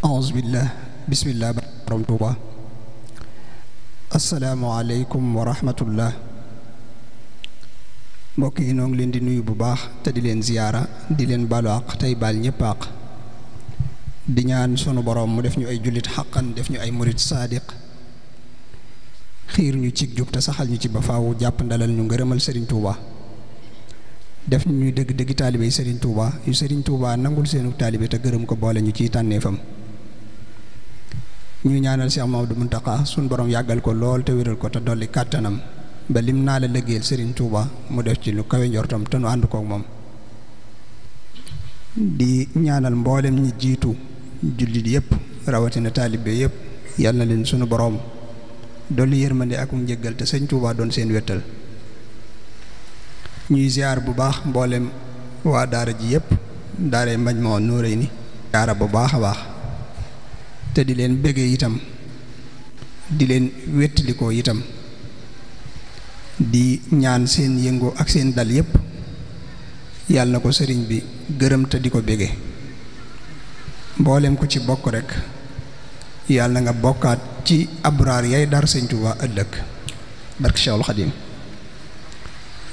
aus billah bismillah borom tuuba assalaamu aleykum wa rahmatullah mbokk yi noo ngi leen di nuyu bu baax te di leen ziyaara di leen baalu àq tey baal ñëpp àq di ñaan sunu borom mu def ñu ay jullit xaqan def ñu ay murit saadiq xiir ñu cig jub te saxal ñu ci ba faaw jàpp ndalal ñu ngërëmal sëriñ tuuba def ñuy dëgg dëgg taalibe yi sëriñ tuuba yu sëriñ tuuba nangul seenu taalibe te gërëm ko boole ñu ciy tànneefam ñuy ñaanal Cheikh Mamadou Mountakha suñ boroom yàggal ko lool te wéral ko te dolli kàttanam ba lim naa la liggéeyal Serigne Touba mu def ci lu kawe njortam te nu ànd kook moom di ñaanal mbooleem ñi jiitu jullit yépp rawatina taalibe yépp yàlla na leen suñu boroom dolli yërmande ak njëggal te sëñ Touba doon seen wettal ñuy ziar bu baax mboolem waa daara ji yépp daaray Majmahun Nurayni ziara bu baax a baax te di leen bëggee itam di leen wettalikoo itam di ñaan seen yëngoo ak seen dal yépp yàlla na ko sëriñ bi gërëm te di ko bëggee mboolem ko ci bokk rekk yàlla na nga bokkaat ci abraar yay dar sëñ Tuubaa ëllëg barke Cheikhul Xadim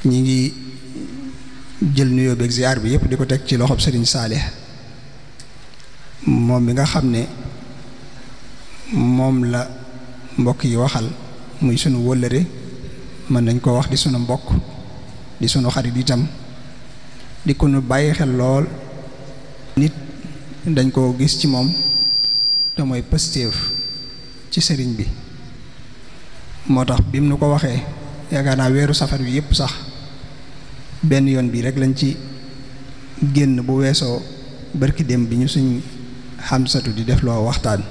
ñi ngi jël nuyoo beeg ziar bi yépp di ko teg ci loxob sëriñ saale moom bi nga xam ne moom la mbokk yi waxal muy sunu wëllëre mën nañ koo wax di sunu mbokk di sunu xarit tam di ko nu bàyyi xel lool nit dañ koo gis ci moom te mooy pëstéef ci sëriñ bi moo tax bi mu nu ko waxee yaakaar naa weeru safar bi yépp sax benn yoon bii rek lañ ci génn bu weesoo barki dem bi ñu suñ xamsatu di def loo waxtaan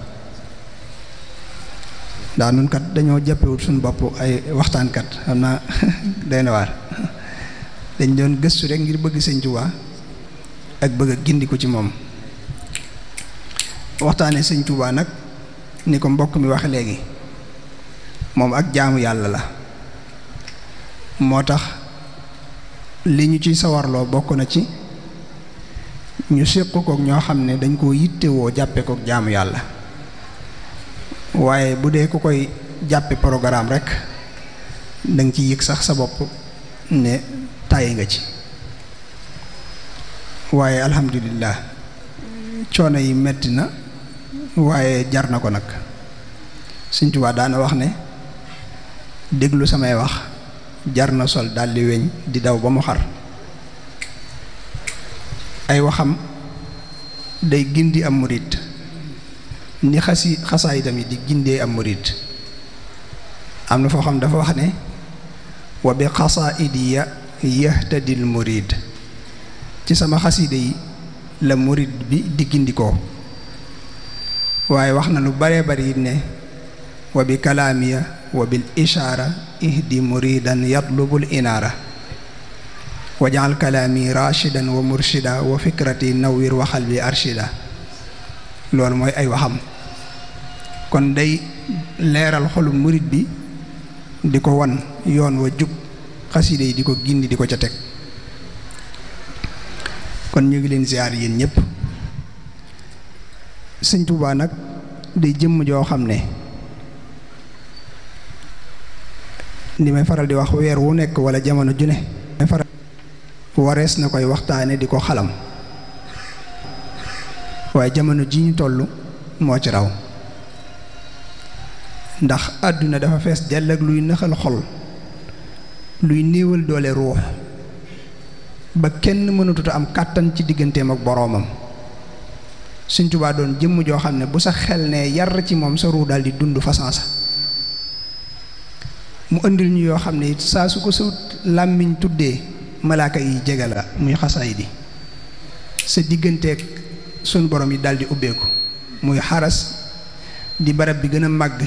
daa nun dañoo jàppewut suñu bopp ay waxtaankat xam naa day na waar dañ doon gëstu rek ngir bëgg sëñ Tuubaa ak bëgg a gindi ko ci moom waxtaane sëñ Tuubaa nag ni ko mbokk mi wax léegi moom ak jaamu yàlla la moo tax li ñu ci sawarloo bokk na ci ñu séq kook ñoo xam ne dañ koo yittewoo jàppe kook jaamu yàlla waaye bu dee ku koy jàppe programme rek da nga ci yëg sax sa bopp ne tàyyi nga ci waaye alhamdulilah coono yi metti na waaye jar na ko nag Sëñ Tuubaa daana wax ne déglu samay wax jar na sol daldi weñ di daw ba mu xar ay waxam day gindi am murit ni xasi xasaay tamit di gindee am murid am na foo xam dafa wax ne wa bi xasaidi ya yahtadil murid ci sama xaside yi la murid bi di gindikoo waaye wax na lu baree bari ne wa bi kalaamiya wa bil ishaara ihdi muridan yatlubul inaara wa jaal kalaami rashidan wa murshida wa fikrati nawwir wa xalbi arshida loolu mooy ay waxam kon day leeral xolu murit bi di ko wan yoon wa jub xaside yi di ko gindi di ko ca teg kon ñu ngi leen ziar yéen ñëpp sëñ Tuubaa nag day jëmm joo xam ne li may faral di wax weer wu nekk wala jamono ju ne. warees na koy waxtaane di ko xalam. waaye jamono ji ñu toll moo ci raw ndax àdduna dafa fees dell ak luy naxal xol luy néewal doole ruux ba kenn mënatuta am kàttan ci digganteem ak boroomam Sëñ doon jëmm joo xam ne bu sa xel ne yar ci moom sa ruu daal di dund façon sa mu indil ñu yoo xam ne it saa su ko sa làmmiñ tuddee malaaka yi jege la muy xasaay di sa digganteeg sunu borom yi daldi ubbeeku muy xaras di barab bi gën a màgg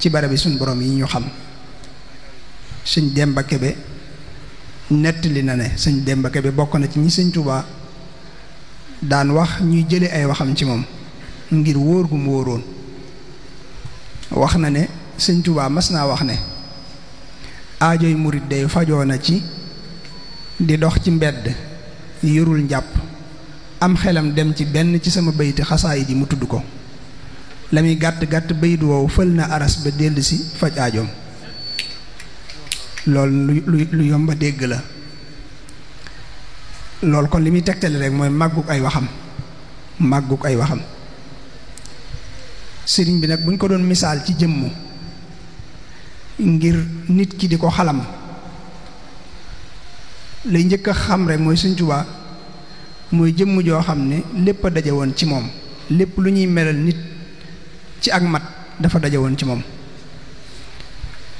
ci barab yi sunu borom yi ñu xam sëñ Demba bi nettali na ne sëñ Demba bi bokk na ci ñi sëñ Tuubaa daan wax ñuy jële ay waxam ci moom ngir wóor gu mu wóoroon wax na ne sëñ Tuubaa mas naa wax ne aajoy murit day fajoo na ci di dox ci mbedd yorul njàpp am xelam dem ci benn ci sama bayti xasaay ji mu tudd ko la muy gàtt gàtt bayit wow fël na aras ba dellu si faj aajoom loolu lu lu yomba dégg la loolu ko li muy tegtale rek mooy màggug ay waxam màggug ay waxam sëriñ bi nag bu ñu ko doon misaal ci jëmm ngir nit ki di ko xalam lay njëkk a xam rek mooy Sëriñ Tuubaa mooy jëmm joo xam ne lépp a daje woon ci moom lépp lu ñuy melal nit ci ak mat dafa daje woon ci moom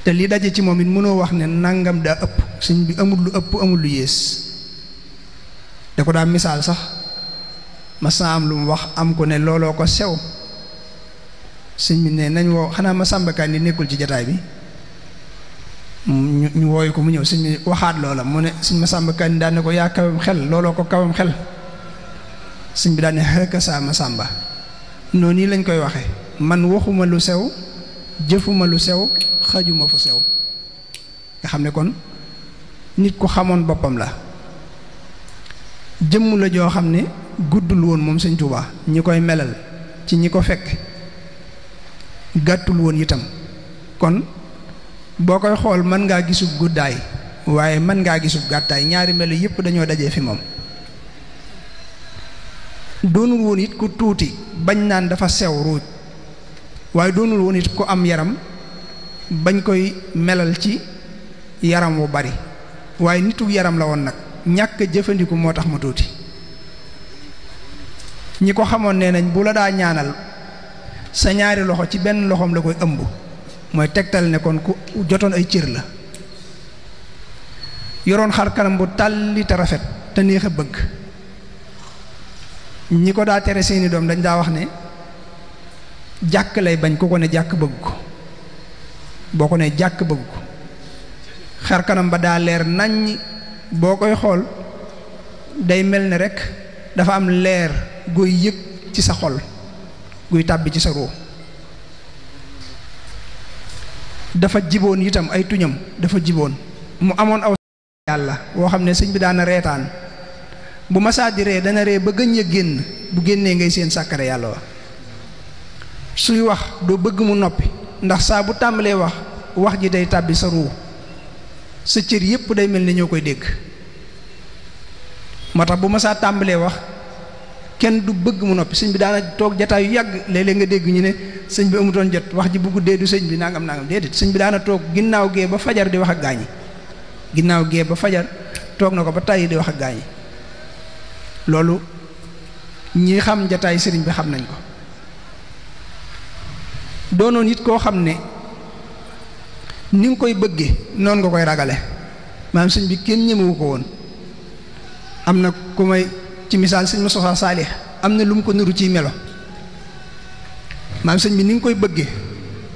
te li daje ci moom it mënoo wax ne nangam daa ëpp sëñ bi amul lu ëpp amul lu yées da ko daa misaal sax ma am lu mu wax am ko ne looloo ko sew sëñ bi ne nañ woo xanaa ma sàmbakaan yi nekkul ci jataay bi ñu wooyu ko mu ñëw sëñ bi waxaat loola mu ne sëñ ma sàmbakaan yi daan ko yaa kawam xel looloo ko kawam xel sëñ bi daane xërëka saama sàmba noonu lañ koy waxe man waxuma lu sew jëfuma lu sew xajuma fu sew nga xam ne kon nit ku xamoon boppam la jëmm la joo xam ne guddul woon moom sëñ Tuubaa ñi koy melal ci ñi ko fekk gàttul woon itam kon boo koy xool mën ngaa gisub guddaay waaye mën ngaa gisub gàttaay ñaari melo yépp dañoo dajee fi moom doonul woon it ku tuuti bañ naan dafa sew ruuj waaye doonul woon it ku am yaram bañ koy melal ci yaram wu bari waaye nitu yaram la woon nag ñàkk jëfandiku moo tax mu tuuti ñi ko xamoon nee nañ bu la daa ñaanal sa ñaari loxo ci benn loxoom la koy ëmb mooy tegtal ne kon ku jotoon ay cër la yoroon xar bu tàlli te rafet te neex a bëgg ñi ko daa tere seeni doom dañ daa wax ne jàkk lay bañ ku ko ne jàkk bëgg ko boo ko ne jàkk bëgg ko xar kanam ba daa leer naññ boo koy xool day mel ne rekk dafa am leer guy yëg ci sa xol guy tàbbi ci sa ruu dafa jiboon itam ay tuñam dafa jiboon mu amoon aw yàlla woo xam ne sëñ bi daana reetaan bu masaa di ree dana ree ba gëñ a génn bu génnee ngay seen sàkkare yàlla wa suy wax doo bëgg mu noppi ndax saa bu tàmbalee wax wax ji day tàbbi sa ruu sa cër yépp day mel ni ñoo koy dégg moo tax bu masaa tàmbalee wax kenn du bëgg mu noppi sëñ bi daana toog jataay yu yàgg léeg nga dégg ñu ne sëñ bi amutoon jot wax ji bu guddee du sëñ bi nangam nangam déedéet sëñ bi daana toog ginnaaw gee ba fajar di wax ak gaañi ginnaaw gee ba fajar toog na ko ba tàyyi di wax ak gaañi loolu ñi xam njataay sëriñ bi xam nañ ko doonoon it koo xam ne ni nga koy bëgge noonu nga koy ragale maanaam sëñ bi kenn ñemewu ko woon am na ku may ci misaal sëñ Moustapha Saalix am na lu mu ko nuru ciy melo maanaam sëñ bi ni nga koy bëgge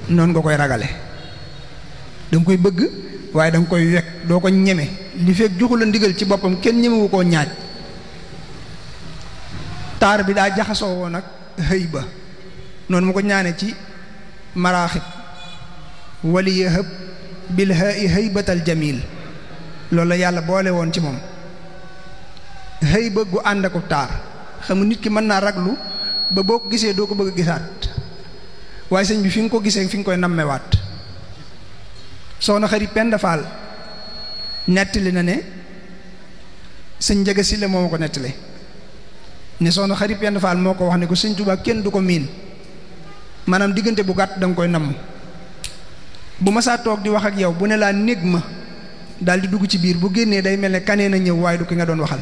noonu nga koy ragale da koy bëgg waaye da koy wekk doo ko ñeme li fekk joxu la ndigal ci boppam kenn ñemewu koo ñaañ taar bi daa jaxasoo woon ak xëy ba noonu mu ko ñaane ci maraaxib wali yahëb bil hay hëybatal jamil loolu la yàlla boole woon ci moom xëy ba gu ànd ak taar xam nga nit ki mën naa raglu ba boo ko gisee doo ko bëgg gisaat waaye sëñ bi fi nga ko gisee fi nga koy nammewaat soxna xarit Penda Fall nettali na ne sëñ Njaga Sile moo ko nettali ne soxna xarit Penda Fall moo ko wax ne ko sëñ Tuubaa kenn du ko miin maanaam diggante bu gàtt da koy namm bu masaa toog di wax ak yow bu ne laa néeg ma daal di dugg ci biir bu génnee day mel ne kanee ñëw waaye du ki nga doon waxal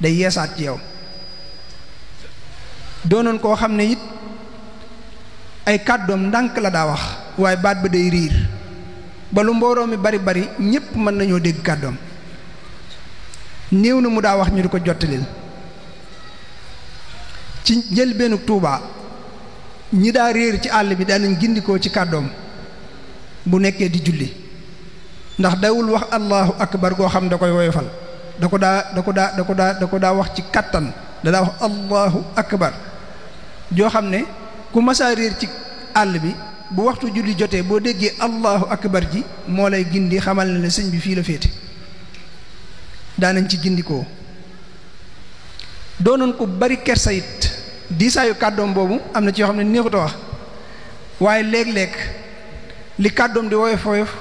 day yeesaat ci yow doonoon koo xam ne it ay kàddoom ndànk la daa wax waaye baat ba day riir ba lu mbooloo mi bari bari ñépp mën nañoo dégg kàddoom néew na mu daa wax ñu di ko jottalil ci benn Tuubaa ñi daa réer ci àll bi nañ gindikoo ci kàddoom bu nekkee di julli ndax dawul wax allahu akbar goo xam da koy woyofal da ko daa da ko daa da ko daa daa wax ci kàttan da daa wax allahu akbar joo xam ne ku masaa réer ci àll bi bu waxtu julli jotee boo déggee allahu akbar ji moo lay gindi xamal ne la sëñ bi fii la féete daanañ ci gindikoo doonoon ko bari kersa it diisaayu kàddoom boobu am na ci yoo xam ne neexut a wax waaye léeg-léeg li kàddoom di woyof woyof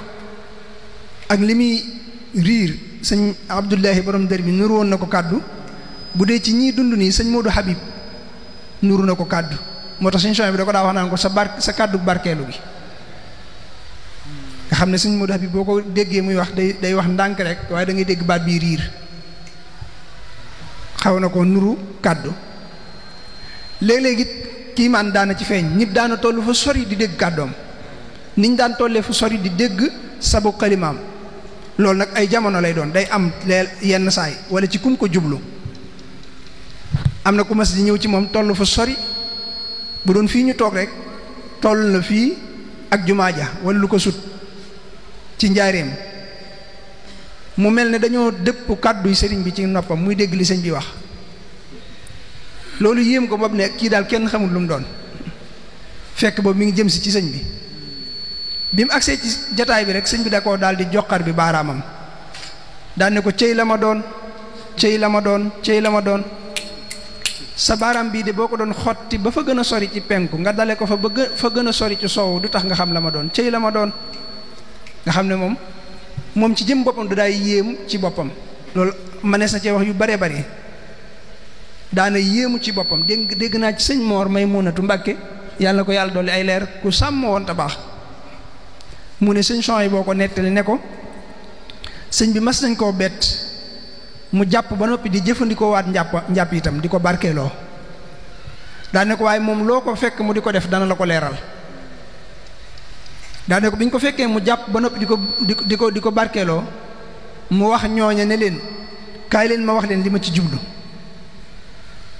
ak li muy riir sëñ Abdullahi borom dër bi nuru woon na ko kàddu bu dee ci ñii dund nii sëñ Modou Habib nuru na ko kàddu moo tax sëñ Soñ bi da ko daa wax naan ko sa bar sa kàddu barkeelu gi nga xam ne sëñ Modou Habib boo ko déggee muy wax day day wax ndànk rek waaye da ngay dégg baat bii riir xaw na ko nuru kàddu léeg-léeg it kiimaan daana ci feeñ nit daana tollu fa sori di dégg kàddoom niñ daan tollee fu sori di dégg sabu kalimaam loolu nag ay jamono lay doon day am yenn saay wala ci kum ko jublu am na ku mas di ñëw ci moom toll fa sori bu doon fii ñu toog rek toll na fii ak jumaa ja wala lu ko sut ci njaareem mu mel ne dañoo dëpp kàdduy sëriñ bi ci noppam muy dégg li sëñ bi wax loolu yéem ko boobu ne kii daal kenn xamul lu mu doon fekk boobu mi ngi jëm si ci sëñ bi bi mu agsee ci jataay bi rek sëñ bi da koo daal di joxar bi baaraamam daal ne ko cëy la ma doon cëy la ma doon cëy la ma doon sa baaraam bii de boo ko doon xotti ba fa gën a sori ci penku nga dale ko fa bëgg fa gën a sori ci soow du tax nga xam la ma doon cëy la ma doon nga xam ne moom moom ci jëm boppam du daay yéem ci boppam loolu manees na cee wax yu bare bare daane yéemu ci boppam dégg dégg naa ci sëñ Moor may Maymunatu Mbàkke yàlla ko yàlla dolli ay leer ku sàmm woon te baax mu ne sëñ yi boo ko nettali ne ko sëñ bi mas nañ koo bett mu jàpp ba noppi di jëfandikoo waat njàpp njàpp itam di ko barkeeloo daane ko waaye moom loo ko fekk mu di ko def dana la ko leeral daane ko bi ñu ko fekkee mu jàpp ba noppi di ko di ko di ko barkeeloo mu wax ñooña ne leen kaay leen ma wax leen li ma ci jublu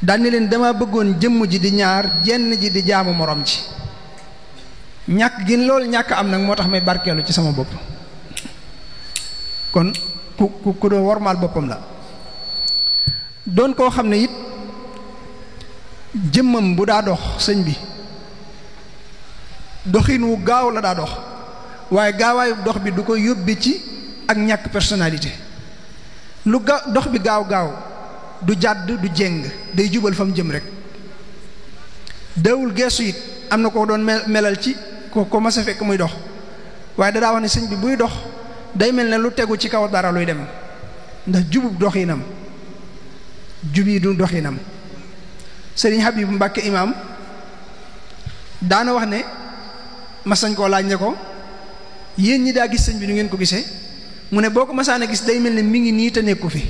daan leen dama bëggoon jëmm ji di ñaar jenn ji di jaamu moroom ci ñàkk gin loolu ñàkk am nag moo tax may barkeelu ci sama bopp kon ku ku ku doon wormaal boppam la doon koo xam ne it jëmmam bu daa dox sëñ bi doxin wu gaaw la daa dox waaye gaawaayu dox bi du ko yóbbe ci ak ñàkk personnalité lu ga dox bi gaaw gaaw du jàdd du jéng day jubal fa mu jëm rek dawul geesu it am na ko doon melal ci ko ko mas a fekk muy dox waaye dadaa wax ne sëñ bi buy dox day mel ne lu tegu ci kaw dara luy dem ndax jubub doxinam jub yi du doxinam sëriñ Habib Mbàkke imaam daana wax ne mas nañ koo laaj ne ko yéen ñi daa gis sëñ bi nu ngeen ko gisee mu ne boo ko masaana gis day mel ne mi ngi nii te nekku fi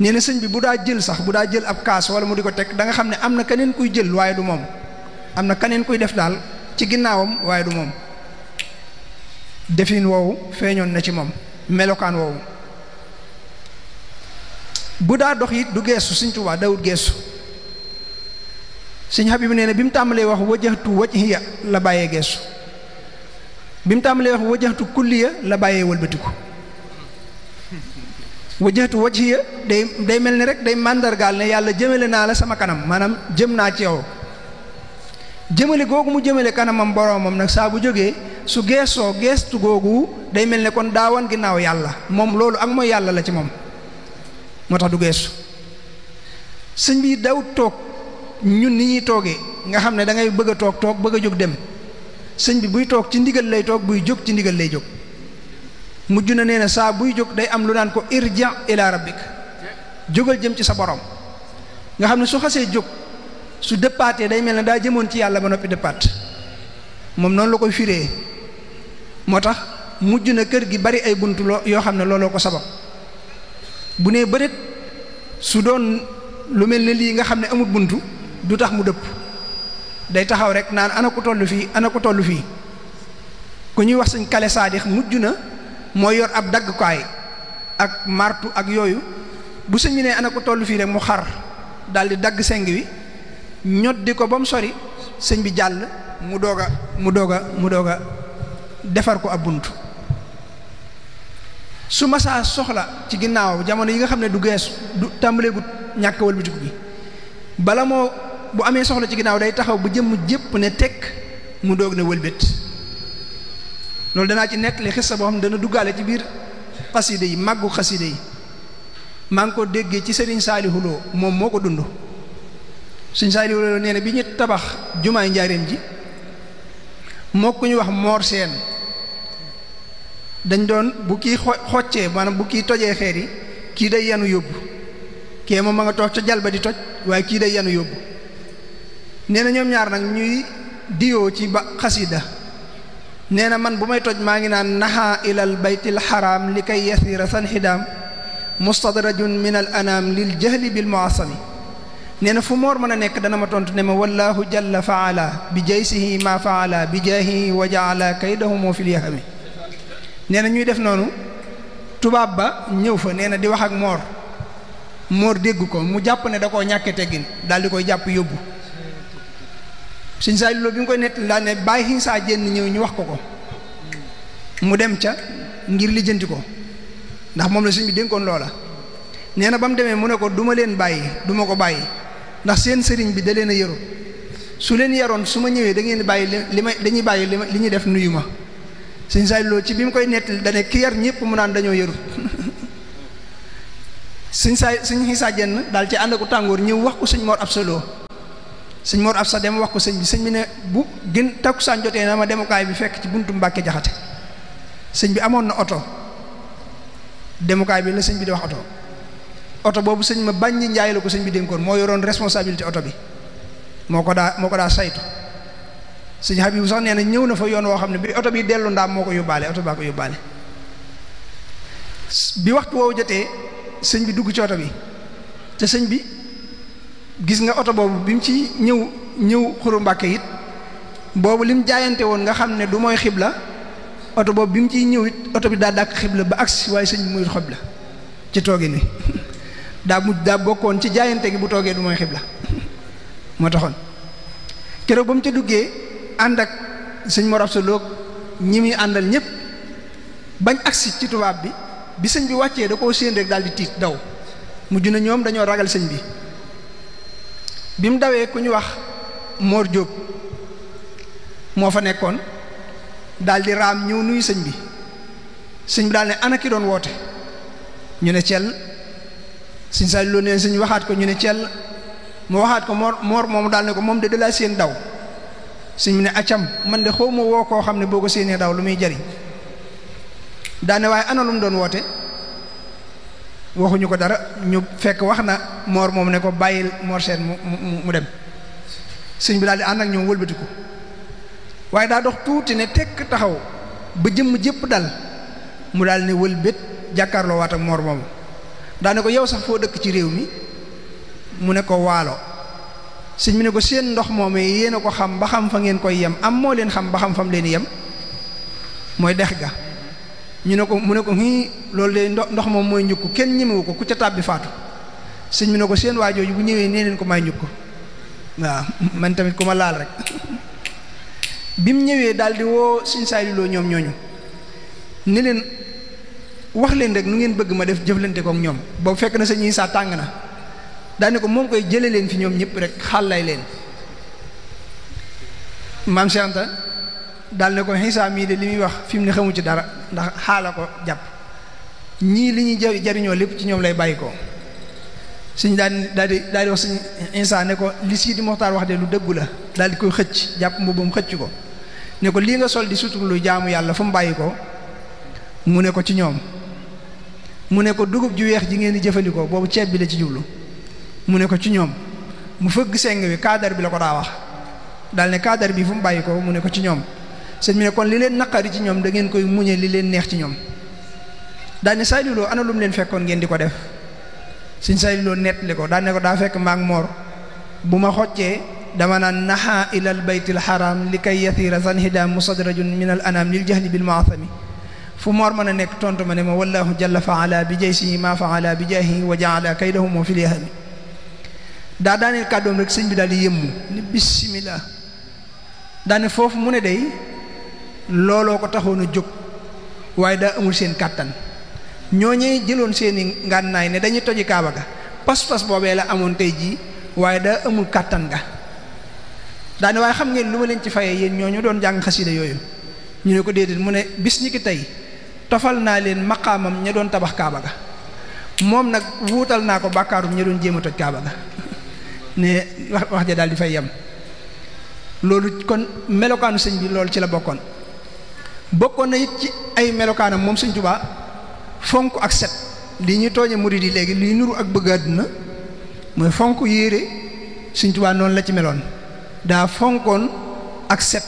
nee na sëñ bi bu daa jël sax bu daa jël ab kaas wala mu di ko teg da nga xam ne am na keneen kuy jël waaye du moom am na keneen kuy def daal ci ginnaawam waaye du moom defin woowu feeñoon na ci moom melokaan woowu bu daa dox it du geesu sëñ Tuubaa dawut geesu sëñ Habib nee na bi mu tàmbalee wax wajjahtu wajhiya la bàyyee geesu bi mu tàmbalee wax wajjahtu kulliya la bàyyee wëlbatiku wajjatu wajhiya day day mel ni rek day màndargaal ne yàlla jëmale naa la sama kanam maanaam jëm naa ci yow jëmale googu mu jëmale kanamam boroomam nag saa bu jógee su geesoo geestu googu day mel ni kon daawan ginnaaw yàlla moom loolu ak mooy yàlla la ci moom moo tax du geestu sëñ bi daw toog ñun ni ñuy toogee nga xam ne dangay ngay bëgg a toog toog bëgg a jóg dem sëñ bi buy toog ci ndigal lay toog buy jóg ci ndigal lay jóg mujj na nee na saa buy jóg day am lu naan ko irji ila rabbik jógal jëm ci sa borom nga xam ne su xasee jóg su dëppaatee day mel ne daa jëmoon ci yàlla ba noppi dëppaat moom noonu la koy fiire moo tax mujj na kër gi bari ay bunt loo yoo xam ne looloo ko sabab bu nee bëreet su doon lu mel ne lii nga xam ne amut bunt du tax mu dëpp day taxaw rek naan ana ko toll fii ana ko toll fii ku ñuy wax sëñ kale saadix mujj na moo yor ab daggukaay ak martu ak yooyu bu sëñ bi ne ana ko toll fii rek mu xar daal di dagg seng wi ñot ko ba mu sori sëñ bi jàll mu doog a mu doog a mu doog defar ko ab bunt su masaa soxla ci ginnaaw jamono yi nga xam ne du geesu du tàmbaleegut ñàkk walbatiku bi bala moo bu amee soxla ci ginnaaw day taxaw bu jëmm jépp ne tekk mu doog ne wëlbét loolu danaa ci nettali xissa boo xam ne dana duggaale ci biir xaside yi màggu xaside yi maa ngi ko déggee ci sëriñ Saalihu Lo moom moo ko dund sëriñ Saalihu Lo nee na bi ñu tabax jumaay njaareem ji moo ku ñu wax moor seen dañ doon bu kiy xoccee maanaam bu kii tojee xeer yi kii day yanu yóbbu kee moom ma nga toog ca jal di toj waaye kii day yanu yóbbu nee na ñoom ñaar nag ñuy diwoo ci ba xasida nee na man bu may toj maa ngi naan naha ilal baytil xaraam li kay yasira san xidaam mustadrajun min al anaam lil jahli bil muasami nee na fu moor mën a nekk dana ma tontu ne ma wallahu jalla faala bi jaysihi ma faala bi jaahihi wa jaala kaydahumu fil yahami nee na ñuy def noonu tubaab ba ñëw fa nee na di wax ak moor moor dégg ko mu jàpp ne da koo ñàkke teggin daal di koy jàpp yóbbu sëñ Saliou Lo bi mu koy nettali daa ne bàyyi xiisaa jénn ñëw ñu wax ko ko mu dem ca ngir lijjanti ko ndax moom la sëñ bi dénkoon loola nee na ba mu demee mu ne ko duma leen bàyyi duma ko bàyyi ndax seen sëriñ bi da leen a yaru su leen yaroon su ma ñëwee dangeen ngeen bàyyi li ma dañuy bàyyi li ma li ñuy def nuyu ma sëñ Saliou Lo ci bi mu koy nettali da ne ki yar ñëpp mu naan dañoo yaru sëñ saay sëñ xiisaa jenn daal ci ànd ko tàngoor ñëw wax ko sëñ Mor Absolo sëñ moo Mor Absa dem wax ko sëñ bi sëñ bi ne bu gën takku takkusaan jotee na ma demukaay bi fekk ci buntu Mbàkke jaxate sëñ bi amoon na oto demukaay bi la sëñ bi di wax oto oto boobu sëñ ma bañ ñi njaay ko sëñ bi dénkoon moo yoroon responsabilité oto bi moo ko daa moo ko daa saytu sëñ Habibu sax nee na ñëw na fa yoon woo xam ne bi oto bii dellu ndaam moo ko yóbbaale oto baa ko yóbbaale bi waxtu woo jotee sëñ bi dugg ci oto bi te sëñ bi gis nga oto boobu bi mu ci ñëw ñëw xuru mbàkke it boobu lim jaayante woon nga xam ne du mooy xibla oto boobu bi mu ciy ñëw it oto bi daa dàkk xibla ba agsi waaye sëñ bi muy xob la ci tooge ni daa mujj daa bokkoon ci jaayante gi bu toogee du mooy xibla moo taxoon keroog ba mu ca duggee ànd ak sëñ Mor Absa Lo ñi muy àndal ñëpp bañ agsi ci tubaab bi bi sëñ bi wàccee da koo séen rek daal di tiit daw mujj na ñoom dañoo ragal sëñ bi bi mu dawee ku ñu wax moor Diop moo fa nekkoon daal di raam ñëw nuyu sëñ bi sëñ bi daal ne ana ki doon woote ñu ne cell sëñ Saaliw Lo ne sëñ waxaat ko ñu ne cell mu waxaat ko Mor Mor moomu daal ne ko moom de dalaa seen daw sëñ bi ne acam man de xaw ma woo koo xam ne boo ko séenee daw lu muy jariñ daane waaye ana doon woote waxuñu ko dara ñu fekk wax na moor moom ne ko bàyyil moor seen mu mu dem sëñ bi daal ànd ak ñoom wëlbatiku waaye daa dox tuuti ne tekk taxaw ba jëmm jëpp dal mu daal ne wëlbét jàkkaarloo waat moor moomu daa ne ko yow sax foo dëkk ci réew mi mu ne ko waalo sëñ bi ne ko seen ndox moom yéen a ko xam ba xam fa ngeen koy yem am moo leen xam ba xam fam leen yem mooy dex ga ñu ne ko mu ne ko hii loolu de ndox ndox moom mooy njukku kenn ñemewu ko ku ca tàbbi faatu sëñ bi ne ko seen waa jooju bu ñëwee nee leen ko may njukku waaw man tamit ku ma laal rek bi mu ñëwee daal di woo sëñ Saaliw loo ñoom ñooñu ne leen wax leen rek nu ngeen bëgg ma def jëflante kook ñoom boobu fekk na sëñ Isaa tàng na daane ko moom koy jële leen fi ñoom ñëpp rek xàllay leen maam Cheikh Anta daal ko xisaa mii de li muy wax fi mu ne xamu ci dara ndax xaala ko jàpp ñii li ñuy jariñoo lépp ci ñoom lay bàyyi ko suñ daan daal di wax suñ insa ne ko li Sidi Moxtaar wax de lu la daal di koy xëcc jàpp mu xëcc ko ne ko lii nga sol di sutur lu jaamu yàlla fu mu bàyyi ko mu ne ko ci ñoom mu ne ko dugub ji weex ji ngeen di jëfandikoo boobu ceeb bi la ci jublu mu ne ko ci ñoom mu fëgg seng wi kaadar bi la ko daa wax daal ne kaadar bi fu mu bàyyi ko mu ne ko ci ñoom sëñ bi ne kon li leen naqari ci ñoom da ngeen koy muñe li leen neex ci ñoom daane Saaliw Lo ana lu mu leen fekkoon ngeen di ko def sëñ Saaliw Lo nettali ko daane ko daa fekk maak moor bu ma xoccee dama naan naxaa ilal baytil xaram li kay yathiira sanhidaam musadrajun min al anaam lil jahli bil maasami fu moor mën a nekk tontu ma ne ma wallahu jalla alaa bi jaysihi ma faala bi jaahi wa jaala kaydahum fi liyahami daa daaneel kàddoom rek sëñ bi daal di yëmmu ni bismillah daane foofu mu ne day looloo ko taxoon a jóg waaye daa amul seen kàttan ñoo ñooñee jëloon seeni ngànnaay ne dañuy toji kaaba ga pas-pas boobee la amoon tey jii waaye daa amul kàttan ga daane waaye xam ngeen lu ma leen ci fayee yéen ñu doon jàng xasida yooyu ñu ne ko déedéet mu ne bis ñi ki tey tofal naa leen maqaamam ña doon tabax kaaba ga moom nag wuutal naa ko bàkkaarum ña doon jéem a toj kaaba ga ne wax wax ja daal di fay yem loolu kon melokaanu sëñ bi loolu ci la bokkoon bokkoon na it ci ay melokaanam moom Sëñ Tuubaa fonk ak set li ñuy tooñe murid di léegi liy nuru ak bëgg àdduna mooy fonk yére Sëñ Tuubaa noonu la ci meloon daa fonkoon ak set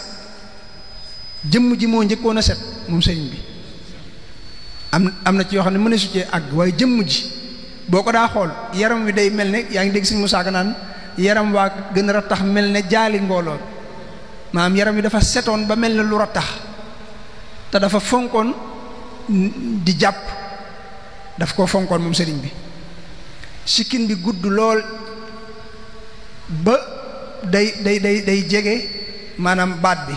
jëmm ji moo njëkkoon a set moom sëriñ bi am am na ci yoo xam ne mën a succee àgg waaye jëmm ji boo ko daa xool yaram wi day mel ne yaa ngi dégg Sëñ Musaa Ka naan yaram waa gën a rattax mel ne jaali mbooloo maam yaram wi dafa setoon ba mel na lu rattax te dafa fonkoon di jàpp daf ko fonkoon moom sëriñ bi sikkin bi gudd lool ba day day day day jege maanaam baat bi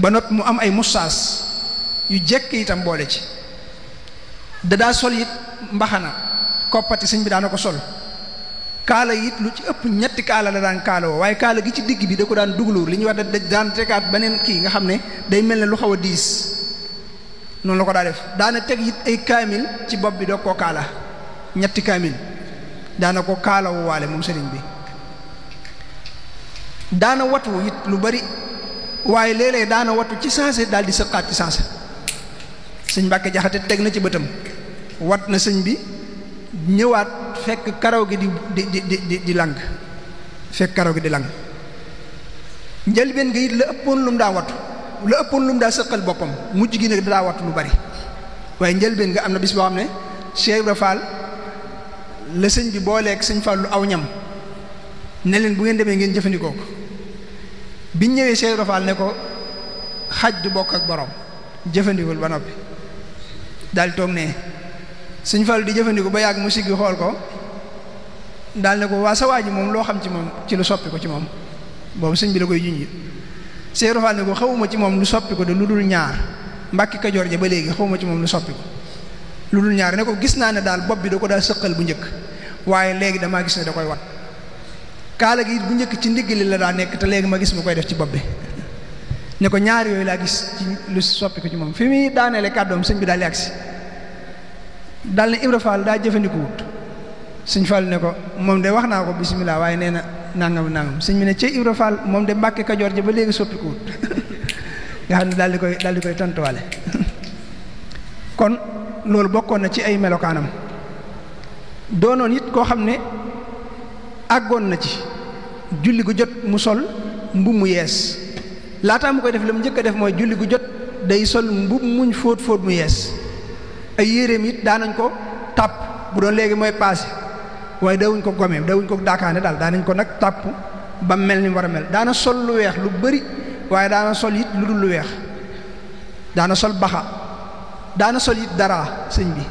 ba noppi mu am ay mustaas yu jekk itam boole ci da daa sol it mbaxana koppati sëñ bi daana ko sol kaala it lu ci ëpp ñetti kaala la daan kaala waaye kaala gi ci digg bi da ko daan dugalu li ñuy wax da daan tegaat beneen kii nga xam ne day mel ne lu xaw a diis noonu la ko daa def daana teg it ay kaamil ci bopp bi doo koo kaala ñetti kaamil daana ko kaala waale moom sëriñ bi daana watu it lu bari waaye léeg-léeg daana watu ci saase daal di sëqaat ci saase sëñ Mbàkke Jaxate teg na ci bëtam wat na sëñ bi ñëwaat fekk karaw gi di di di di lang fekk karaw gi di lang njëlbeen gi it la ëppoon lu mu daa wattu la ëppoon lu mu daa sëqal boppam mujj gi nag daa wattu lu bari waaye njëlbeen nga am na bis boo xam ne Cheikh Ibra Fall la sëñ bi booleeg sëñ Fall lu aw ñam ne leen bu ngeen demee ngeen jëfandikoo bi ñëwee Cheikh Ibra Fall ne ko xaj du bokk ak boroom jëfandiwul ba noppi daal toog ne suñ Fallu di jëfandiku ba yàgg mu siggi xool ko daal ne ko waa sa waa ji moom loo xam ci moom ci lu soppi ko ci moom boobu sëñ bi la koy junj Seeru Faal ne ko xawuma ci moom lu soppi ko lu dul ñaar Mbàkke Kajoor ja ba léegi xawma ci moom lu soppi lu dul ñaar ne ko gis naa ne daal bopp bi da ko daal sëqal bu njëkk waaye léegi damaa gis ne da koy wat kaala gi bu njëkk ci ndigg li la daa nekk te léegi ma gis ma koy def ci bopp bi ne ko ñaar yooyu laa gis ci lu soppi ko ci moom fi muy daaneele kàddoom sëñ bi daal di agsi dal ne Ibra Fall daa jëfandiku wut sëñ Fall ne ko moom de wax naa ko bisimilah waaye nee na nangam nangam sëñ bi ne ci Ibra Fall moom de Mbàkke Kajoor ji ba léegi soppiku wut nga xam ne daal di koy daal di koy tontuwaale kon loolu bokkoon na ci ay melokaanam doonoon it koo xam ne àggoon na ci julli gu jot mu sol mbubb mu yees laataa mu koy def la mu njëkk a def mooy julli gu jot day sol mbubb mu fóot fóot mu yees ay yéreem it daanañ ko tàpp bu doon léegi mooy paase waaye dawuñ ko gome dawuñ ko daakaane daal daanañ ko nag tàpp ba mel ni war a mel daana sol lu weex lu bari waaye daana sol it lu dul lu weex daana sol baxa daana sol it dara sëñ bi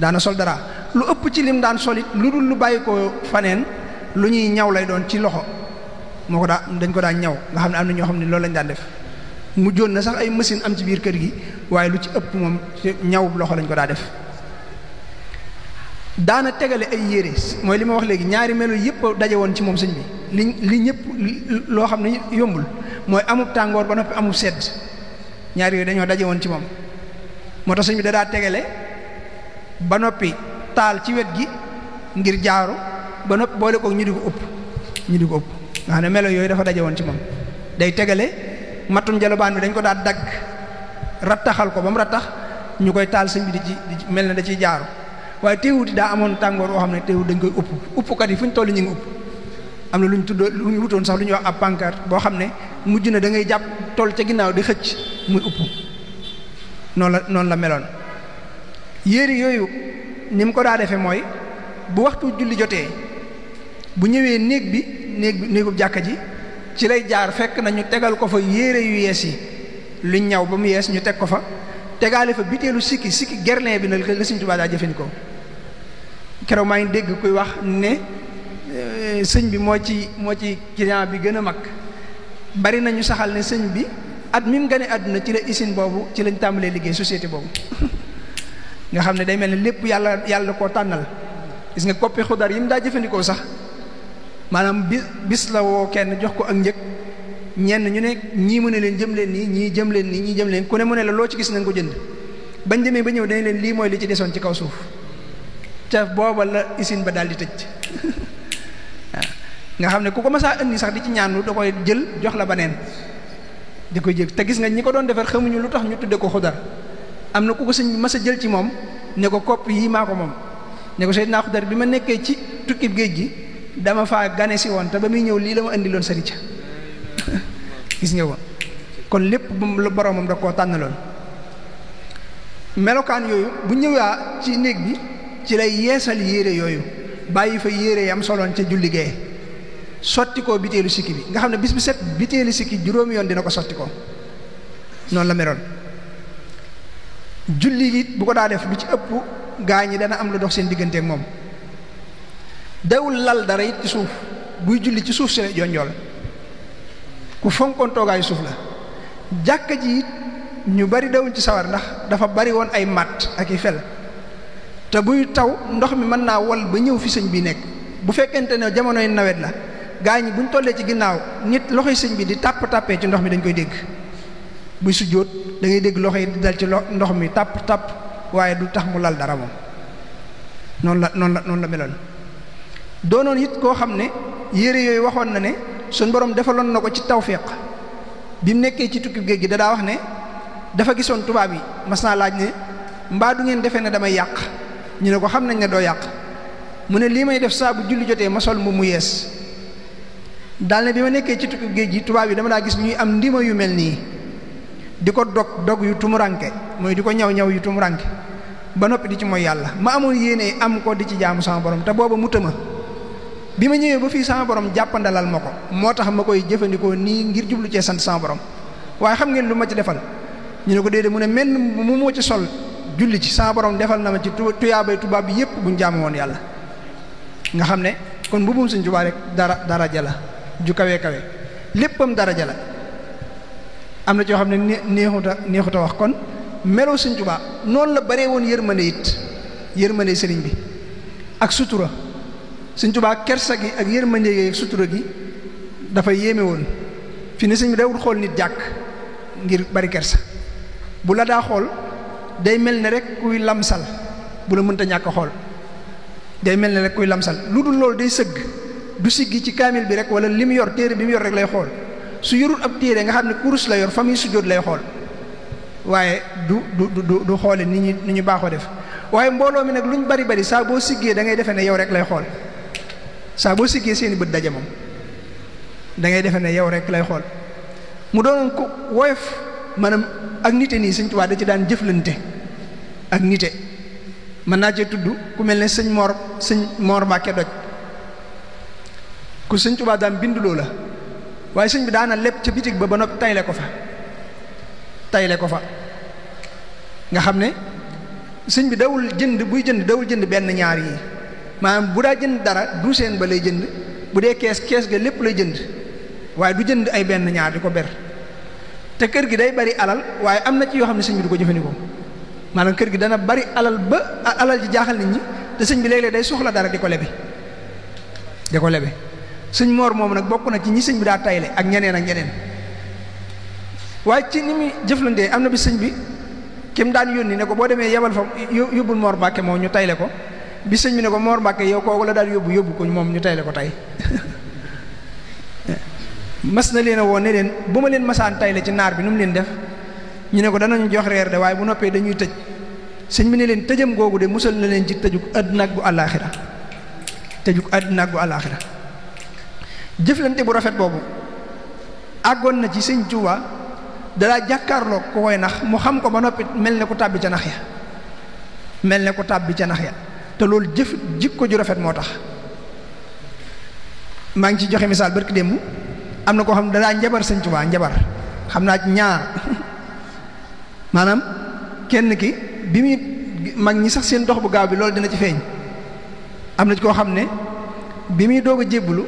daana sol dara lu ëpp ci lim daan sol it lu dul lu bàyyi ko faneen lu ñuy ñaw lay doon ci loxo moo ko daa dañ ko daan ñaw nga xam ne am na ñoo xam ne loolu lañ daan def mujjoon na sax ay machine am ci biir kër gi waaye lu ci ëpp moom ñaw loxo lañu ko daa def daana tegale ay yére mooy li ma wax léegi ñaari melo yëpp daje woon ci moom sëñ bi li li ñëpp loo xam ne yombul mooy amub tàngoor ba noppi amub sedd ñaar yooyu dañoo daje ci moom moo tax sëñ bi da daa tegale ba noppi taal ci wet gi ngir jaaru ba noppi boole kook ñu di ko ëpp ñu di ko ëpp nga xam ne melo yooyu dafa daje woon ci moom day tegale mattum jalobaan bi dañ ko daa dagg rattaxal ko ba mu rattax ñu koy taal sëñ bi di ci di mel ne da ciy jaaro waaye téewut yi daa amoon tàngoor woo xam ne téewut dañ koy upp uppkat yi fu ñu toll ñu ngi upp am na lu ñu tudd lu ñu wutoon sax lu ñuy wax ab pancarte boo xam ne mujj na da ngay jàpp toll ca ginnaaw di xëcc muy upp noonu la noonu la meloon yéeri yooyu ni mu ko daa defee mooy bu waxtu julli jotee bu ñëwee néeg bi néeg bi néegub jàkka ji ci lay jaar fekk nañu tegal ko fa yére yu yees yi luñ ñaw ba mu yees ñu teg ko fa tegale fa biteelu sikki sikki gerlin bi na la Sëñ Tuubaa daa jëfandikoo keroog maa ngi dégg kuy wax ne eh, sëñ bi moo ci moo ci client bi gën a mag bari nañu saxal ne sëñ bi at mi mu gane àdduna ci la usine boobu ci lañ tàmbalee liggéey société boobu nga xam ne day mel ne lépp yàlla yàlla koo tànnal gis nga coppi xudar yi mu daa jëfandikoo sax maanaam bi bis la woo kenn jox ko ak njëg ñenn ñu ne ñii mu ne leen jëm leen nii ñii jëm leen nii ñii jëm leen ku ne mu ne la loo ci gis na ko jënd bañ demee ba ñëw dañ leen lii mooy li ci desoon ci kaw suuf te booba la usine ba daal di tëj nga xam ne ku ko masaa indi sax di ci ñaanu da koy jël jox la baneen di ko jël te gis nga ñi ko doon defar xamuñu lu tax ñu tudde ko xudar am na ku ko sëñ bi mas a jël ci moom ne ko kopp yii maa ko moom ne ko Seydina Xudar bi ma nekkee ci tukkib géej gi dama fa gane si woon te ba muy ñëw lii la ma indi loon sëri ca gis nga ko kon lépp lu boromam da koo tànn melokaan yooyu bu ñëwaa ci néeg bi ci lay yeesal yére yooyu bàyyi fa yére am soloon ca julli gee sotti ko biteelu sikki bi nga xam ne bis bu set biteelu sikki juróomi yoon dina ko sotti ko noonu la meloon julli it bu ko daa def lu ci ëpp gaa ñi dana am lu dox seen digganteek moom dawul lal dara it ci suuf buy julli ci suuf si jonjool ku fonkoon toogaayu suuf la jàkka ji it ñu bari dawuñ ci sawar ndax dafa bari woon ay matt ak i fel te buy taw ndox mi mën naa wal ba ñëw fi sëñ bi nekk bu fekkente ne jamonoy nawet la gaa ñi buñ tollee ci ginnaaw nit loxoy sëñ bi di tàpp tàppee ci ndox mi dañ koy dégg buy sujjóot da ngay dégg loxo yi di dal ci ndox mi tàpp tàpp waaye du tax mu lal dara moom noonu la noonu la noonu la meloon. doonoon it koo xam ne yére yooyu waxoon na ne suñ borom defaloon na ko ci tawféq bi mu nekkee ci tukki géej gi dadaa wax ne dafa gisoon tubaab yi mas ne mbaa du ngeen defee na damay yàq ñu ne ko xam nañ ne doo yàq mu ne lii may def saabu julli jotee ma sol mbubb mu yees daal ne bi ma nekkee ci tukki géej gi tubaab yi dama daa gis ñuy am ndima yu mel nii di ko dog dog yu tumuranke mooy di ko ñaw ñaw yu tumuranke ba noppi di ci mooy yàlla ma amoon am ko di ci jaamu sama borom te booba mu tëma bi ma ñëwee ba fii sama borom jàppandalal ma ko moo tax ma koy jëfandikoo nii ngir jublu cee sant sama borom waaye xam ngeen lu ma ci defal ñu ne ko déedéet mu ne menn mu moo ci sol julli ci sama borom defal na ma ci tuyaabay tubaab bi yëpp bu jaamu woon yàlla nga xam ne kon mbubum Sëñ Tuubaa rek dara daraja la ju kawe kawe léppam daraja la am na coo xam ne neexuta neexuta wax kon meloo Sëñ Tuubaa noonu la bare woon yërmande it yërmande sëriñ bi ak sutura Sëñ Tuubaa kersa gi ak yërmande gi ak sutura gi dafa yéeme woon fi ne sëñ bi xool nit jàkk ngir bari kersa bu la daa xool day mel ne rek kuy lamsal bu la mënta ñàkk xool day mel ne rek kuy lamsal lu dul loolu day sëgg du siggi ci kaamil bi rek wala li mu yor téere bi mu yor rek lay xool su yorul ab téere nga xam ne kurus la yor fa muy sujjóot lay xool waaye du du du du xoole ni ñu ni ñu baaxoo def waaye mbooloo mi nag lu ñu bari bari saa boo siggee da ngay defee ne yow rek lay xool saa boo siggee seeni bët daje moom dangay defe ne yow rekk lay xool mu doonoon ko woyof maanaam ak nite nii sëñ Tuubaa da ci daan jëflante ak nite mën naa cee tudd ku mel ne sëñ Mor sëñ Mor Mbàkke doj ku sëñ Tuubaa daan binduloo la waaye sëñ bi daana lépp ca bitig ba ba noppi tayle ko fa tayle ko fa nga xam ne sëñ bi dawul jënd buy jënd dawul jënd benn ñaar yi maanaam bu daa jënd dara du seen ba lay jënd bu dee kees kees ga lépp lay jënd waaye du jënd ay benn ñaar di ko ber te kër gi day bari alal waaye am na ci yoo xam ne sëñ bi du ko jëfandikoo maanaam kër gi dana bari alal ba alal ji jaaxal nit ñi te sëñ bi léeg-léeg day soxla dara di ko lebe sëñ moor moom nag bokk na ci ñi sëñ bi daa tayle ak ñeneen ak ñeneen waaye ci ni muy jëflantee am na bi sëñ bi kim daan yónni ne ko boo demee yebal fa yóbbul moor Mbàkke moom ñu tayle ko bi sëñ bi ne ko moor Mbàkke yow kooku la daal yóbbu yóbbu ko moom ñu tayle ko tey mas na leen a woo ne leen bu ma leen masaan tayle ci naar bi nu mu leen def ñu ne ko danañu jox reer de waaye bu noppee dañuy tëj sëñ bi ne leen tëjam googu de musal na leen ci tëjuk àddina bu àllaaxira tëjuk àddina gu àllaaxira jëflante bu rafet boobu àggoon na ci sëñ Tuuba dalaa jàkkaarloo ku koy nax mu xam ko ba noppi mel ne ku tàbbi ca nax ya mel ne ku tàbbi ca nax ya te loolu jëf jikko ju rafet moo tax maa ngi ci joxe misaal barki démb am na koo xam ne danaa njabar sëñ waa njabar xam naa ci ñaar maanaam kenn ki bi muy mag ñi sax seen dox bu gaaw bi loolu dina ci feeñ am na ci koo xam ne bi muy doog a jébbalu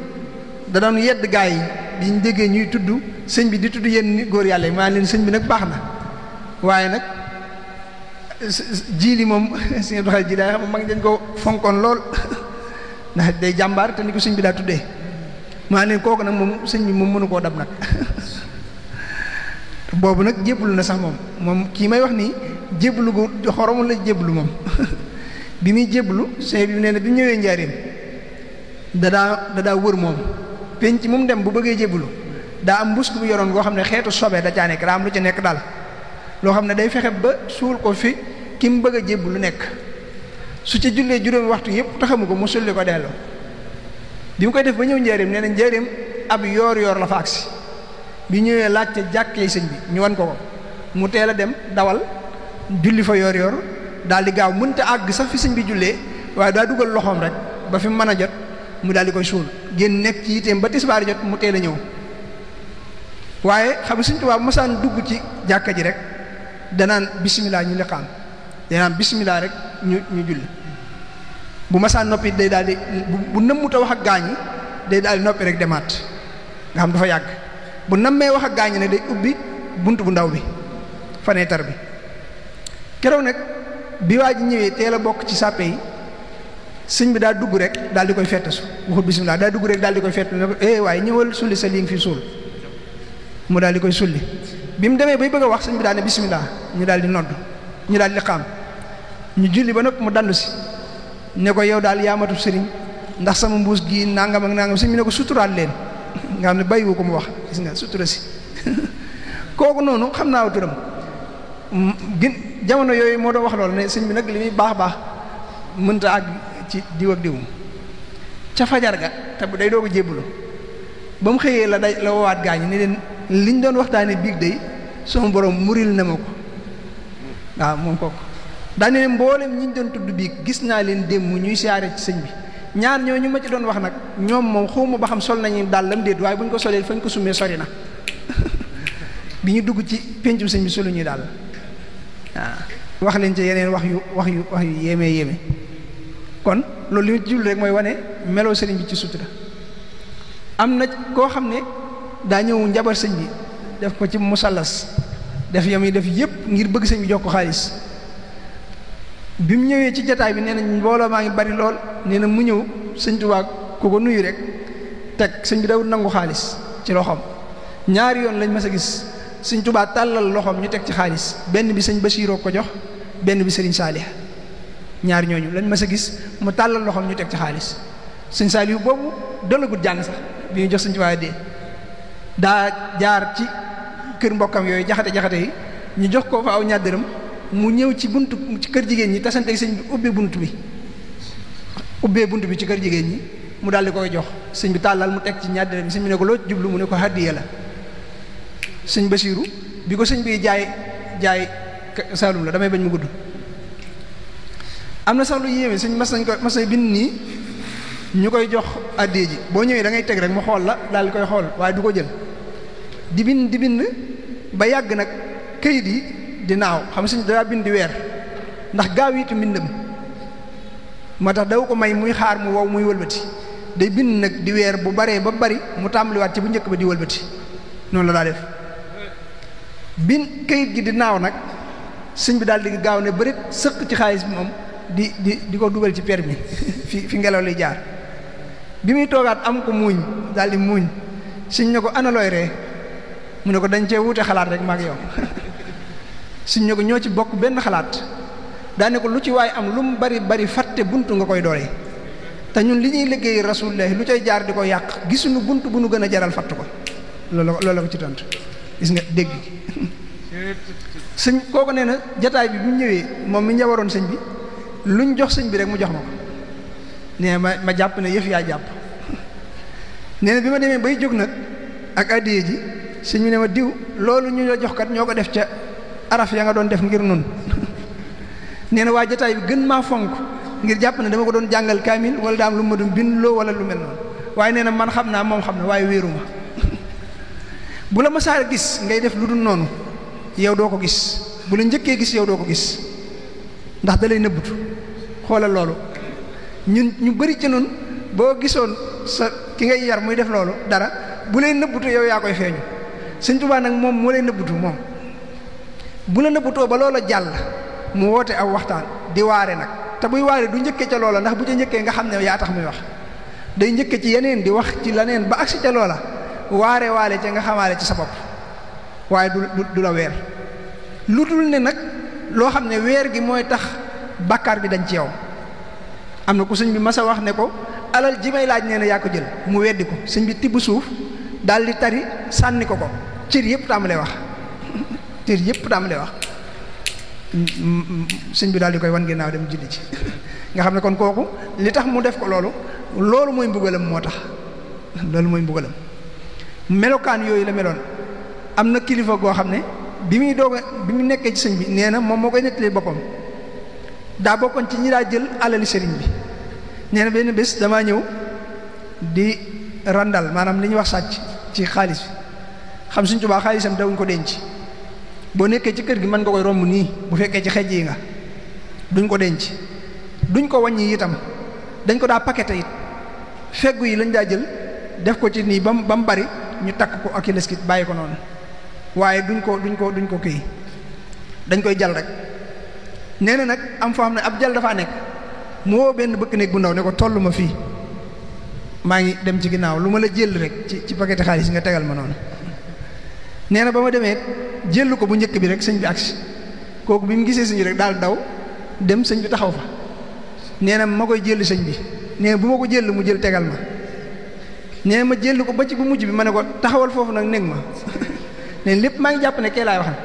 da doon yedd gaa yi bi ñu ñuy tudd sëñ bi di tudd yenn góor yàlla yi maa leen sëñ bi nag baax na waaye nag jiili moom sëñ Abdou Khadir Jilaani xam mag dañ ko fonkoon lool ndax day jàmbaar te ni ko sëñ bi daa tuddee maa ne kooku nag moom sëñ bi moom mënu koo dab nag boobu nag jébbalu na sax moom moom kii may wax nii jébbalu gu xoromu la jébbalu moom bi muy jébbalu sëñ bi nee na bi mu ñëwee njaareem dadaa dadaa wër moom penc moom dem bu bëggee jébbalu daa am mbus bu yoroon goo xam ne xeetu sobe da caa nekk daa am lu ca nekk daal loo xam ne day fexe ba suul ko fi ki mu bëgg a jébb lu nekk su ci jullee juróomi waxtu yëpp taxamu ko mu sulli ko delloo bi mu koy def ba ñëw njëriñ nee na njëriñ ab yoor yoor la fa bi ñëwee laajte jàkkee sëñ bi ñu ko ko mu teel a dem dawal julli fa yoor yoor daal di gaaw mënta àgg sax fi suñ bi jullee waaye daa dugal loxoom rek ba fi mën a jot mu daal di koy suul génn nekk ci yiteem ba tisbaar jot mu teel a ñëw waaye xam nga Sëñ Tuubaa mosaan dugg ci jàkka ji rek danaan bisimilah ñu liqaam danaan bisimilah rek ñu ñu julli bu masaa noppi day daal di bu nëmmuta wax ak gaañi day daal di noppi rek demaat nga xam dafa yàgg bu nammee wax ak gaañi nag day ubbi bunt bu ndaw bi faneetar bi keroog nag bi waa ji ñëwee teel a bokk ci sàppe yi sëñ bi daa dugg rek daal di koy fettasu waxul bisimilah daa dugg rek daal di koy fettu ne ko eh waaye ñëwal sulli sa li ngi fi suul mu daal di koy sulli bi mu demee bay bëgg a wax sëñ bi daal ne ñu daal di nodd ñu daal di ñu julli ba nopp mu dandu si ne ko yow daal yaamatu sëriñ ndax sama mbuus gi nangam ak nangam sëñ bi ne ko suturaal leen nga xam ne bàyyiwu ko mu wax gis nga sutura si kooku noonu xam naa turam gin jamono yooyu moo doon wax loolu ne sëñ bi nag li muy baax baax mënta àgg ci diw ak diwum ca fajar ga te day doog a jébbalu ba mu xëyee la day la woowaat gaañ ni leen liñ doon waxtaanee biig day sama borom muril na ma ko waaw moom kooku daane ne mboolem ñi doon tudd biig gis naa leen démb ñuy siyaare ci sëñ bi ñaar ñoo ñu ma ci doon wax nag ñoom moom xawma ba xam sol nañu dàllam déet waaye bu ñu ko solee fañ ko summee sori na bi ñu dugg ci péncum sëñ bi solu ñuy dàll waaw wax leen ci yeneen wax yu wax yu wax yu yéeme yéeme kon loolu li ma ci jublu mooy wane meloo sëriñ bi ci sutura am na koo xam ne daa ñëw njabar sëñ bi def ko ci musallas def yam yi def yépp ngir bëgg sëñ bi jox ko xaalis bi mu ñëwee ci jataay bi nee na mbooloo maa ngi bari lool nee na mu ñëw sëñ Tuubaa ku ko nuyu rek teg sëñ bi dawul nangu xaalis ci loxoom ñaari yoon lañ mas a gis sëñ Tuubaa tàllal loxoom ñu teg ci xaalis benn bi sëñ Basiiroo ko jox benn bi sëriñ Saalih ñaari ñooñu lañ mas a gis mu tàllal loxoom ñu teg ci xaalis sëñ Saalih boobu dalagut jàng sax bi ñu jox sëñ Tuubaa daa jaar ci kër mbokkam yooyu jaxate jaxate yi ñu jox ko fa aw ñaar mu ñëw ci bunt ci kër jigéen ñi tasante sëñ bi ubbee bunt bi ubbee bunt bi ci kër jigéen ñi mu daal di koy jox sëñ bi tàllal mu teg ci ñaar dërëm sëñ bi ne ko loo jublu mu ne ko hàddiya la sëñ Basiiru bi ko sëñ bi jaay jaay Saalum la damay bañ mu gudd am na sax yéeme sëñ mas nañ ko mas nañ bind nii ñu koy jox àddee ji boo ñëwee da ngay teg rek mu xool la daal di koy xool waaye du ko jël di bind di bind ba yàgg nag këyit yi di naaw xam suñ daa bind weer ndax gaaw yitu mbindam moo tax daw ko may muy xaar mu wow muy wëlbati day bind nag di weer bu baree ba bari mu tàmbaliwaat ci bu njëkk ba di wëlbati noonu la daa def bin kayit gi di naaw nag sëñ bi daal di gaaw ne bërit sëq ci xaalis bi moom di di di ko dugal ci permi fi fi ngelaw lay jaar bi muy toogaat am ko muuñ daal di muuñ sëñ ne ko ana ree mu ne ko dañ cee wute xalaat rek maag yow suñ ne ko ñoo ci bokk benn xalaat daane ko lu ci waay am lu mu bari bari fatte bunt nga koy doole te ñun li ñuy liggéey rasulullah lu cay jaar di ko yàq gisuñu bunt bu nu gën a jaral fatt ko loolu loolu ko ci tont gis nga dégg sëñ kooku nee na jataay bi bu ñëwee moom mi njawaroon sëñ bi luñ jox sëñ bi rek mu jox ma ko nee ma ma jàpp ne yëf yaa jàpp nee na bi ma demee bay jóg nag ak addiye ji su ñu ne ma diw loolu ñu la jox kat ñoo ko def ca araf ya nga doon def ngir nun nee na waa jotaay bi gën maa fonk ngir jàpp ne dama ko doon jàngal kaamil wala daam lu ma doon bind loo wala lu mel noonu waaye nee na man xam naa moom xam na waaye wéeru ma bu la masaara gis ngay def lu dul noonu yow doo ko gis bu la njëkkee gis yow doo ko gis ndax da lay nëbbutu xoolal loolu ñun ñu bari ca nun boo gisoon sa ki ngay yar muy def loolu dara bu lay nëbbutu yow yaa koy feeñu sëñ Tuubaa nag moom moo lay nëbbutu moom bu la nëbbutoo ba loola jàll mu woote aw waxtaan di waare nag te buy waare du njëkkee ca loola ndax bu ca njëkkee nga xam ne yaa tax muy wax day njëkke ci yeneen di wax ci leneen ba agsi ca loola waare waale ca nga xamaale ci sa bopp waaye du du la weer lu dul ne nag loo xam ne weer gi mooy tax bàkkaar bi dañ ci yow am na ku sëñ bi mas a wax ne ko alal ji may laaj nee na yaa ko jël mu weddi ko sëñ bi tibb suuf daal di tari sànni ko ko cër yëpp tàmbalee wax cër yëpp tàmbalee wax sëñ bi daal di koy wan ginnaaw dem julli ci nga xam ne kon kooku li tax mu def ko loolu loolu mooy mbugalam moo tax loolu mooy mbugalam melokaan yooyu la meloon am na kilifa goo xam ne bi muy doog bi mu nekkee ci sëñ bi nee na moom moo koy nettalee boppam daa bokkoon ci ñi daa jël alali sëriñ bi nee benn bés damaa ñëw di randal maanaam li ñuy wax sàcc ci xaalis xam suñ tubaa xaalisam dawuñ ko denc boo nekkee ci kër gi mën nga koy romb nii bu fekkee ci xej yi nga duñ ko denc duñ ko wàññi itam dañ ko daa paqueté it feggu yi lañ daa jël def ko ci nii ba mu ba mu bari ñu takk ko ak leskit bàyyi ko noonu waaye duñ ko duñ ko duñ ko kii dañ koy jal rek nee na nag am foo xam ne ab jal dafaa nekk moo benn bëkk néeg bu ndaw ne ko tollu ma fii maa ngi dem ci ginnaaw lu ma la jël rek ci ci paquet xaalis nga tegal ma noonu nee na ba ma demee jël ko bu njëkk bi rek sëñ bi agsi kooku bi mu gisee sëñ bi rek daal daw dem sëñ bi taxaw fa nee na ma koy jël sëñ bi nee bu ma ko jël mu jël tegal ma nee ma jël ko ba ci bu mujj bi ma ne ko taxawal foofu nag néeg ma nee lépp maa ngi jàpp ne kee laay waxal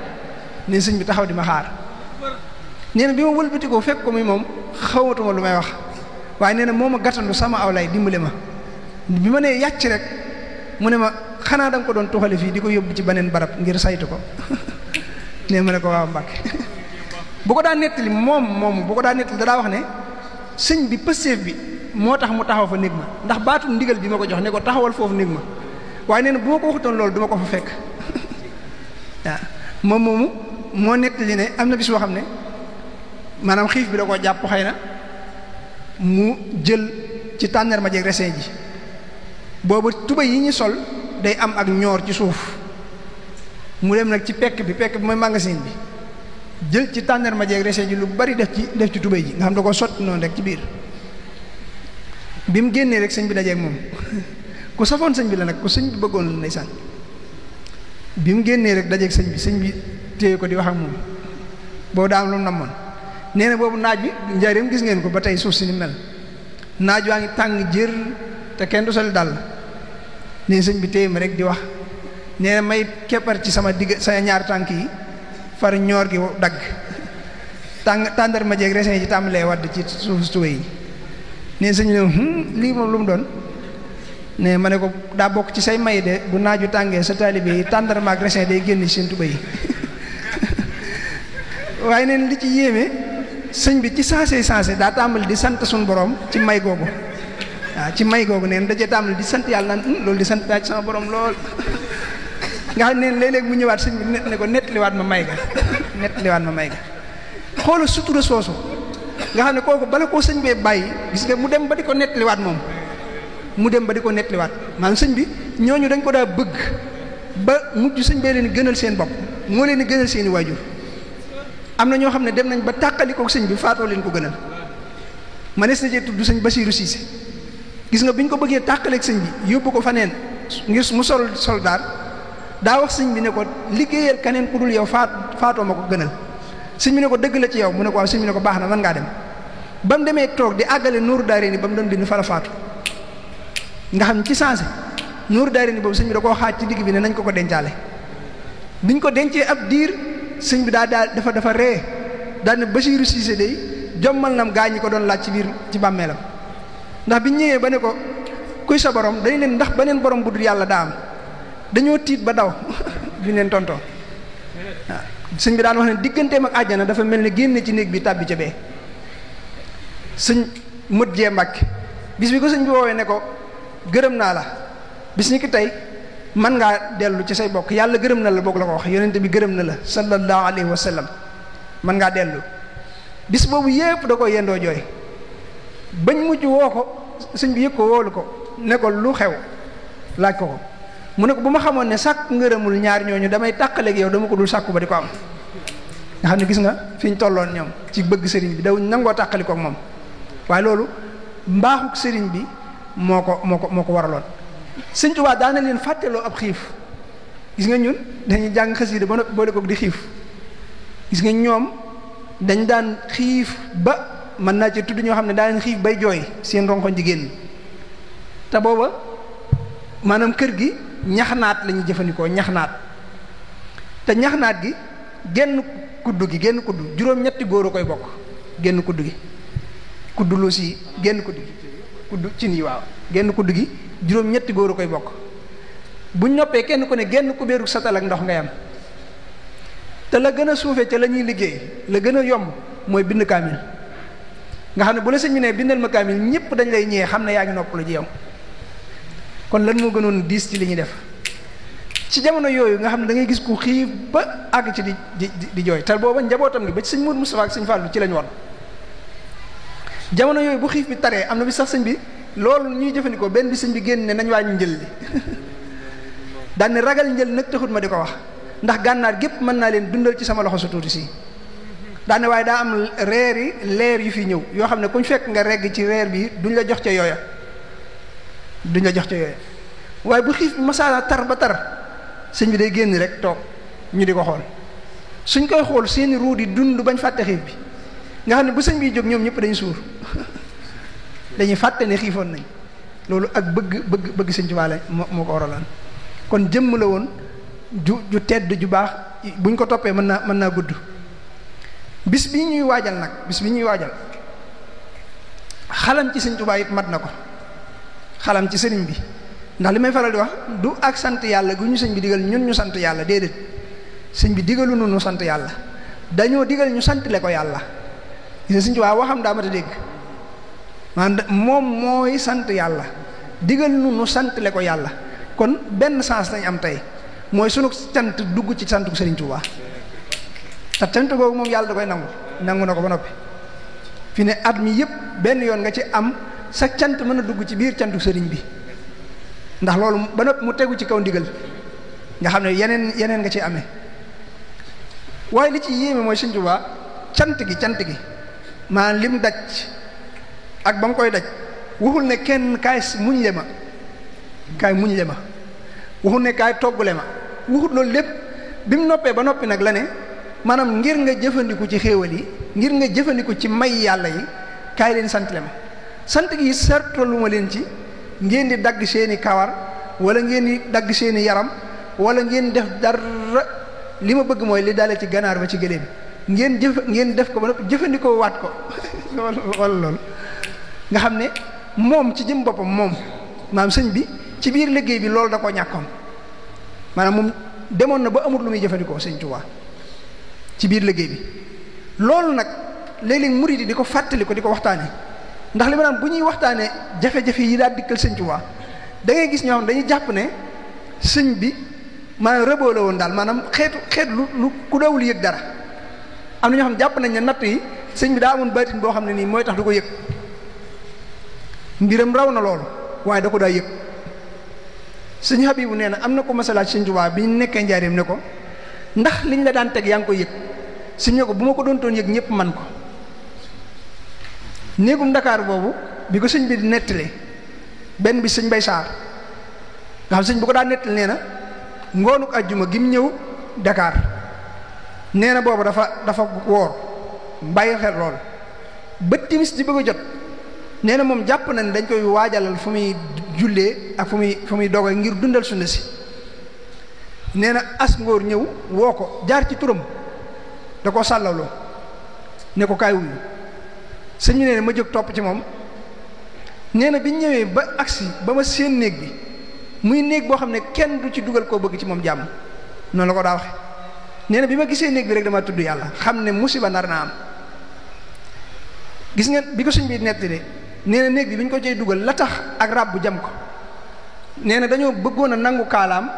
nee na sëñ bi taxaw di ma xaar nee bi ma wëlbatikoo fekk ko mi moom xawmatuma lu may wax waaye nee na moo ma gàttandu sama aw lay dimbale ma bi ma nee yàcc rek mu ne ma xanaa da ko doon tuxale fii di ko yóbbu ci beneen barab ngir saytu ko ne ma ne ko waaw Mbàkke bu ko daa nettali moom moom bu ko daa nettali dadaa wax ne sëñ bi pëseef bi moo tax mu taxaw fa néeg ma ndax baatu ndigal bi ma ko jox ne ko taxawal foofu néeg ma waaye nee na boo ma ko waxutoon loolu du ko fa fekk waaw moom moomu moo nettali ne am na bis boo xam ne maanaam xiif bi da koo jàpp xay na mu jël ci tànneer ma jeeg resin boobu tuba yi ñu sol day am ak ñoor ci suuf mu dem nag ci pekk bi pekk bi mooy magasin bi jël ci tàndarma jeeg rese ji lu bari def ci def ci tubéy ji nga xam ne ko sotti noonu rek ci biir bi mu génnee rek sëñ bi dajeeg moom ku safoon sëñ bi la nag ku sëñ bi bëggoon la ndeysaan bi mu génnee rek dajeeg sëñ bi sëñ bi téye ko di wax ak moom boo daam lu namoon nee na boobu naaj bi njaareem gis ngeen ko ba tey suuf si ni mel naaj waa ngi tàng jër te kenn du sol dàll ne sëñ bi téyem rek di wax nee may keppar ci sama digg sa ñaari tànk yi far ñoor gi dagg tàng tàndar ma jeeg resin yi ci tàmbalee wadd ci suuf tuwe yi nee sëñ bi hmm, lii moom lu mu doon ne ma ne ko daa bokk ci say may de bu naaju tàngee sa taalibe yi tàndarma ak day génn ci seen tuba yi waaye neen li ci yéeme sëñ bi ci saase saase daa tàmbali di sant suñu borom ci may googu waaw ah, ci may googu neen dajee tàmbali di sant yàlla naan hmm, loolu di sant daaj sama borom lool nga xam ne léeg-léeg mu ñëwaat sëñ bi net ne ko nettaliwaat ma may ga nettaliwaat ma may ga xoola sutura soosu nga xam ne kooku bala koo sëñ bee bàyyi gis nga mu dem ba di ko nettaliwaat moom mu dem ba di ko nettaliwaat maanaam sëñ bi ñooñu dañ ko daa bëgg ba mujj sëñ bee leen gënal seen bopp moo leen gënal seen i waajur am na ñoo xam ne dem nañ ba tàqalikook sëñ bi faatoo leen ko gënal manees na cee tudd sëñ Basiiru Siise gis nga bi ñu ko bëggee tàqaleeg sëñ bi yóbbu ko faneen ngir mu sol soldaar daa wax sëñ bi ne ko liggéeyal keneen ku dul yow faat faatoo ma ko gënal sëñ bi ne ko dëgg la ci yow mu ne ko waaw sëñ bi ne ko baax na man ngaa dem ba mu demee toog di àggale nuuru daare ni ba mu doon dindi fa la faatu nga xam ci sensé nuuru daare ni boobu sëñ bi da koo xaaj ci digg bi ne nañ ko ko dencaale biñ ko dencee ab diir sëñ bi daa daa dafa dafa ree daal ne Basiiru Siise jommal nam gaa ñi ko doon laaj ci biir ci bàmmeelam ndax bi ñëwee ba ne ko kuy sa borom dañ leen ndax beneen borom bu dul yàlla daa dañoo tiit ba daw duñ leen tontoo waaw sëñ bi daan wax ne digganteem ak àjjana dafa mel ne génne ci néeg bi tàbbi ca bee sëñ mët jee mbàkke bis bi ko sëñ bi woowee ne ko gërëm naa la bis ñi ki tey man ngaa dellu ci say bokk yàlla gërëm na la boog la ko wax yonente bi gërëm na la sallallahu alayhi wa sallam man ngaa dellu bis boobu yépp da ko yendoo jooy bañ mujj woo ko sëñ bi yëg ko woolu ko ne ko lu xew laaj ko ko mu ne ko bu ma xamoon ne sàkk ngërëmul ñaar ñooñu damay tàqaleeg yow dama ko dul sàkku ba di ko am nga xam ne gis nga fi ñu tolloon ñoom ci bëgg sëriñ bi daw nangoo tàqali ko ak moom waaye loolu mbaaxuk sëriñ bi moo ko moo ko moo ko waraloon sëñ Tuubaa daana leen fàtteloo ab xiif gis nga ñun dañuy jàng xasida ba boole ko di xiif gis nga ñoom dañ daan xiif ba mën naa ci tudd ñoo xam ne daa leen xiif bay jooy seen ronkoñ di génn te booba maanaam kër gi ñaxnaat la ñuy jëfandikoo ñaxnaat te ñaxnaat gi genn kudd gi génn kudd juróom-ñetti góor a koy bokk genn kudd gi kudd lu si genn kudd gi kudd cin yi waaw genn kudd gi juróom-ñetti góor a koy bokk buñ noppee kenn ku ne genn kubéeru satal ak ndox ngay am te la gën a suufe ca la ñuy liggéey la gën a yomb mooy bind kaamil nga xam ne bu la sëñ bi ne bindal ma kaamil ñëpp dañ lay ñëwee xam ne yaa ngi la ji yow kon lan moo gënoon diis ci li ñuy def ci jamono yooyu nga xam ne da ngay gis ku xiif ba àgg ci di di di jooy te booba njabootam gi ba ci sëñ Mourou Moustapha ak sëñ Fallou ci lañ woon jamono yooyu bu xiif bi taree am na bi sax sëñ bi loolu ñuy jëfandikoo benn bi sëñ bi génn ne nañ wàññi njël li daan ragal njël nag taxut ma di ko wax ndax gànnaar gépp mën naa leen dundal ci sama loxo su tuuti si daane waaye daa am reeri leer yu fi ñëw yoo xam ne ñu fekk nga regg ci reer bi duñu la jox ca yooya duñ la jox ca yooya waaye bu xiif masaana tar ba tar sëñ bi day génn rek toog ñu di ko xool suñ koy xool seeni ruu di dund bañ fàtte xiif bi nga xam ne bu sëñ bi jóg ñoom ñëpp dañu suur dañuy fàtte ne xiifoon nañ loolu ak bëgg bëgg bëgg sëñ Tuubaa la moo ko waralaan kon jëmm la woon ju ju tedd ju baax buñ ko toppee mën naa mën naa gudd bis bi ñuy waajal nag bis bi ñuy waajal xalam ci sëñ Tuubaa it mat na ko xalam ci sëriñ bi ndax li may faral di wax du ak sant yàlla gu ñu sëñ bi digal ñun ñu sant yàlla déedéet sëñ bi digalu nu ñu sant yàlla dañoo digal ñu santale ko yàlla gis nga sëñ waxam daa mat a dégg maanaam moom mooy sant yàlla digal nu nu ko yàlla kon benn sens lañ am tey mooy sunu sant dugg ci santu Sëriñ Tuubaa te cant googu moom yàlla da koy nangu nangu na ko ba noppi fi ne at mi yëpp benn yoon nga ci am sa cant mën a dugg ci biir cantu sëriñ bi ndax loolu ba noppi mu tegu ci kaw ndigal nga xam ne yeneen yeneen nga ci amee waaye li ci yéeme mooy Sëriñ Tuubaa cant gi cant gi maa li mu daj ak ba mu koy daj waxul ne kenn kaay muñ le ma kaay muñ le ma waxul ne kaay toggule ma waxut loolu lépp bi mu noppee ba noppi nag la ne maanaam ngir nga jëfandiku ci xéewal yi ngir nga jëfandiku ci may yàlla yi kaay leen sant le ma sant gi sertalu ma leen ci ngeen di dagg seeni kawar wala ngeen di dagg seeni yaram wala ngeen def dara li ma bëgg mooy li dalee ci ganaar ba ci gëléem ngeen jëf ngeen def ko ba jëfandikoo waat ko wala loolu nga xam ne moom ci jëm boppam moom maam sëñ bi ci biir liggéey bi loolu da koo ñàkkoon maanaam moom demoon na ba amul lu muy jëfandikoo sëñ Tuubaa ci biir liggéey bi loolu nag léeg-léeg yi di ko fàttali ko di ko waxtaane ndax li ma bu ñuy waxtaanee jafe-jafe yi daal dikkal sëñ Tuubaa da ngay gis ñoo xam dañuy jàpp ne sëñ bi maanaam rëboo woon daal maanaam xeetu xeet lu ku dawul yëg dara am na ñoo xam jàpp nañ ne natt yi sëñ bi daa amoon baatin boo xam ne nii mooy tax du ko yëg mbiram raw na loolu waaye da ko daa yëg sëñ Habibu nee na am na ko masalaat sëñ Tuubaa bi ñu nekkee njaareem ne ko ndax liñ la daan teg yaa ngi koy yëg signé ko bu ma ko doon toon yëg ñëpp man ko néegum ndakaaru boobu bi ko sëñ bi di nettali benn bi sëñ bay saar nga xam sëñ bu ko daan nettali nee na ngoonuk ajjuma gi mu ñëw Dakar nee na boobu dafa dafa woor bàyyi xel lool bët timis di bëgg jot nee na moom jàpp na ne dañ koy waajalal fu muy jullee ak fu muy fu muy doge ngir dundal sunna si nee na as ngóor ñëw woo ko jaar ci turam da koo sàllaloo ne ko kaay wuyu sëñ bi nee na ma jóg topp ci moom nee na bi ñëwee ba agsi ba ma séen néeg bi muy néeg boo xam ne kenn du ci dugal koo bëgg ci moom jàmm noonu la ko daa waxe nee bi ma gisee néeg bi rek dama tudd yàlla xam ne musiba nar naa am gis ngeen bi ko sëñ bi nettali nee na néeg bi bi ñu ko cay dugal la tax ak rab bu jam ko nee na dañoo bëggoon a nangu kaalaam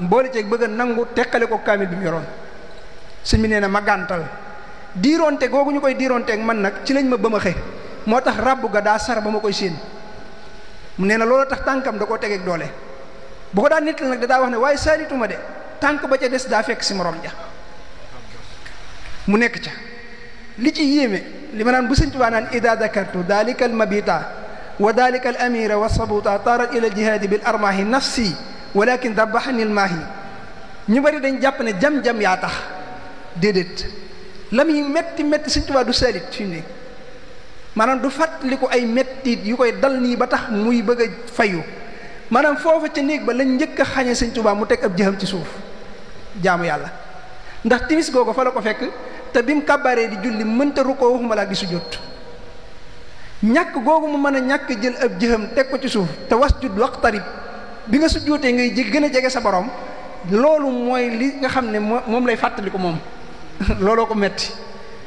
mboole ceeg bëgg a nangu teqale ko kaamil bi mu yoroon sëñ bi nee na ma gàntal diironte googu ñu koy diironteeg man nag ci lañ ma bëmaxe moo tax ràbb ga daa sar ba ma koy séen mu nee na loolu tax tànkam da koo tegeeg doole bu ko daan nit la nag da daa wax ne waaye saalituma de tànk ba ca des daa fekk si moroom ja mu nekk ca li ci yéeme li ma naan bu sëñ Tuubaa naan ida dakartu dalika al mabita wa dalika al amira wa sabuta tarat ila jihaadi bil armahi nafsi walakin dabaxani al maahi ñu bari dañ jàpp ne jam-jam yaa tax déedéet lam yi metti metti Sëñ Tuubaa du saalit fi mu ne maanaam du fàttaliku ay mettit yu koy dal nii ba tax muy bëgg a fayu maanaam foofa ca néeg ba lañ njëkk a xañe Sëñ mu teg ab jëxam ci suuf jaamu yàlla ndax timis googu fa la ko fekk te bi mu kàbbaaree di julli mënta rukkoo waxuma laa di sujjóot ñàkk googu mu mën a ñàkk jël ab jëxam teg ko ci suuf te wasjud waqtarib bi nga sujjóotee ngay gën a jege sa borom loolu mooy li nga xam ne moom lay fàttaliku moom looloo ko metti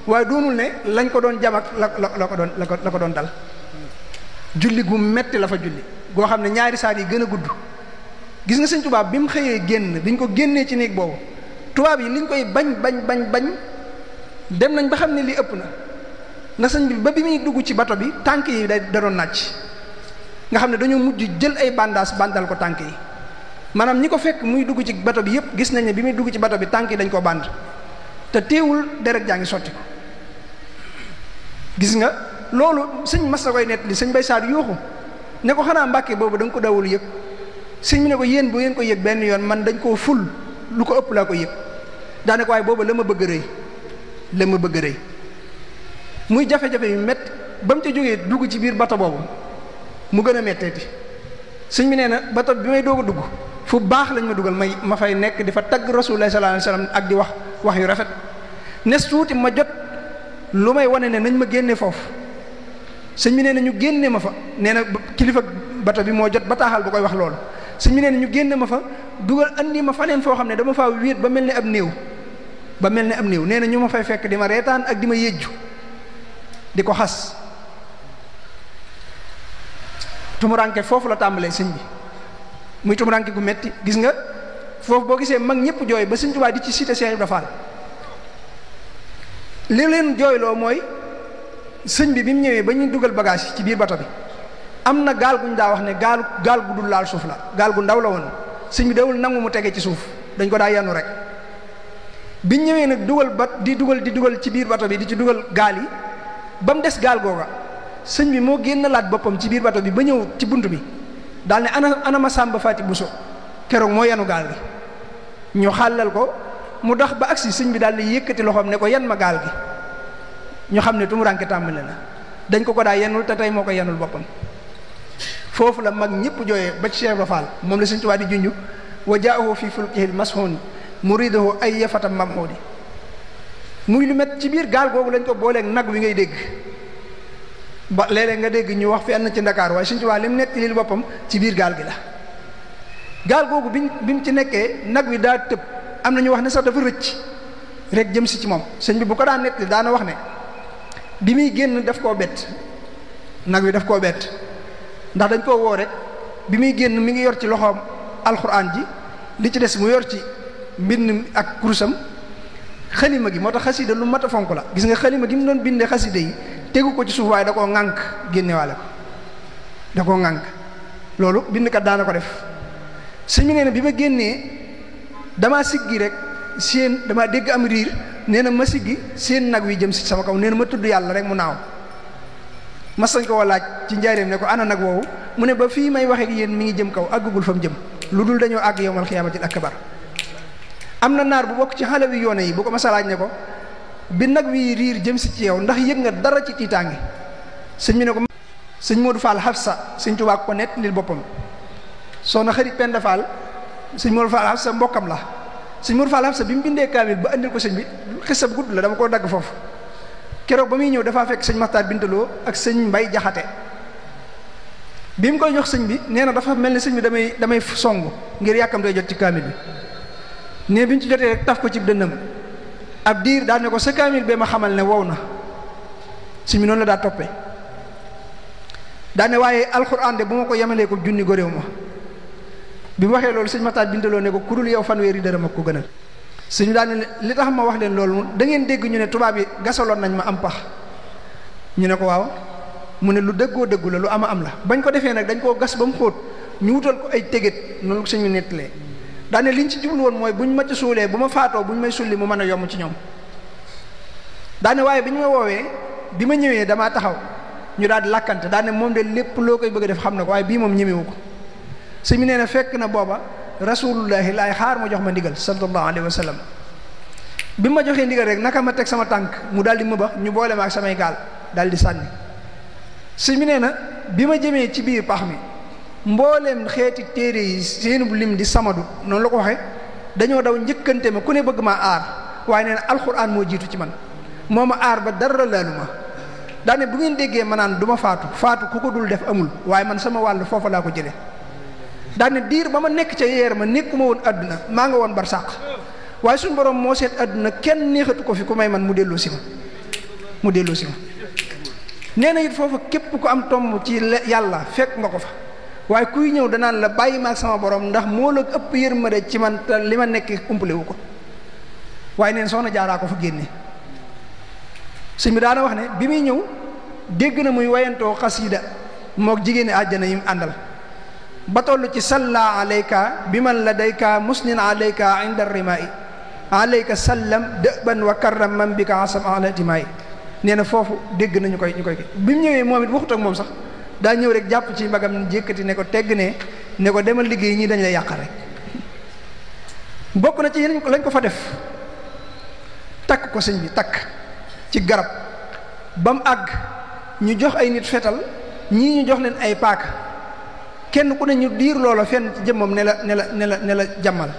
waaye doomul ne lañ ko doon jam ak la ko doon la ko doon dal julli gu metti la fa julli goo xam ne ñaari saar yi gën a gudd gis nga sëñ tubaab bi mu xëyee génn bi ñu ko génnee ci néeg boobu tubaab yi liñ koy bañ bañ bañ bañ dem nañ ba xam ne lii ëpp na na sëñ bi ba bi muy dugg ci bato bi tànk yi da doon nàcc nga xam ne dañoo mujj jël ay bandaas bandal ko tànk yi maanaam ñi ko fekk muy dugg ci bato bi yépp gis nañ ne bi muy dugg ci bato bi tànk dañ koo band te teewul deret jaa ngi sotti ko gis nga loolu sëñ mas na koy nett li sëñ bay saar yuuxu ne ko xanaa mbàkke boobu danga ko dawul yég sëñ bi ne ko yéen bu ngeen ko yég benn yoon man dañ koo ful lu ko ëpp laa ko yëg daane ko waaye boobu la ma bëgg rëy la ma bëgg rëy muy jafe-jafe yu mett ba mu ca jógee dugg ci biir bato boobu mu gën a métteeti sëñ bi nee na bato bi may doog a dugg fu baax lañ ma dugal may ma fay nekk di fa tagg rasulullah sallallahu ak di wax wax yu rafet nes tuuti ma jot lu may wane ne nañ ma génne foofu sëñ bi nee na ñu génne ma fa nee na kilifa bata bi moo jot bataaxal bu koy wax loolu sëñ bi nee na ñu génne ma fa dugal andi ma faneen foo xam ne dama fa wéet ba mel ne ab néew ba mel ne ab néew nee na ñu ma fay fekk di ma reetaan ak di ma yéjju di ko xas tumuranke foofu la tàmbalee sëñ bi muy tumuranke gu metti gis nga foofu boo gisee mag ñëpp jooy ba sëñ Tuubaa di ci cité Cheikh Ibra li leen jooyloo mooy sëñ bi bi mu ñëwee ba ñu dugal bagage yi ci biir bato bi am na gaal guñ daa wax ne gaal gaal gu dul laal suuf la gaal gu ndaw la woon sëñ bi dawul nangu mu tege ci suuf dañ ko daa yenu rek biñ ñëwee nag dugal bat di dugal di dugal ci biir bato bi di ci dugal gaal yi ba mu des gaal googa sëñ bi moo génn laat boppam ci biir bato bi ba ñëw ci bunt bi daal ne ana ana ma Samba Fati Bousso keroog moo yenu gaal gi ñu xàllal ko mu dox ba agsi sëñ bi daal di yëkkati loxoom ne ko yan ma gaal gi ñu xam ne tumuraanke ne na dañ ko ko daa yenul te tey moo ko yenul boppam foofu la mag ñëpp jooyee ba ci Cheikh Fall moom la sëñ Tuubaa di junj wa jaahu fi fulkihil mashuni muridahu ay yafatam mamhudi muy lu met ci biir gaal googu lañ ko booleeg nag wi ngay dégg ba léeg nga dégg ñu wax fi ànd ci Ndakaar waaye sëñ Tuubaa li mu nekk lil boppam ci biir gaal gi la gaal googu bi bi ci nekkee nag wi daa tëb am na ñu wax ne sax dafa rëcc rek jëm si ci moom sëñ bi bu ko daan nekk daana wax ne bi muy génn daf koo bett nag wi daf koo bett ndax dañ koo woo rek bi muy génn mi ngi yor ci loxoom alxuraan ji li ci des mu yor ci mbind ak kurusam xalima gi moo tax xasida lu mat a fonk la gis nga xalima gi mu doon bindee xasida yi tegu ko ci suuf da koo ngànk génnewaale ko da koo ŋànk loolu bindkat daana ko def sëñ bi nee na bi ma génnee damaa siggi rek seen damaa dégg am riir nee na ma siggi seen nag wi jëm si sama kaw nee na ma tudd yàlla rek mu naaw mas nañ ko laaj ci njaareem ne ko ana nag woowu mu ne ba fii may waxee ak yéen mi ngi jëm kaw àggugul fa mu jëm lu dul dañoo àgg yowmal xiyaamatil akbar am na naar bu bokk ci xale bi yoone yi bu ko mas a laaj ne ko bi nag wi riir jëm si ci yow ndax yëg nga dara ci tiitaange sëñ bi ne ko sëñ Modou Fall Hafsa sëñ Tuubaa ko nett nil boppam sëñ fa Fall sa mbokkam la sëñ Mor Fall Absa bi mu bindee kaamil ba andil ko sëñ bi xisab gudd la dama koo dagg foofu keroog ba muy ñëw dafaa fekk sëñ Maxtaar Bintaloo ak sëñ Mbay Jaxate bi mu koy jox sëñ bi nee na dafa mel ni sëñ bi damay damay song ngir yàkkam day jot ci kaamil bi ne bi ñu ci jotee rek taf ko ci dënnam ab diir daal ko sa kaamil bee ma xamal ne wow na sëñ bi noonu la daa toppe daane waaye alxuraan de bu ma ko yemaleeku junni goréew ma bi mu waxee loolu sëñ Mataar bindaloo ne ko ku dul yow fanweeri dërëm ak ko gënal suñu daan li tax ma wax leen loolu dangeen ngeen dégg ñu ne tubaab yi gasaloon nañ ma am pax ñu ne ko waaw mu ne lu dëggoo dëggu la lu a am la bañ ko defee nag dañ koo gas ba mu xóot ñu wutal ko ay tëgét noonu ko suñu nettalee daane liñ ci jublu woon mooy buñ ma ci suulee bu ma faatoo buñ may sulli mu mën a yomb ci ñoom daane waaye bi ñu ma woowee bi ma ñëwee damaa taxaw ñu daal di lakkante daane moom de lépp loo koy bëgg a def xam na waaye bii moom ñemewu ko sëñ bi nee na fekk na booba rasulullahi laay xaar ma jox ma ndigal sallallahu alayhi wa sallam bi ma joxee ndigal rek naka ma teg sama tànk mu daal di ma ba ñu boole ma ak samay gaal daal di sànni sëñ bi nee na bi ma jëmee ci biir pax mi mboolem xeeti téere yi seen bu lim di samadu noonu la ko waxee dañoo daw njëkkante ma ku ne bëgg maa aar waaye nee na alxuraan moo jiitu ci man moo ma aar ba dara laalu ma daane bu ngeen déggee ma naan du ma faatu faatu ku ko dul def amul waaye man sama wàll foofa laa ko jëlee. daane diir ba ma nekk ca yeer ma nekkuma woon àdduna maa nga woon bar sàq waaye suñ boroom moo seet àdduna kenn neexatu ko fi ku may man mu delloo si ma mu delloo si ma nee na it foofu képp ku am tomb ci yàlla fekk nga ko fa waaye kuy ñëw danaan la bàyyi ma ak sama boroom ndax moo la ëpp yërmande ci man li ma nekk umpale wu ko waaye neen soxna jaaraa ko fa génne sëñ bi daana wax ne bi muy ñëw dégg na muy wayantoo xasida moo jigéeni àjjana yi mu àndal ba toll ci salla alayka bi man la ladayka musnin alayka inda rimaa'i alayka sallam dëban wa karram man bi ka asam ala timaa'i nee na foofu dégg nañu koy ñu koy bi mu ñëwee moom it waxut ak moom sax daa ñëw rek jàpp ci mbagam jékkati ne ko tegg ne ne ko demal liggéey ñii dañ lay yàqal rek bokk na ci yeneen lañ ko fa def takk ko sëñ bi takk ci garab ba mu àgg ñu jox ay nit fetal ñii ñu jox leen ay paaka kenn ku ne ñu diir loola fenn ci jëmmam ne la ne la ne la jàmmal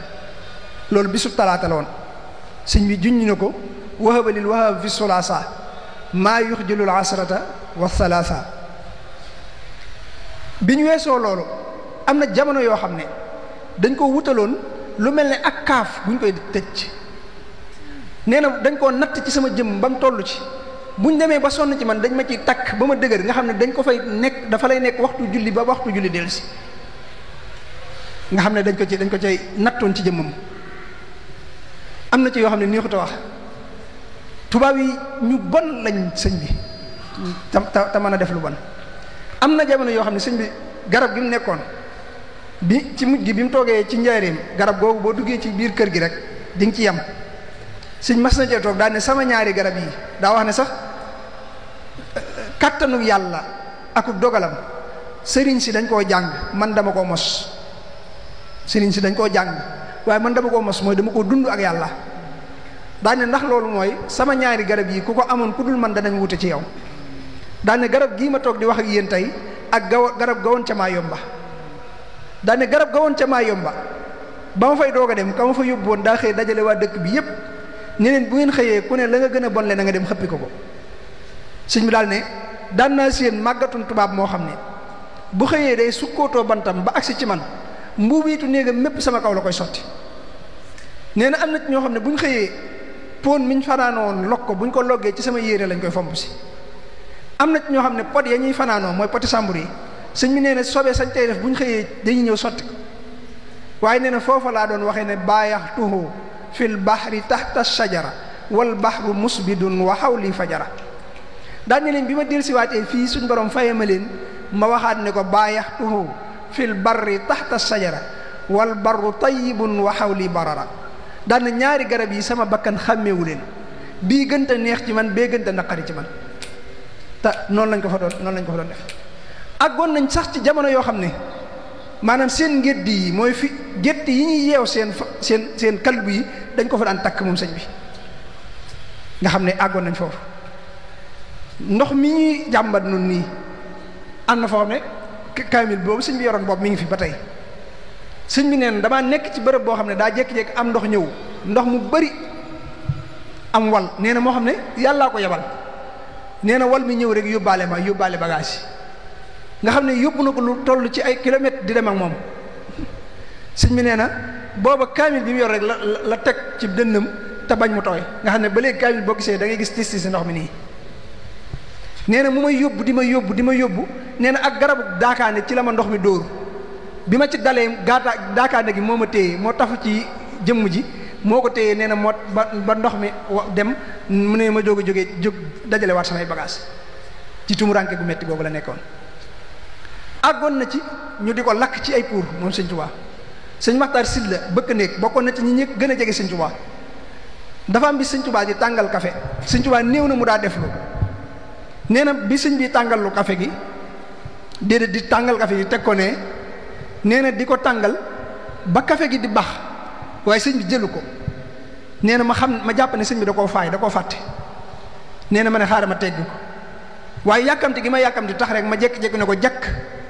loolu bisu talaata la woon sëñ bi junñ ne ko wahaba lil wahab fi sulaasa maa yuxjilul asrata wa salaasa bi ñu weesoo loolu am na jamono yoo xam ne dañ ko wutaloon lu mel ne ak kaaf bu ñu koy tëj nee na dañ koo natt ci sama jëmm ba mu toll ci buñ demee ba sonn ci man dañ ma ci takk ba ma dëgër nga xam ne dañ ko fay nekk dafa lay nekk waxtu julli ba waxtu julli si nga xam ne dañ ko ci dañ ko cay nattoon ci jëmmam am na ci yoo xam ne neexut a wax tubaab yi ñu bon lañ sëñ bi te te mën a def lu bon am na jamono yoo xam ne sëñ bi garab gi mu nekkoon bi ci mujj gi bi mu toogee ci njaareem garab googu boo duggee ci biir kër gi rek di nga ci yem sëñ mas na cee toog daal sama ñaari garab yi daa wax ne sax kàttanu yàlla ak dogalam sëriñ si dañ koo jàng man dama koo mos sëriñ si dañ koo jàng waaye man dama koo mos mooy dama koo dund ak yàlla daane ndax loolu mooy sama ñaari garab yi ku ko amoon ku dul man danañ wute ci yow daane garab gii ma toog di wax ak yéen tey ak gaw garab gawoon ca maa yomba daane garab gawoon ca maa yomba ba ma fay doog a dem ka ma fa yóbbu woon daa xëy dajale waa dëkk bi yépp ne bu ngeen xëyee ku ne la nga gën a bon le na nga dem xëppi ko ko sëñ bi daal ne daan naa seen màggatun tubaab moo xam ne bu xëyee day sukkootoo bantam ba agsi ci man mbuubiitu néegam mépp sama kaw la koy sotti nee na am na ci ñoo xam ne bu ñu xëyee pon miñ fanaanoon log ko bu ñu ko loggee ci sama yére lañ koy fomp si am na ci ñoo xam ne pot ya ñuy fanaanoo mooy poti sàmbur yi sëñ bi nee na sobee sañ tey def bu ñu xëyee dañuy ñëw sotti ko waaye nee na foofa laa doon waxee ne baayax tuhu fil bahri tahta shajara wal bahru musbidun wa hawli fajara daan leen bi ma dellusiwaatee fii suñ borom fay ma leen ma waxaat ne ko baayaxtuhu fil barri tahta shajara wal barru tayyibun wa hawli barara daan ñaari garab yi sama bakkan xàmmeewu leen bii gënta neex ci man bee gënta naqari ci man te noonu lañ ko fa doon noonu lañ ko fa doon def àggoon nañ sax ci jamono yoo xam ne. maanaam seen ngédd yi mooy fi gétt yi ñuy yeew seen seen seen kalbu yi dañ ko fa daan takk moom sëñ bi nga xam ne àggoon nañ foofu ndox mi ñuy jàmbat nun nii am na foo xam ne kaamil boobu sëñ bi yoroon boobu mi ngi fi ba tey sëñ bi neen damaa nekk ci bërëb boo xam ne daa jekki jékki am ndox ñëw ndox mu bari am wal nee na moo xam ne yàllaa ko yebal nee na wal mi ñëw rek yóbbaale ma yóbbaale yi nga xam ne yóbbu na ko lu toll ci ay kilomètre di dem ak moom sëñ bi nee na booba kaamil bi mu yor rek la la teg ci dënnam te bañ mu tooy nga xam ne ba léegi kaamil boo gisee da ngay gis tis tis ndox mi nii nee na mu ma yóbbu di ma yóbbu di ma yóbbu nee na ak garabu daakaane ci la ma ndox mi dóor bi ma ci dalee gaata daakaane gi moo ma téye moo tafu ci jëmm ji moo ko téye nee na moo ba ba ndox mi dem mu ne ma jóg a jógee jóg dajale waat samay bagage ci tumuranke bu metti googu la nekkoon àggoon na ci ñu di ko lakk ci ay pour moom sëñ Tuubaa sëñ Maxtaar Sylla bëkk néeg bokkoon na ci ñi ñi gën a jege sëñ Tuubaa dafa am bi sëñ Tuubaa di tàngal kafe sëñ néew na mu daa def lu nee na bi sëñ bi tàngal kafe gi déedéet di tàngal kafe gi teg ko ne nee di ko tàngal ba kafe gi di bax waaye sëñ bi jëlu ko nee na ma xam ma jàpp ne sëñ bi da koo faay da koo fàtte nee na ma ne xaaral ma tegg ko waaye yàkkamti gi ma yàkkamti tax rek ma jékki-jékki ne ko jàkk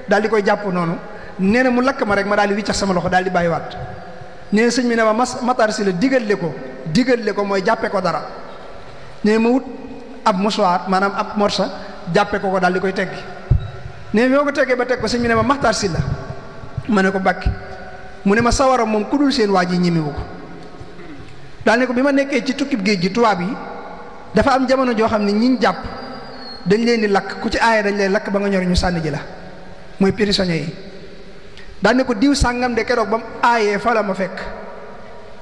daal di koy jàpp noonu nee na mu lakk ma rek ma daal di wiccax sama loxo daal di bàyyiwaat nee na sëñ bi ne ma mas matar si la digalle ko digalle ko mooy jàppe ko dara nee ma wut ab mouchoir maanaam ab morsa jàppe ko ko daal di koy teggi nee na ko teggee ba teg ko sëñ bi ne ma si la ma ne ko bakki mu ne ma sawara moom ku dul seen waa ji ñemewu ko daal ne ko bi ma nekkee ci tukkib géej gi tubaab yi dafa am jamono joo xam ne ñiñ jàpp dañ leen di lakk ku ci aaya dañ leen lakk ba nga ñor ñu sànni ji la mooy prisonniers yi daane ko diw sàngam de keroog ba mu aayee fa la ma fekk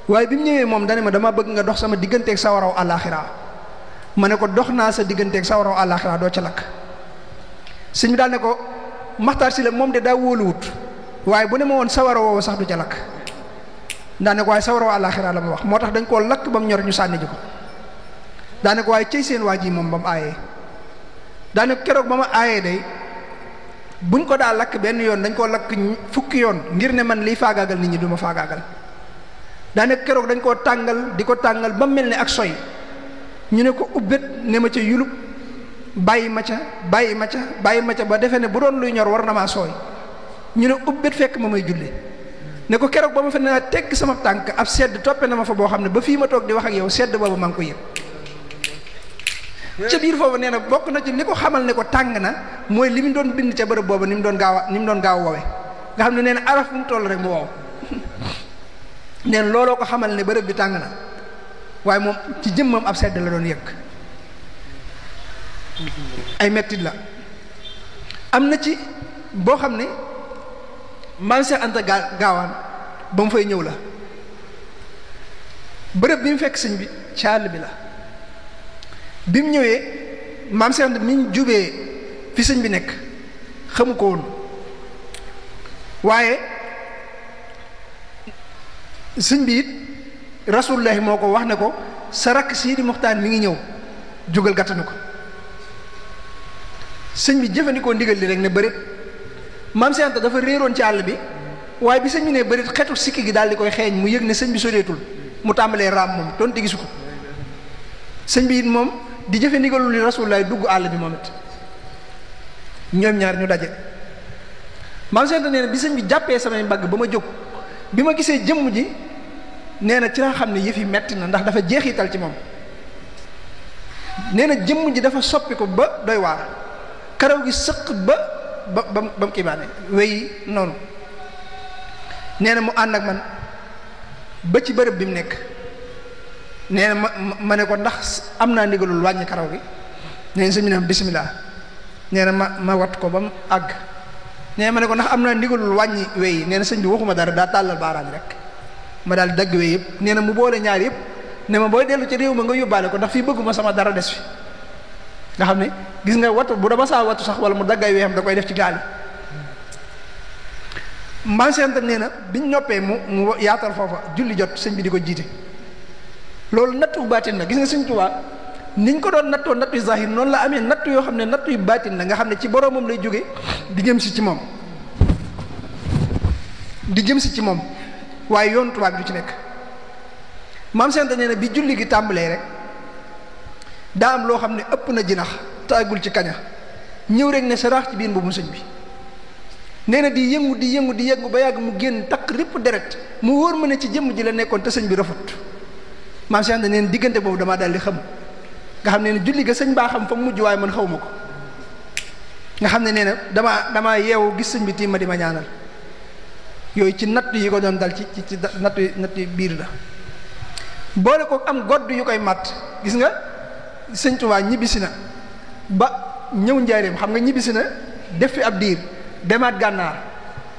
waaye bi mu ñëwee moom dana ma dama bëgg nga dox sama digganteeg sawaraw àllaaxira ma ne ko dox naa sa digganteeg sawaraw àllaaxira doo ca lakk sëñ bi daal ko maxtaar si la moom de daa wóoluwut waaye bu ne ma woon sawara woowu sax du ca lakk daane ko waaye sawaraw àllaaxira la ma wax moo tax dañ koo lakk ba mu ñor ñu sànni ji ko daane ko waaye cëy seen waa ji moom ba mu aayee daane keroog ba ma aayee day buñ ko daa lakk benn yoon dañ koo lakk fukki yoon ngir ne man liy faagaagal nit ñi du ma faagaagal daanaka keroog dañ koo tàngal di ko tàngal ba mel ne ak soy ñu ne ko ubbet ne ma ca yulub bàyyi ma ca bàyyi ma ca bàyyi ma ca ba defe ne bu doon luy ñor war na maa sooy ñu ne ubbet fekk ma may julli ne ko keroog ba ma fa ne naa tekk sama tànk ab sedd toppe na ma fa boo xam ne ba fii ma toog di wax ak yow sedd boobu maa ngi ko yëg ca biir foofu nee na bokk na ci li ko xamal ne ko tàng na mooy li muy doon bind ca bërëb boobu ni mu doon gaaw ni mu doon gaaw woowe nga xam ne nee na araf mu toll rek mu wow nee na looloo ko xamal ne bërëb bi tàng na waaye moom ci jëmmam ab sedd la doon yëg ay mettit la am na ci boo xam ne maam ant Anta gaa gaawaan ba mu fay ñëw la bërëb bi mu fekk sëñ bi ci àll bi la bi mu ñëwee maam Seex Anta mi ñu jubee fi sëñ bi nekk xamu ko woon waaye sëñ bi it rasulullahi moo ko wax ne ko sa rakk Sidi Muxtaar mi ngi ñëw jógal gàttanu ko sëñ bi jëfandikoo ndigal li rek ne bërit maam Seex Anta dafa réeroon ci àll bi waaye bi sëñ bi ne bërit xetu sikki gi daal di koy xeeñ mu yëg ne sëñ bi soreetul mu tàmbalee raam moom doonte gisu ko sëñ bi it moom di jëfe ndigalul li rasulullaay dugg àll bi moom it ñoom ñaar ñu daje maam senta nee na bi sëñ bi jàppee samay mbagg ba ma jóg bi ma gisee jëmm ji nee na ci laa xam ne yëf yi metti na ndax dafa jeexital ci moom nee na jëmm ji dafa soppi ko ba doy waar karaw gi sëq ba ba ba mu kiibaane wéy noonu neena mu ànd ak man ba ci bërëb bi mu nekk nee na ma ma ne ko ndax am naa ndigalul wàññi karaw gi nee na sëñ bi ne bisimilah nee na ma ma wat ko ba mu àgg nee ma ne ko ndax am naa ndigalul wàññi weyi nee na sëñ bi waxuma dara daal tàllal baaraam rek ma daal dagg we yëpp nee na mu boole ñaar yëpp ne ma booy dellu ci réew ma nga yóbbaale ko ndax fii bëgguma sama dara des fi nga xam ne gis nga watu bu dama saa watu sax wala mu daggay weexam da koy def ci gaal yi. nee na biñ noppee mu mu yaatal foofa julli jot sëñ bi di ko jiite. loolu nattu baatin la gis nga Sëñ Tuubaa niñ ko doon nattoo nattu zahir noonu la amee nattu yoo xam ne natt yu baatin la nga xam ne ci boroomam lay jóge di jëm si ci moom di jëm si ci moom waaye yoon tubaab ju ci nekk maam senta nee na bi julli gi tàmbalee rek daa am loo xam ne ëpp na jinax taagul ci kaña ñëw rek ne saraax ci biir mbubu sëñ bi nee na di yëngu di yëngu di yëngu ba yàgg mu génn takk ripp deret mu wóor ma ne ci jëm ji la nekkoon te sëñ bi rafut maam Cheikh Anta neen diggante boobu damaa daal di xam nga xam ne ne julli ga sëñ baa xam fa mu mujj waaye man xaw ma ko nga xam ne nee na damaa damaa yeewu gis sëñ bi tiim ma di ma ñaanal yooyu ci natt yi ko doon dal ci ci natt natt biir la boole ko am godd yu koy màtt gis nga sëñtuwaa ñibbisi na ba ñëw njaareem xam nga ñibbisi na def fi ab diir demaat gànnaar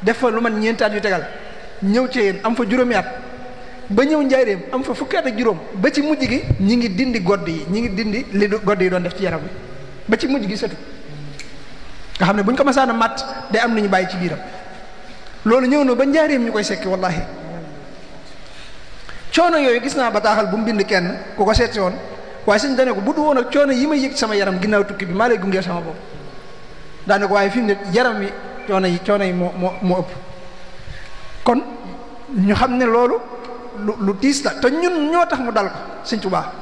def fa lu man ñeenti yu tegal ñëw ci yéen am fa juróomi at ba ñëw njaareem am fa fukki at ak juróom ba ci mujj gi ñi ngi dindi godd yi ñi ngi dindi li godd yi doon def ci yaram bi ba ci mujj gi sëtu nga xam ne bu ñu ko masaan a màtt day am ñu bàyyi ci biiram loolu ñëw na ba njaareem ñu koy sekki wallahi coono yooyu gis naa bataaxal bu mu bind kenn ku ko seeti woon waaye sëñ dane ko bu du ak coono yi may yëg sama yaram ginnaaw tukki bi maa lay gungee sama bopp daane waaye fi ne yaram wi coono yi coono yi moo moo moo ñu xam ne loolu lu tiis diis la te ñun ñoo tax mu dal ko sëñ Tuubaa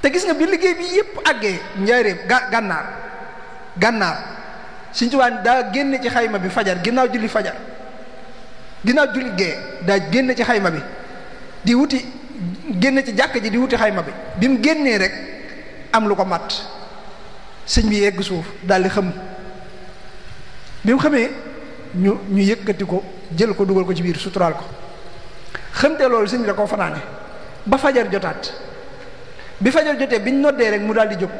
te gis nga bi liggéey bi yépp àggee njaareem ga gànnaar gànnaar sëñ Tuubaa daa génn ci xayma bi fajar ginnaaw julli fajar ginnaaw julli gee daa génn ci xayma bi di wuti génn ci jàkk ji di wuti xayma bi bi mu génnee rek am lu ko matt sëñ bi yegg suuf daldi xëm bi mu xamee ñu ñu yëkkati ko jël ko dugal ko ci biir suturaal ko xëmte loolu sëñ bi da koo fanaane ba fajar jotaat bi fajar jotee biñ noddee rek mu daal di jóg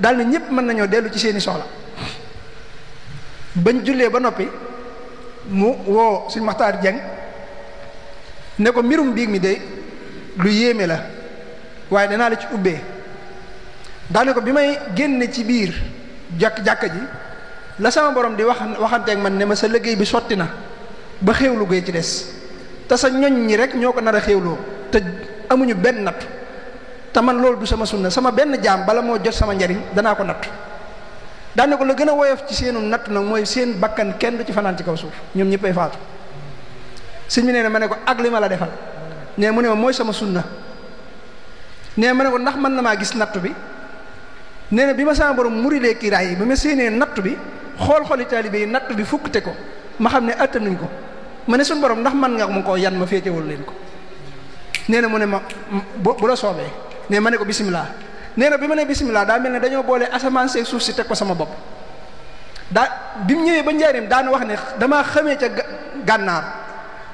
daal na ñëpp mën nañoo dellu ci seeni soxla bañ jullee ba noppi mu woo sëñ Maxtaar Jeng ne ko mbirum biig mi de lu yéeme la waaye danaa la ci ubbee daane ko bi may génne ci biir jàkk jàkk ji la sama borom di wax waxanteeg man ne ma sa liggéey bi sotti na ba xéewlu gee ci des te sa ñoñ ñi rek ñoo ko nar a xéewloo te amuñu benn natt te man loolu du sama sunna sama benn jaam bala moo jot sama njariñ danaa ko natt daane ko la gën a woyof ci seenu natt nag mooy seen bakkan kenn du ci fanaan ci kaw suuf ñoom ñëppay faatu sëñ bi nee na ma ne ko ak li ma la defal nee mu ne ma mooy sama sunna nee ma ne ko ndax mën na maa gis natt bi nee na bi ma sama borom murilee kiiraay yi bi ma séenee natt bi xool xooli taalibe yi natt bi fukkte ko ma xam ne attan nañ ko ma ne suñu borom ndax man nga mu koo yan ma féetewul leen ko nee na mu ne ma bu la soobee ne ma ne ko bisimilah nee na bi ma ne bisimilah daa mel ne dañoo boole asamaan seeg suuf si teg ko sama bopp daa bi mu ñëwee ba njaarim daan wax ne damaa xamee ca gànnaar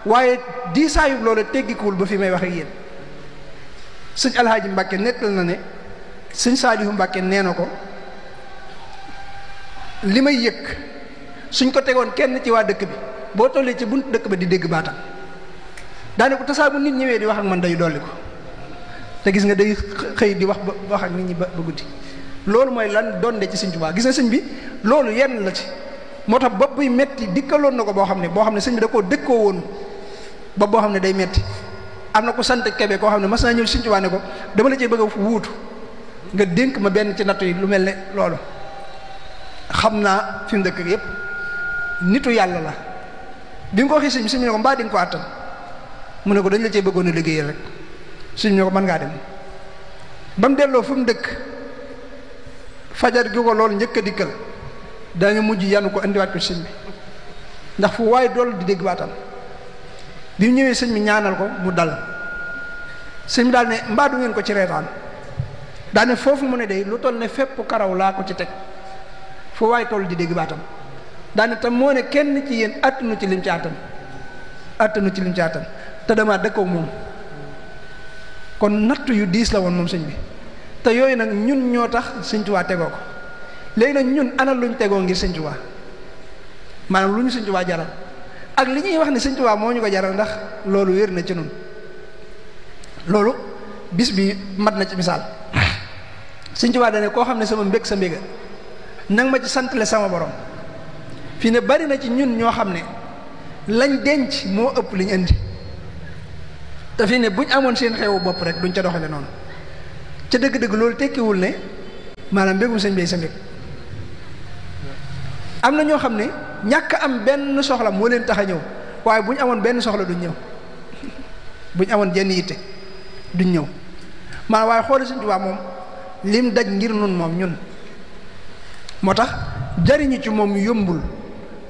waaye diisaayub loola teggikuwul ba fi may wax ak yéen sëñ alhaaji Mbàkke nettal na ne sëñ Saalihu Mbàkke nee na ko li may yëg suñ ko tegoon kenn ci waa dëkk bi boo tollee ci bunt dëkk ba di dégg baatam daane ko tasaa bu nit ñëwee di wax ak man day dolli ko te gis nga day xëy di wax ba wax ak nit ñi ba guddi loolu mooy lan donde ci sëñ Tuubaa gis nga sëñ bi loolu yenn la ci moo tax bopp buy metti dikkaloon na ko boo xam ne boo xam ne sëñ bi da koo dëkkoo woon bopp boo xam ne day metti am na ko sant kebe koo xam ne mas naa ñëw sëñ Tuubaa ne ko dama la cee bëgg a wuutu nga dénk ma benn ci nattu yi lu mel ne loolu xam naa fi mu dëkk nitu yàlla la bi nga ko waxee sëñ ne ko mbaa di ko àttan mu ne ko dañ la cee bëggoon a liggéeyal rek ne ko mën ngaa dem ba mu delloo fu mu dëkk fajar gi ko loolu njëkk a dikkal dañu mujj yanu ko indiwaat ko ndax fu waaye dool di dégg baatam bi mu ñëwee sëñ ñaanal ko mu dal sëñ daal ne mbaa du ngeen ko ci reetaan daane foofu mu ne day lu toll ne fépp karaw laa ko ci teg fu waaye toll di dégg baatam daane tam moo ne kenn ci yéen attanu ci lim ci àttan ci lim ci te dama dëkkoog moom kon natt yu diis la woon moom sëñ bi te yooyu nag ñun ñoo tax sëñ Tuubaa tegoo ko léegi nag ñun ana luñ tegoo ngir sëñ Tuubaa maanaam lu ñu sëñ Tuubaa jaral ak li ñuy wax ne sëñ Tuubaa moo ñu ko jaral ndax loolu wér na ci nun loolu bis bi mat na ci misaal sëñ Tuubaa dane koo xam ne sama mbég sa mbéga nang ma ci santale sama borom fi ne bari na ci ñun ñoo xam ne lañ denc moo ëpp liñ indi te fi ne buñ amoon seen xewu bopp rek duñ ca doxale noonu ca dëgg-dëgg loolu tekkiwul ne maanaam mbégum sëñ bay sa mbég am na ñoo xam ne ñàkk am benn soxla moo leen tax a ñëw waaye bu ñu amoon benn soxla duñ ñëw bu ñu amoon jenn yitte duñ ñëw maanaam waaye xooli sëñ Tuubaa moom lim daj ngir nun moom ñun moo tax jariñu ci moom yombul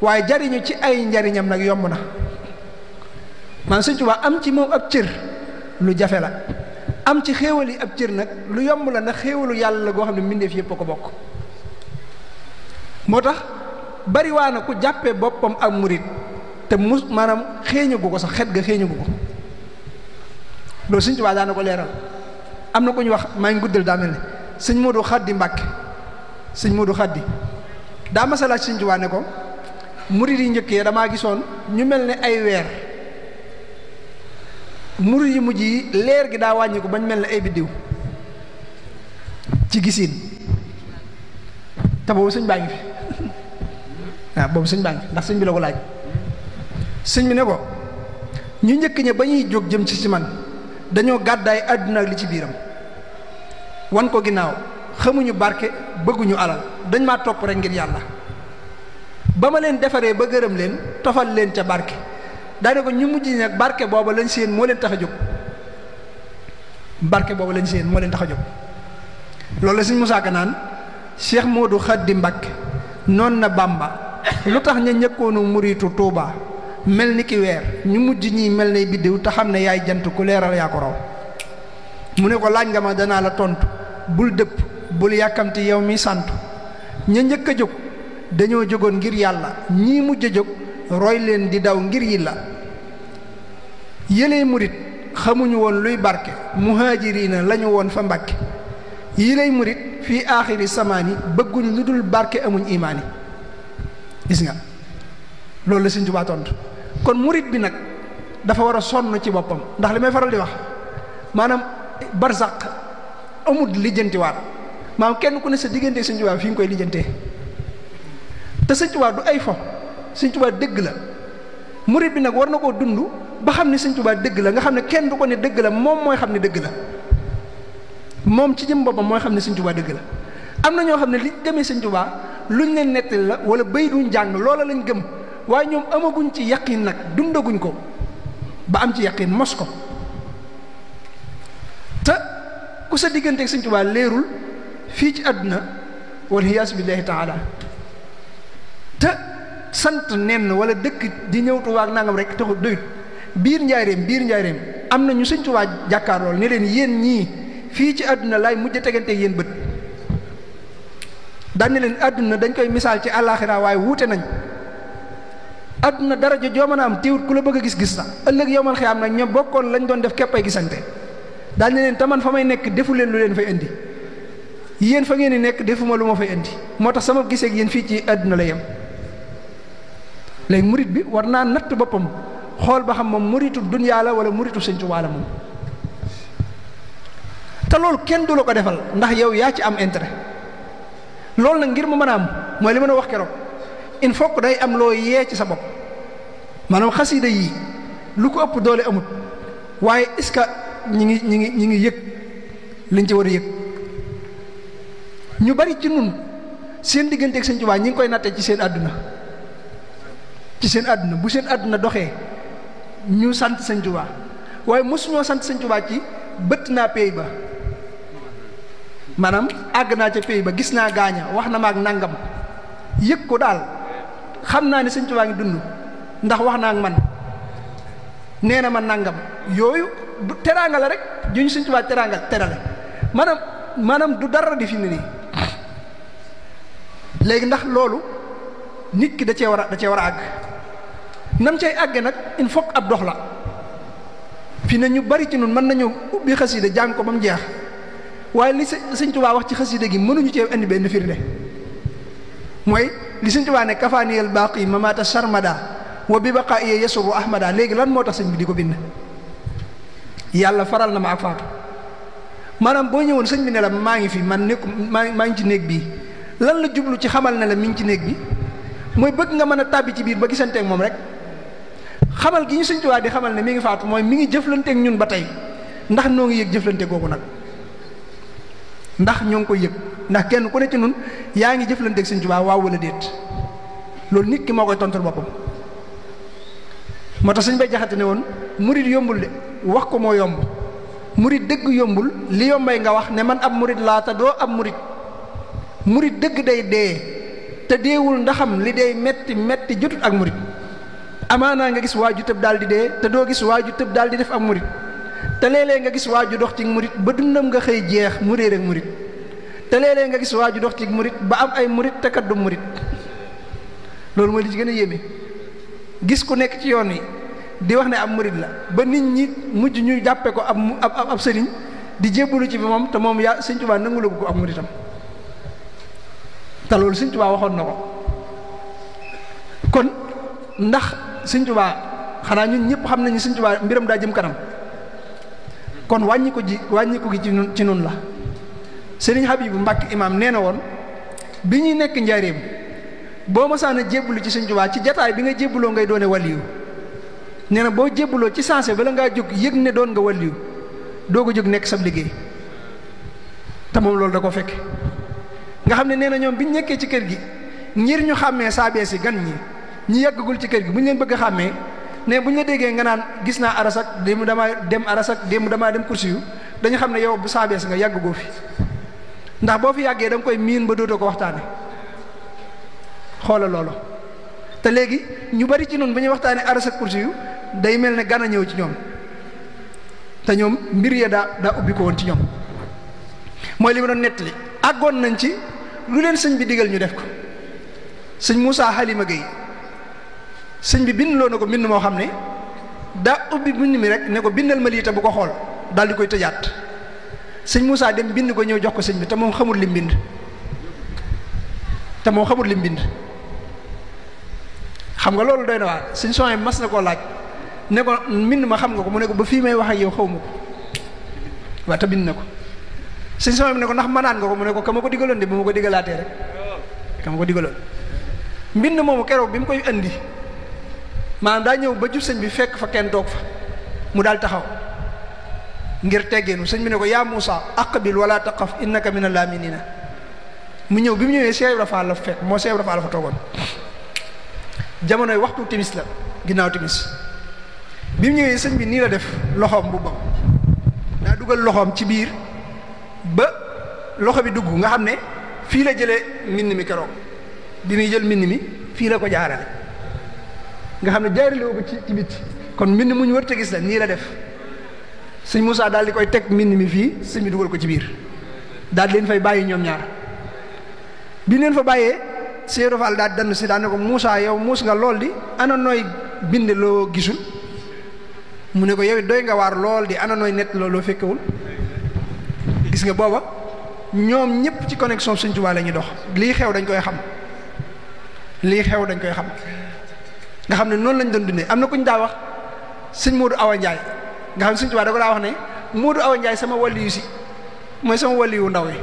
waaye jariñu ci ay njariñam nag yomb na man Sëñ Tuubaa am ci moom ab cër lu jafe la am ci xéewal yi ab cër nag lu yomb la ndax xéewalu yàlla la goo xam ne mbindeef yépp a ko bokk moo tax bariwaana na ku jàppee boppam ak murit te mus maanaam xeeñugu ko sax xet ga xeeñugu ko loolu Sëñ Tuubaa daana ko leeral am na ku ñu wax maa ngi guddal daa mel ne sëñ Moodu Xaddi Mbàkke sëñ Moodu Xaddi daa masalaat Sëñ Tuubaa ne ko murid yi njëkk ya damaa gisoon ñu mel ni ay weer murid yi mujj yi leer gi daa wàññiku bañ mel ni ay biddiw ci gisiin te boobu sëñ baa ngi fi waaw boobu sëñ baa fi ndax sëñ bi la laaj sëñ bi ne ko ñu njëkk ña ba ñuy jóg jëm ci ci man dañoo gàddaay àdduna ak li ci biiram wan ko ginnaaw xamuñu barke bëgguñu alal dañ ma topp rek ngir yàlla ba ma leen defaree ba gërëm leen tofal leen ca barke daane ko ñu mujj nag barke booba lañ seen moo leen tax a jóg barke booba lañ seen moo leen tax a jóg loolu la suñ musaaka naan moo du Khady Mbacké noon na bàmba lu tax ña ñëkkoonu muritu tuuba mel ni ki weer ñu mujj ñi mel nay biddiw te xam ne yaay jant ku leeral yaa ko raw mu ne ko laaj nga ma danaa la tontu bul dëpp bul yàkkamti yow mi santu ña njëkk a jóg dañoo jógoon ngir yàlla ñii mujj a jóg roy leen di daw ngir yi la yëlee murit xamuñu woon luy barke muhaajiriina lañu woon fa mbàkke yi lay murit fii aaxiri samaani bëgguñ lu dul barke amuñu imaani gis nga loolu la Sëñ Tuubaa tontu kon murit bi nag dafa war a sonn ci boppam ndax li may faral di wax maanaam barzaq amut lijjantiwaat maanaam kenn ku ne sa diggante Sëñ Tuubaa fi nga koy lijjantee te sëñ Tuubaa du ay fo sëñ dëgg la murit bi nag war na koo dund ba xam ne sëñ dëgg la nga xam ne kenn du ko ne dëgg la moom mooy xam ne dëgg la moom ci jëm boppam mooy xam ne sëñ dëgg la am na ñoo xam ne li gëmee sëñ Tuubaa luñ ne nettali la wala béy duñ jàng loola lañ gëm waaye ñoom amaguñ ci yaqin nag dundaguñ ko ba am ci yaqin mos ko te ku sa diggante sëñ Tuubaa leerul fii ci àdduna wal iyaasu billaahi taala te sant nenn wala dëkk di ñëw Tuubaa ak nangam rek taxut doyut biir njaareem biir njaareem am na ñu Sëñ jàkkaar lool ne leen yéen ñii fii ci àdduna laay mujj a tegante yéen bët daan ne leen àdduna dañ koy misaal ci àllaaxira waaye wuute nañ àdduna dara jo joo mën a am téewut ku la bëgg a gis-gis sax ëllëg yowmal xiyaam nag ña bokkoon lañ doon def képp ay gisante daal ne leen taman fa may nekk defu leen lu leen fay indi yéen fa ngeen nekk defuma lu ma indi moo tax sama gisee yéen fii ci àdduna la léegi murit bi war naa natt boppam xool ba xam moom muritu dunyaa la wala muritu Sëñ Tuubaa la moom te loolu kenn du la ko defal ndax yow yaa ci am intérêt loolu nag ngir mu mën a am mooy li mën a wax keroog in faut day am loo yee ci sa bopp maanaam xasida yi lu ko ëpp doole amut waaye est-ce que ñi ngi ñi ngi ñi ngi yëg liñ ci war a yëg ñu bari ci nun seen diggante ak Sëñ Tuubaa ñi ngi koy nattee ci seen àdduna ci seen àdduna bu seen àdduna doxee ñu sant sëñ Tuubaa waaye mosuñoo sant sëñ Tuubaa ci bëtt naa pay ba maanaam àgg naa ca pay ba gis naa gaaña wax na ma ak nangam yëg ko daal xam naa ni sëñ Tuubaa ngi dund ndax wax naa ak man nee na ma nangam yooyu du teraanga rek ju ñu sëñ Tuubaa teraanga terale maanaam maanaam du dara di fi ne nii léegi ndax loolu nit ki da cee war a da cee war a àgg nam cay àgge nag il faut ab dox la fi ne ñu bari ci nun mën nañu ubbi xasida jàng ko ba mu jeex waaye li sëñ Tuubaa wax ci xasida gi mënuñu cee indi benn firnde mooy li sëñ Tuubaa ne kafaaniyal baaqi mamaata sarmada wa bi baqaa iya yasuru ahmada léegi lan moo tax sëñ bi di ko bind yàlla faral na ma ak faatu maanaam boo ñëwoon sëñ bi ne la maa ngi fi man nekku maa maa ngi ci néeg bii lan la jublu ci xamal ne la mi ci néeg bi mooy bëgg nga mën a tàbbi ci biir ba gisanteeg moom rek xamal gi ñu Sëñ Tuubaa di xamal ne mi ngi faatu mooy mi ngi jëflanteeg ñun ba tey ndax noo ngi yëg jëflante googu nag ndax ñoo ngi koy yëg ndax kenn ku ne ci nun yaa ngi jëflanteeg Sëñ Tuubaa waaw wala déet loolu nit ki moo koy tontul boppam moo tax suñ bay jaxate ne woon murit yombul de wax ko moo yomb murit dëgg yombul li yombay nga wax ne man ab murit laa te doo ab murit murit dëgg day dee te deewul ndaxam li day metti metti jotut ak murit amaanaa nga gis waa ju tëb daal di dee te doo gis waaju tëb daal di def am murit te léeg nga gis waaju dox ci morit ba dundam nga xëy jeex mu réer ak murit te léeg-léeg nga gis waaju dox ci murit ba am ay murit te kat du loolu mooy di ci gën a yéeme gis ku nekk ci yoon wi di wax ne ab morit la ba nit ñi mujj ñuy jàppe ko ab ab ab sëriñ di jébbalu ci bi moom te moom yaa Sëñ Tuubaa nangulu ko ab muritam te loolu Sëñ Tuubaa waxoon na ko kon ndax Sëñ xanaa ñun ñëpp xam nañu Sëñ mbiram daa jëm kanam kon wàññi ji wàññi ko gi ci nun ci nun la Sëriñ Habibu Mbàkke imaam nee na woon bi ñuy nekk njaareem boo ma a jébbalu ci Sëñ Tuubaa ci jataay bi nga jébbaloo ngay doone waliyu nee na boo jébbaloo ci sansé bala ngaa jóg yëg ne doon nga waliyu doo ko jóg nekk sab liggéey te moom loolu da ko fekk nga xam ne nee na ñoom bi ñu ci kër gi ngir ñu xàmmee saabees yi gan ñi ñi yàggagul ci kër gi bu ñu leen bëgg a xàmmee ne bu ñu la déggee nga naan gis naa arasak démb damaa dem arasak démb damaa dem kursi yu dañu xam ne yow bu saabees nga yàggagoo fi ndax boo fi yàggee da koy miin ba dootoo ko waxtaane xoola loolu te léegi ñu bari ci noonu ba ñuy waxtaanee arasak kursi yu day mel ne gan a ñëw ci ñoom te ñoom mbir ya daa daa ubbi ko woon ci ñoom mooy li ma doon nettali àggoon nañ ci lu leen sëñ bi digal ñu def ko sëñ Moussa Halima Gueye sëñ bi bind loo na ko mbind moo xam ne daa ubbi mbind mi rek ne ko bindal ma lii te bu ko xool daal di koy tëjaat sëñ Moussa dem bind ko ñëw jox ko sëñ bi te moom xamul lim bind te moom xamul lim xam nga loolu doy na waar sëñ Sohayb mas na koo laaj ne ko mbind ma xam nga ko mu ne ko ba fii may wax ak yow xaw ma ko waaw te bind na ko sëñ bi ne ko ndax mënaan nga ko mu ne ko ka ma ko digaloon de ba ma ko digalaatee rek ka ma ko digaloon mbind moomu keroog bi mu koy indi. maanaam daa ñëw ba jub sëñ bi fekk fa kenn toog fa mu daal taxaw ngir teggeenu sëñ bi ne ko yaa Muusa aqbil wala taqaf innaka mi alaaminina mu ñëw bi mu ñëwee Seex Ibra Faal moo Seex Ibra Faal la fa toogoon la ginnaaw timis bi mu ñëwee sëñ bi nii la def loxoom bu bam daa dugal loxoom ci biir ba loxo bi dugg nga xam ne fii la jële mbind mi keroog bi muy jël mbind mi fii la ko jaarale nga xam ne jaarale ko ci ci biti kon mbind mu ñu war te gis la nii la def suñ Moussa daal di koy teg mbind mi fii sëñ bi dugal ko ci biir daal di leen fay bàyyi ñoom ñaar bi leen fa bàyyee Seydou Fall daal dannu si daan ne ko Moussa yow muus nga lool di ana nooy bind loo gisul mu ne ko yow doy nga waar lool di ana nooy nett loo fekkewul gis nga booba ñoom ñëpp ci connexion Sëñ Tuubaa la ñuy dox lii xew dañ koy xam lii xew dañ koy xam nga xam ne noonu lañ doon dundee am na ku ñu daa wax sëñ Modou Awa Ndiaye nga xam ne sëñ Tuubaa da ko wax ne Modou Awa Ndiaye sama wàlliyu si mooy sama wàlliyu ndaw yi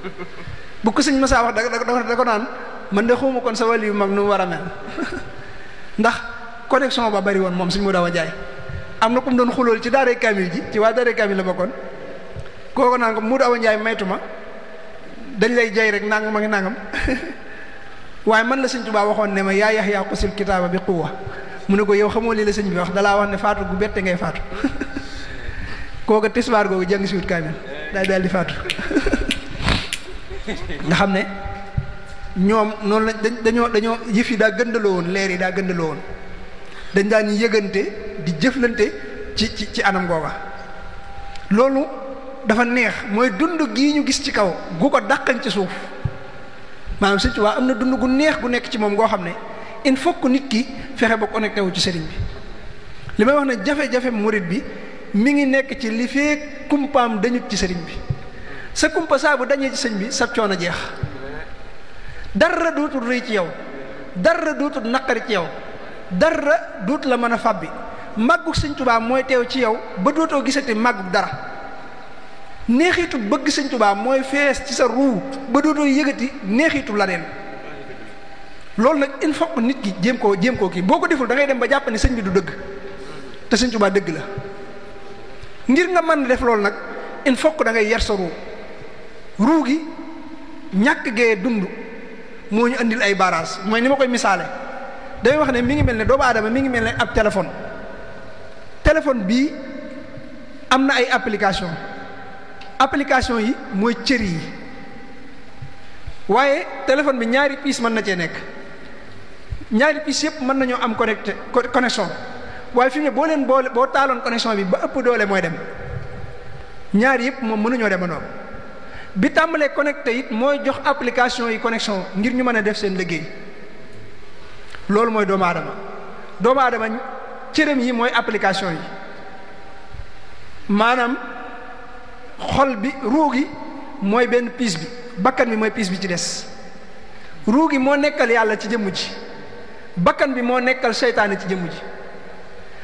bu ko sëñ Massa wax da da ko naan man de xawma kon sa wàlliyu mag nu war a mel ndax connexion ba bari woon moom sëñ Modou Awa Ndiaye am na ku mu doon xulool ci daaree Kamil ji ci waa daaree Kamil la bokkoon ko naan ko Modou Awa Ndiaye maytu ma dañ lay jay rek nangam ak nangam waaye man la sëñ Tuubaa waxoon ne ma yaa Yaxyaa xusil kitaaba bi quwwa mu ne ko yow xamoo lii la sëñ bi wax dalaa wax ne faatu gu bette ngay faatu kooka tisbaar googu jàng si wut kaamil daal daal faatu nga xam ne ñoom noonu la dañoo dañoo yëf yi daa gëndaloo woon leer daa gëndaloo woon dañ daan yëgante di jëflante ci ci ci anam googa loolu dafa neex mooy dund gi ñu gis ci kaw gu ko dàqañ ci suuf maanaam Sëñ Tuubaa am na dund gu neex gu nekk ci moom goo xam ne il faut que nit ki fexe ba connecté wu ci sëriñ bi li may wax ne jafe-jafe murit bi mi ngi nekk ci li fee kumpaam dañut ci sëriñ bi sa kumpa saa bu dañee ci sëñ bi sab a jeex dara dootul rëy ci yow dara dootul naqari ci yow dara dootul la mën a fàbbi màggug Sëñ Tuubaa mooy teew ci yow ba dootoo gisati màggug dara neexitu bëgg sëñ tubaa mooy fees ci sa ruu ba dootoo yëgati neexitu la neen loolu nag in faut nit ki jéem koo jéem koo kii boo ko deful dangay dem ba jàpp ni bi du dëgg te sëñ tubaa dëgg la ngir nga mën def loolu nag il faut da yar sa ruu ruu gi ñàkk gee dund moo ñu andil ay barrage mooy ni ma koy misaale damay wax ne mi ngi mel ne doomu aadama mi ngi mel ne ab téléphone téléphone bii am na ay application application yi mooy cër yi waaye téléphone bi ñaari piis mën na cee nekk ñaari piis yëpp mën nañoo am connecté connexion waaye fi mu boo leen boole boo taaloon connexion bi ba ëpp doole mooy dem ñaari yëpp moom mënuñoo demandoo bi tàmbalee connecté it mooy jox application yi connexion ngir ñu mën a def seen liggéey loolu mooy doomu aadama doomu aadama cëram yi mooy application yi maanaam. xol bi ruu gi mooy benn piis bi bakkan bi mooy piis bi ci des ruu gi moo nekkal yàlla ci jëmm ji bakkan bi moo nekkal seytaane ci jëmm ji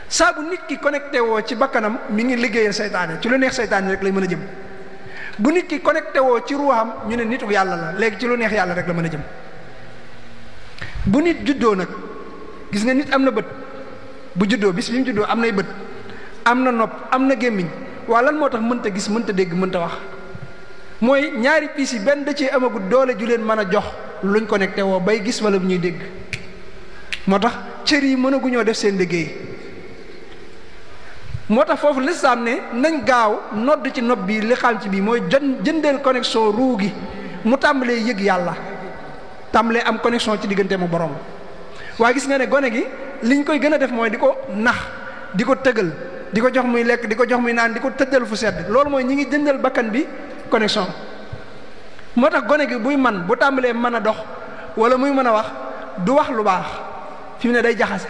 saa bu nit ki connecté woo ci bakkanam mi ngi liggéeyal seytaane ci lu neex seytaane rek lay mën a jëm bu nit ki connecté ci ruuxam ñu ne nitu yàlla la léegi ci lu neex yàlla rek la mën a jëm bu nit juddoo nag gis nga nit am na bët bu juddoo bis bi mu juddoo am nay bët am na nopp am na gémmiñ waa lan moo tax mënta gis mënta dégg mënta wax mooy ñaari piis yi benn da cee amagut doole ju leen mën a jox luñ connecté woo bay gis wala bu ñuy dégg moo tax cër yi mënaguñoo def seen liggéey moo tax foofu lislaam ne nañ gaaw nodd ci nopp bi li xam ci mooy jën jëndeel connexion ruu gi mu tàmbalee yëg yàlla tàmbalee am connexion ci diggante mu borom waa gis nga ne gone gi liñ koy gën a def mooy di ko nax di ko tëgal di ko jox muy lekk di ko jox muy naan di ko tëddal fu sedd loolu mooy ñi ngi jëndal bakkan bi connexion moo tax gone gi buy man bu tàmbalee mën a dox wala muy mën a wax du wax lu baax fi mu ne day jaxase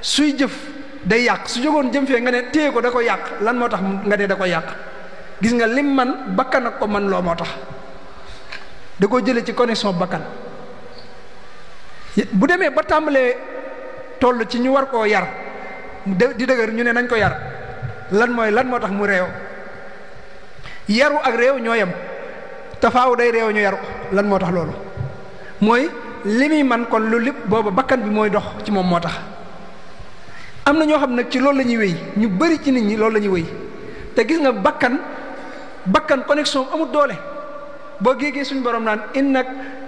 suy jëf day yàq su jógoon jëm fee nga ne téye ko da ko yàq lan moo tax nga ne da ko yàq gis nga lim man bakkan ak ko man loo moo tax da ko jële ci connexion bakkan bu demee ba tàmbalee toll ci ñu war koo yar di dëgër ñu ne nañ ko yar lan mooy lan moo tax mu réew yaru ak réew ñoo yem te day réew ñu yaru lan moo tax loolu mooy li muy man kon lu lépp booba bakkan bi mooy dox ci moom moo tax am na ñoo xam nag ci loolu la ñuy wéy ñu bari ci nit ñi loolu la ñuy wéy te gis nga bakkan bakkan connexion amul doole boo géegee suñu borom naan inna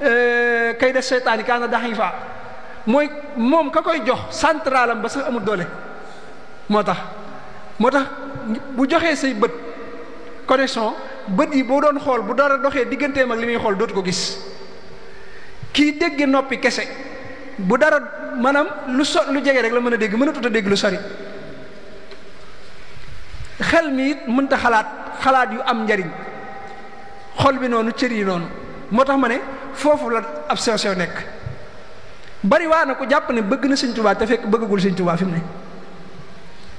eh, kayda seytaani kaana daxiifa mooy moom ka koy jox centralam ba sax amul doole moo tax moo tax bu joxee say bët connexion bët yi boo doon xool bu dara doxee digganteem ak li muy xool dootu ko gis kii déggee noppi kese bu dara maanaam lu so lu jege rek la mën a dégg mën a tut a dégg lu sori xel mi it mënta xalaat xalaat yu am njariñ xol bi noonu cër yi noonu moo tax ma ne foofu la abstention nekk bari waa na ko jàpp ne bëgg na Sëñ Tuubaa te fekk bëggagul Sëñ Tuubaa fi mu ne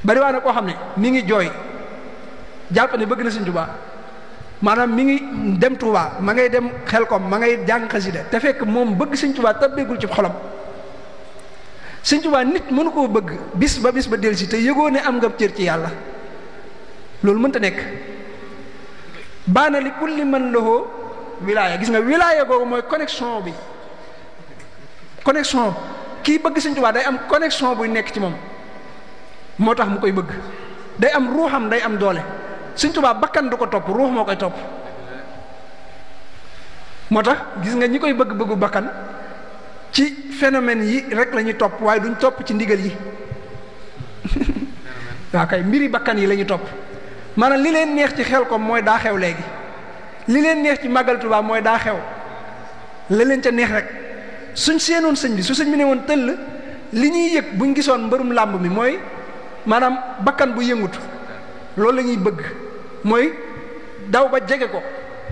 bari koo xam ne mi ngi jooy jàpp bëgg na Sëñ Tuubaa maanaam mu ngi dem Tuubaa ma ngay dem xel ko ma ngay jàng xasida te fekk moom bëgg Sëñ Tuubaa tabbeegul ci xolam Sëñ Tuubaa nit mënu koo bëgg bis ba bis ba dellusi te yëgoo ne am nga cër ci yàlla loolu mënta nekk na li kulli man lahu wilaaya gis nga wilaaya googu mooy connexion bi connexion kii bëgg Sëñ Tuubaa day am connexion buy nekk ci moom moo tax mu koy bëgg day am ruuxam day am doole suñ tubaab bakkan du ko topp ruux moo koy topp moo tax gis nga ñi koy bëgg-bëggu bakkan ci phénomène yi rek lañuy topp waaye duñ topp ci ndigal yi waaw kay mbiri bakkan yi la ñuy topp maanaam li leen neex ci xel ko mooy daa xew léegi li leen neex ci màggal Tuubaa mooy daa xew la leen ca neex rek suñ seenoon sëñ bi su sëñ bi ne woon tëll li ñuy yëg buñ gisoon mbërum làmb mi mooy maanaam bakkan bu yëngutu loolu lañuy bëgg mooy daw ba jege ko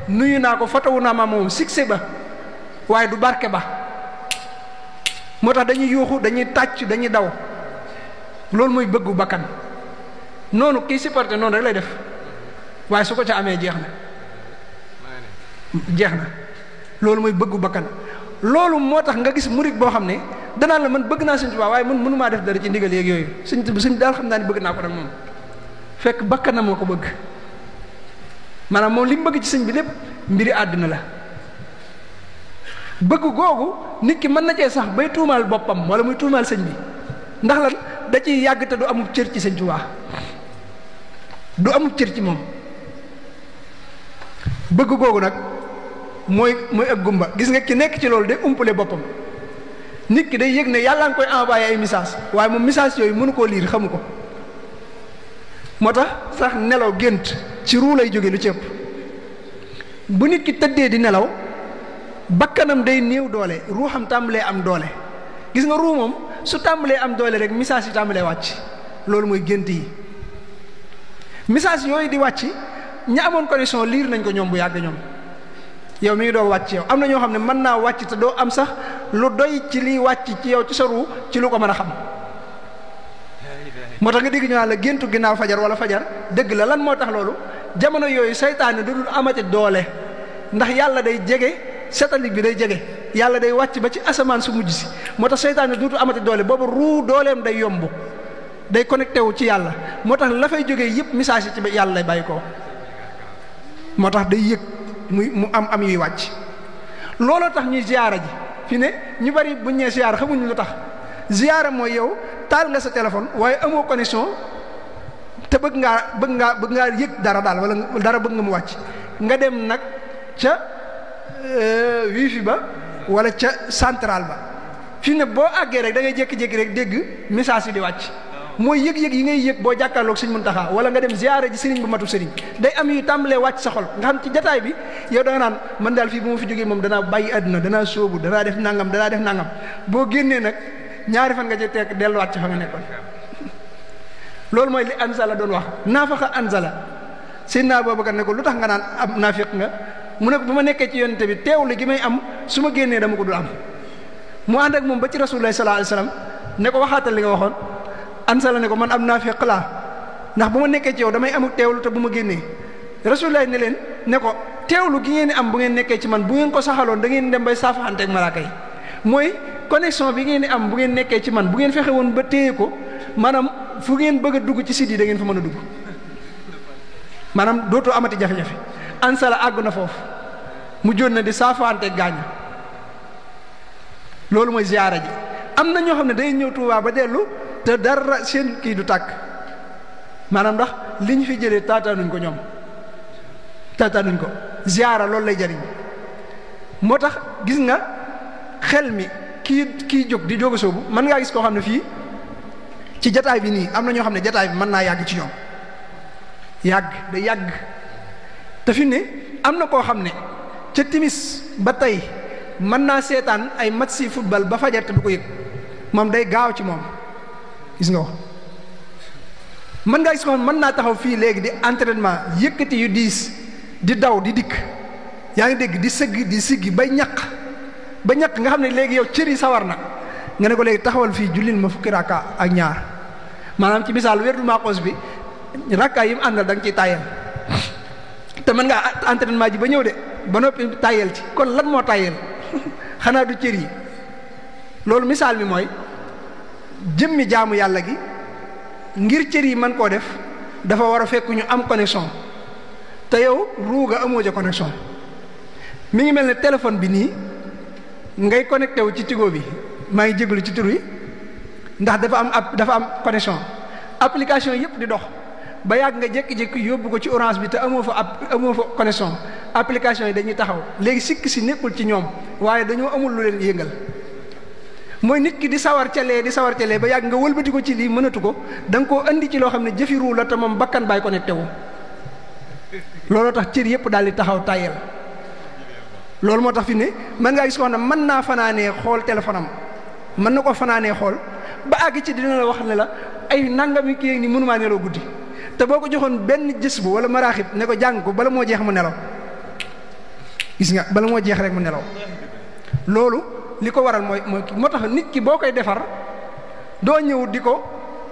nuyu naa ko fotowu naa ma moom succès ba waaye du barke ba moo tax dañuy yuuxu dañuy tàcc dañuy daw loolu mooy bëggu bakkan noonu kii supporté noonu rek lay def waaye su ko ca amee jeex na jeex na loolu mooy bëggu bakkan loolu moo tax nga gis murit boo xam ne danaan la man bëgg naa sëñ Tuubaa waaye man mënumaa def dara ci ndigal yeeg yooyu sëñ sëñ daal xam naa ni bëgg naa ko fekk bakkanam ko bëgg moom li bëgg ci sëñ bi lépp mbiri àdduna la bëgg googu nit ki mën na cee sax bay tuumaal boppam wala muy tuumaal sëñ bi ndax lan da ciy yàgg du amub cër ci sëñ Tuubaa du amub cër ci moom bëgg googu nag mooy mooy ak gumba gis nga ki nekk ci loolu day umpale boppam nit ki day yëg ne yàlla nga koy envoyé ay message waaye moom message yooyu mënu koo liir xamu ko moo tax sax nelaw gént ci ruu lay jóge lu ceeb bu nit ki tëddee di nelaw bakkanam day néew doole ruuxam tàmbalee am doole gis nga ruu moom su tàmbalee am doole rek message yi tàmbalee wàcc loolu mooy gént yi message yooyu di wàcc ñi amoon connexion liir nañ ko ñoom bu yàgg ñoom yow mi ngi doog wàcc yow am na ñoo xam ne mën naa wàcc te doo am sax lu doy ci liy wàcc ci yow ci soru ci lu ko mën a xam moo tax nga dégg ñu naan la géntu ginnaaw fajar wala fajar dëgg la lan moo tax loolu jamono yooyu saytaane du dul amati doole ndax yàlla day jege satellite bi day jege yàlla day wàcc ba ci asamaan su mujj si moo tax saytaane duutu amate doole boobu ruu dooleem day yomb day connecté wu ci yàlla moo tax la fay jógee yëpp message yi ci yàlla lay bàyyi ko moo tax day yëg. muy mu am am yuy wàcc looloo tax ñuy ziyaara ji fi ne ñu bari buñ ñee ziyaara xamuñ lu tax ziyaara mooy yow taal nga sa téléphone waaye amoo connexion te bëgg ngaa bëgg ngaa bëgg ngaa yëg dara daal wala dara bëgg nga mu wàcc nga dem nag ca euh, wifi ba wala ca centrale ba fi ne boo àggee rek da ngay jékki-jékki rek dégg message yi di wàcc mooy yëg-yëg yi ngay yëg boo jàkkaarloog sëñ Muntaxa wala nga dem ziyaare ji sëriñ bu matu sëriñ day am yu tàmbalee wàcc sa xol nga xam ci jataay bi yow da naan man daal fii bu ma fi jógee moom danaa bàyyi àdduna danaa sóobu danaa def nangam danaa def nangam boo génnee nag ñaari fan nga ci teg delluwaat ci fa nga nekkoon loolu mooy li anzala doon wax naafaxa anzala seen naa boobu ne ko lu tax nga naan am naafiq nga mu nekk bu ma nekkee ci yonent bi teewlu gi may am su ma dama ko dul am mu ànd moom ba ci rasulullah sallallahu alayhi wasallam ne ko waxaatal li nga waxoon ansala ne ko man am naa feq laa ndax bu ma nekkee ci yow damay amul teewlu te bu ma génnee rasulullah ne leen ne ko teewlu gi ngeen di am bu ngeen nekkee ci man bu ngeen ko saxaloon da ngeen dem bay saafaxante ak malaaka yi mooy connexion bi ngeen di am bu ngeen nekkee ci man bu ngeen fexe woon ba téye ko maanaam fu ngeen bëgg a dugg ci site yi da ngeen fa mën a dugg maanaam dootoo amati jafe-jafe ansala àgg na foofu mu jot na di saafaxante gaañu loolu mooy ziyaara ji am na ñoo xam ne day ñëw Tuubaa ba dellu te dara seen kii du tàkk maanaam ndax li ñu fi jëlee taataanuñ ko ñoom taataanuñ ko ziyaara loolu lay jariñ moo tax gis nga xel mi kii kii jóg di jóg a soobu mën ngaa gis koo xam ne fii ci jataay bi nii am na ñoo xam ne jataay bi mën naa yàgg ci ñoom yàgg da yàgg te fi ne am na koo xam ne ca timis ba tey mën naa seetaan ay match si football ba fajar te du ko yëg moom day gaaw ci moom gis nga ko mën ngaa gis ko mën naa taxaw fii léegi di entraînement yëkkati yu diis di daw di dikk yaa ngi dégg di sëgg di siggi ba ñaq ba ñaq nga xam ne léegi yow cër yi sawar na nga ne ko léegi taxawal fii jullil ma fukki rakka ak ñaar maanaam ci misaal wérdul maaxoos bi rakka yi mu àndal da ciy tàyyeel te mën ngaa entraînement ji ba ñëw de ba noppi tàyyeel ci kon lan moo tàyyeel xanaa du cër yi loolu misaal mi mooy jëmmi jaamu yàlla gi ngir cër yi man koo def dafa war a fekk ñu am connexion te yow ruuga amoo ja connexion mi ngi mel ne téléphone bi nii ngay connecté wu ci tigo bi maa ngi jégalu ci tur ndax dafa am app dafa am connexion application yépp di dox ba yàgg nga jékki-jékki yóbbu ko ci orange bi te amoo fa app amoo fa connexion application yi dañuy taxaw léegi sikk si nekkul ci ñoom waaye dañoo amul lu leen yëngal mooy nit ki di sawar ca lee di sawar ca lee ba yàgg nga wëlbati ko ci lii mënatu ko danga nga koo andi ci loo xam ne jëfi la te moom bakkan bàyyi ko ne tewu tax cër yëpp daal di taxaw tàyyel loolu moo tax fi ne mën ngaa gis ko ne mën naa fanaanee xool téléphone am mën na ko fanaanee xool ba àgg ci dina la wax ne la ay nangami kii ni mënumaa nelaw guddi te boo ko joxoon benn jës bu wala maraaxib ne ko jàng ko bala moo jeex mu nelaw gis nga bala moo jeex rek mu nelaw loolu li ko waral mooy mooy moo tax nit ki boo koy defar doo ñëwu di ko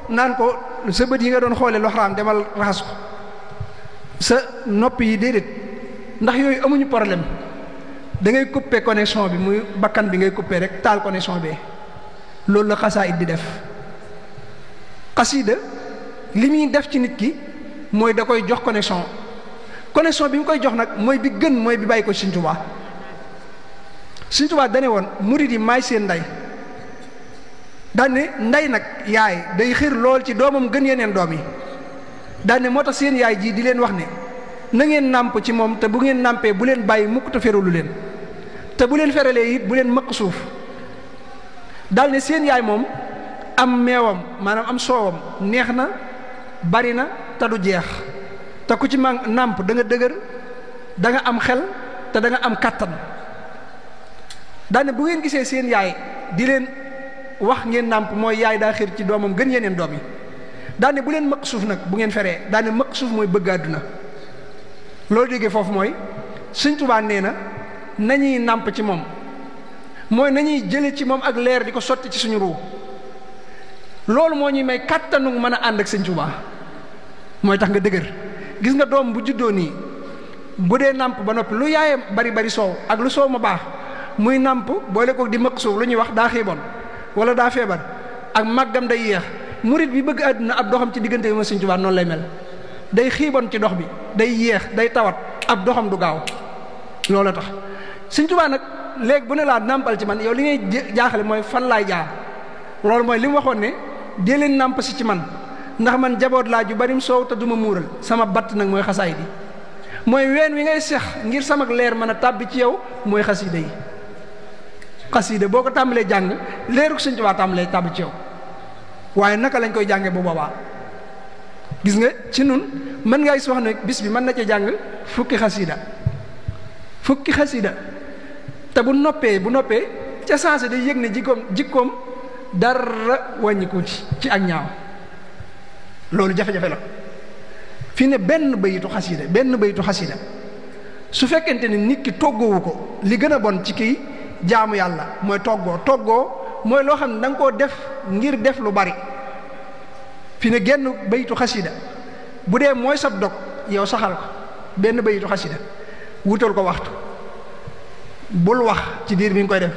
naan ko sa bët yi nga doon xoolee lu xaraam demal raxas ko sa nopp yi déedéet ndax yooyu amuñu problème dangay ngay couper bi muy bakkan bi ngay couper rek taal connexion bi loolu la xasaayit di def xasida li muy def ci nit ki mooy da koy jox connexion connexion bi mu koy jox nag mooy bi gën mooy bi bàyyi ko Sëriñ Tuubaa suñ tubaab dane woon murid yi maay seen ndey daane nday nag yaay day xir lool ci doomam gën yeneen doom yi daane moo tax seen yaay ji di leen wax ne na ngeen nàmp ci moom te bu ngeen nàmpee bu leen bàyyi mukk te feralu leen te bu leen feralee it bu leen makk suuf daal seen yaay moom am meewam maanaam am soowam neex na bari na te du jeex te ku ci ma nàmp danga dëgër da nga am xel te da am kàttan daane bu ngeen gisee seen yaay di leen wax ngeen nàmp mooy yaay daa xir ci doomam gën yeneen doom yi daane bu leen maq suuf nag bu ngeen feree daane maq suuf mooy bëgg àdduna loolu jóge foofu mooy Sëñ Tuubaa nee na nañuy nàmp ci moom mooy nañuy jële ci moom ak leer di ko sotti ci suñu ruu loolu moo ñuy may kàttanu mën a ànd ak Sëñ Tuubaa mooy tax nga dëgër gis nga doom bu juddoo nii bu dee nàmp ba noppi lu yaayam bari bari soow ak lu soow ma baax muy nàmp boole ko di mëq suuf lu ñuy wax daa xiiboon wala daa feebar ak màggam day yéex murit bi bëgg àdduna ab doxam ci diggante bi ma Sëñ Tuubaa noonu lay mel day xiiboon ci dox bi day yéex day tawat ab doxam du gaaw loolu tax Sëñ Tuubaa nag léegi bu ne laa nàmpal ci man yow li ngay jaaxale mooy fan laay jaar loolu mooy li mu waxoon ne dee leen nàmp si ci man ndax man jaboot laa ju barim soow te duma muural sama batt nag mooy xasaay bi mooy ween wi ngay sex ngir sama leer mën a tàbbi ci yow mooy xasida xasiida boo ko tàmbalee jàng leeruk Sëñ Tuubaa tàmbalee tàbbi ci waaye naka lañ koy jànge bu boobaa gis nga ci nun mën ngaa gis wax ne bis bi mën na ci jàng fukki xasiida fukki xasiida te bu noppee bu noppee ca sensé day yëg ne jikkoom jikkoom dara wàññiku ci ci ak ñaaw loolu jafe-jafe la fi ne benn bayitu xasiida benn bayitu xasiida su fekkente ne nit ki toggowu ko li gën a bon ci kii jaamu yàlla mooy toggoo toggoo mooy loo xam ne da nga koo def ngir def lu bari fi ne genn bayitu xasida bu dee mooy sab dog yow saxal ko benn bayitu xasida wutal ko waxtu bul wax ci diir bi nga koy def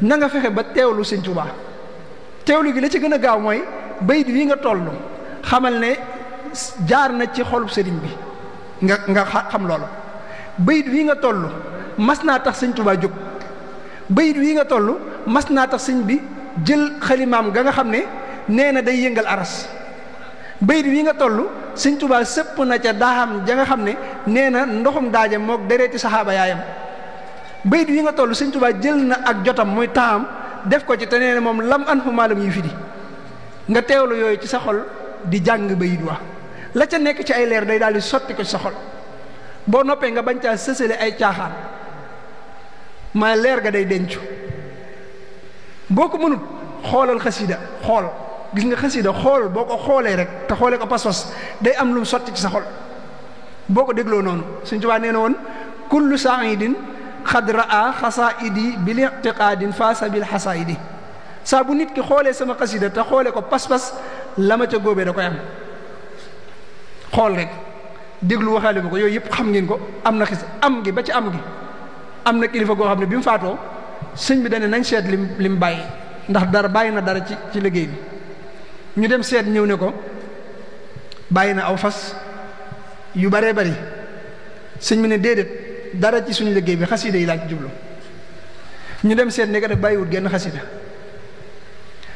na nga fexe ba teewlu sëñ Tuubaa teewlu gi la ci gën a gaaw mooy bayit wi nga toll xamal ne jaar na ci xolub sëriñ bi nga nga xam loolu bayit wi nga tollu mas naa tax sëñtubaa Tuubaa jóg bayit wi nga toll mas naa tax sëñ bi jël xalimaam ga nga xam ne nee na day yëngal aras bayit wi nga toll sëñ Tuubaa sëpp na ca daaham ja nga xam ne nee na ndoxum daaja mook dereeti saxaaba yaayam bayit wi nga toll sëñ Tuubaa jël na ak jotam mooy taam def ko ci te nee na moom lam an fu maalam yu fi di nga teewlu yooyu ci sa xol di jàng bayit wa la ca nekk ci ay leer day daal di sotti ko ci sa xol boo noppee nga bañ caa sësale ay caaxaan maa leer nga day dencu boo ko mënut xoolal xasida xool gis nga xasida xool boo ko xoolee rek te xoolee ko pasos day am lu sotti ci sa xol boo ko dégloo noonu Sëñ Tuubaa nee na woon kullu saidin xad raa xasaidi bil itiqaadin faasa bil xasaidi saa bu nit ki xoolee sama xasida te xoolee ko pas-pas la ma ca góobee da koy am xool rek déglu waxaale ma ko yooyu yëpp xam ngeen ko am na xis am gi ba ci am gi am na kilifa goo xam ne bi mu faatoo sëñ bi dane nañ seet lim lim bàyyi ndax dara bàyyi na dara ci ci liggéey bi ñu dem seet ñëw ne ko bàyyi na aw fas yu baree bari sëñ bi ne déedéet dara ci suñu liggéey bi xasida yi laa ci jublu ñu dem seet ne ko def bàyyiwut genn xasida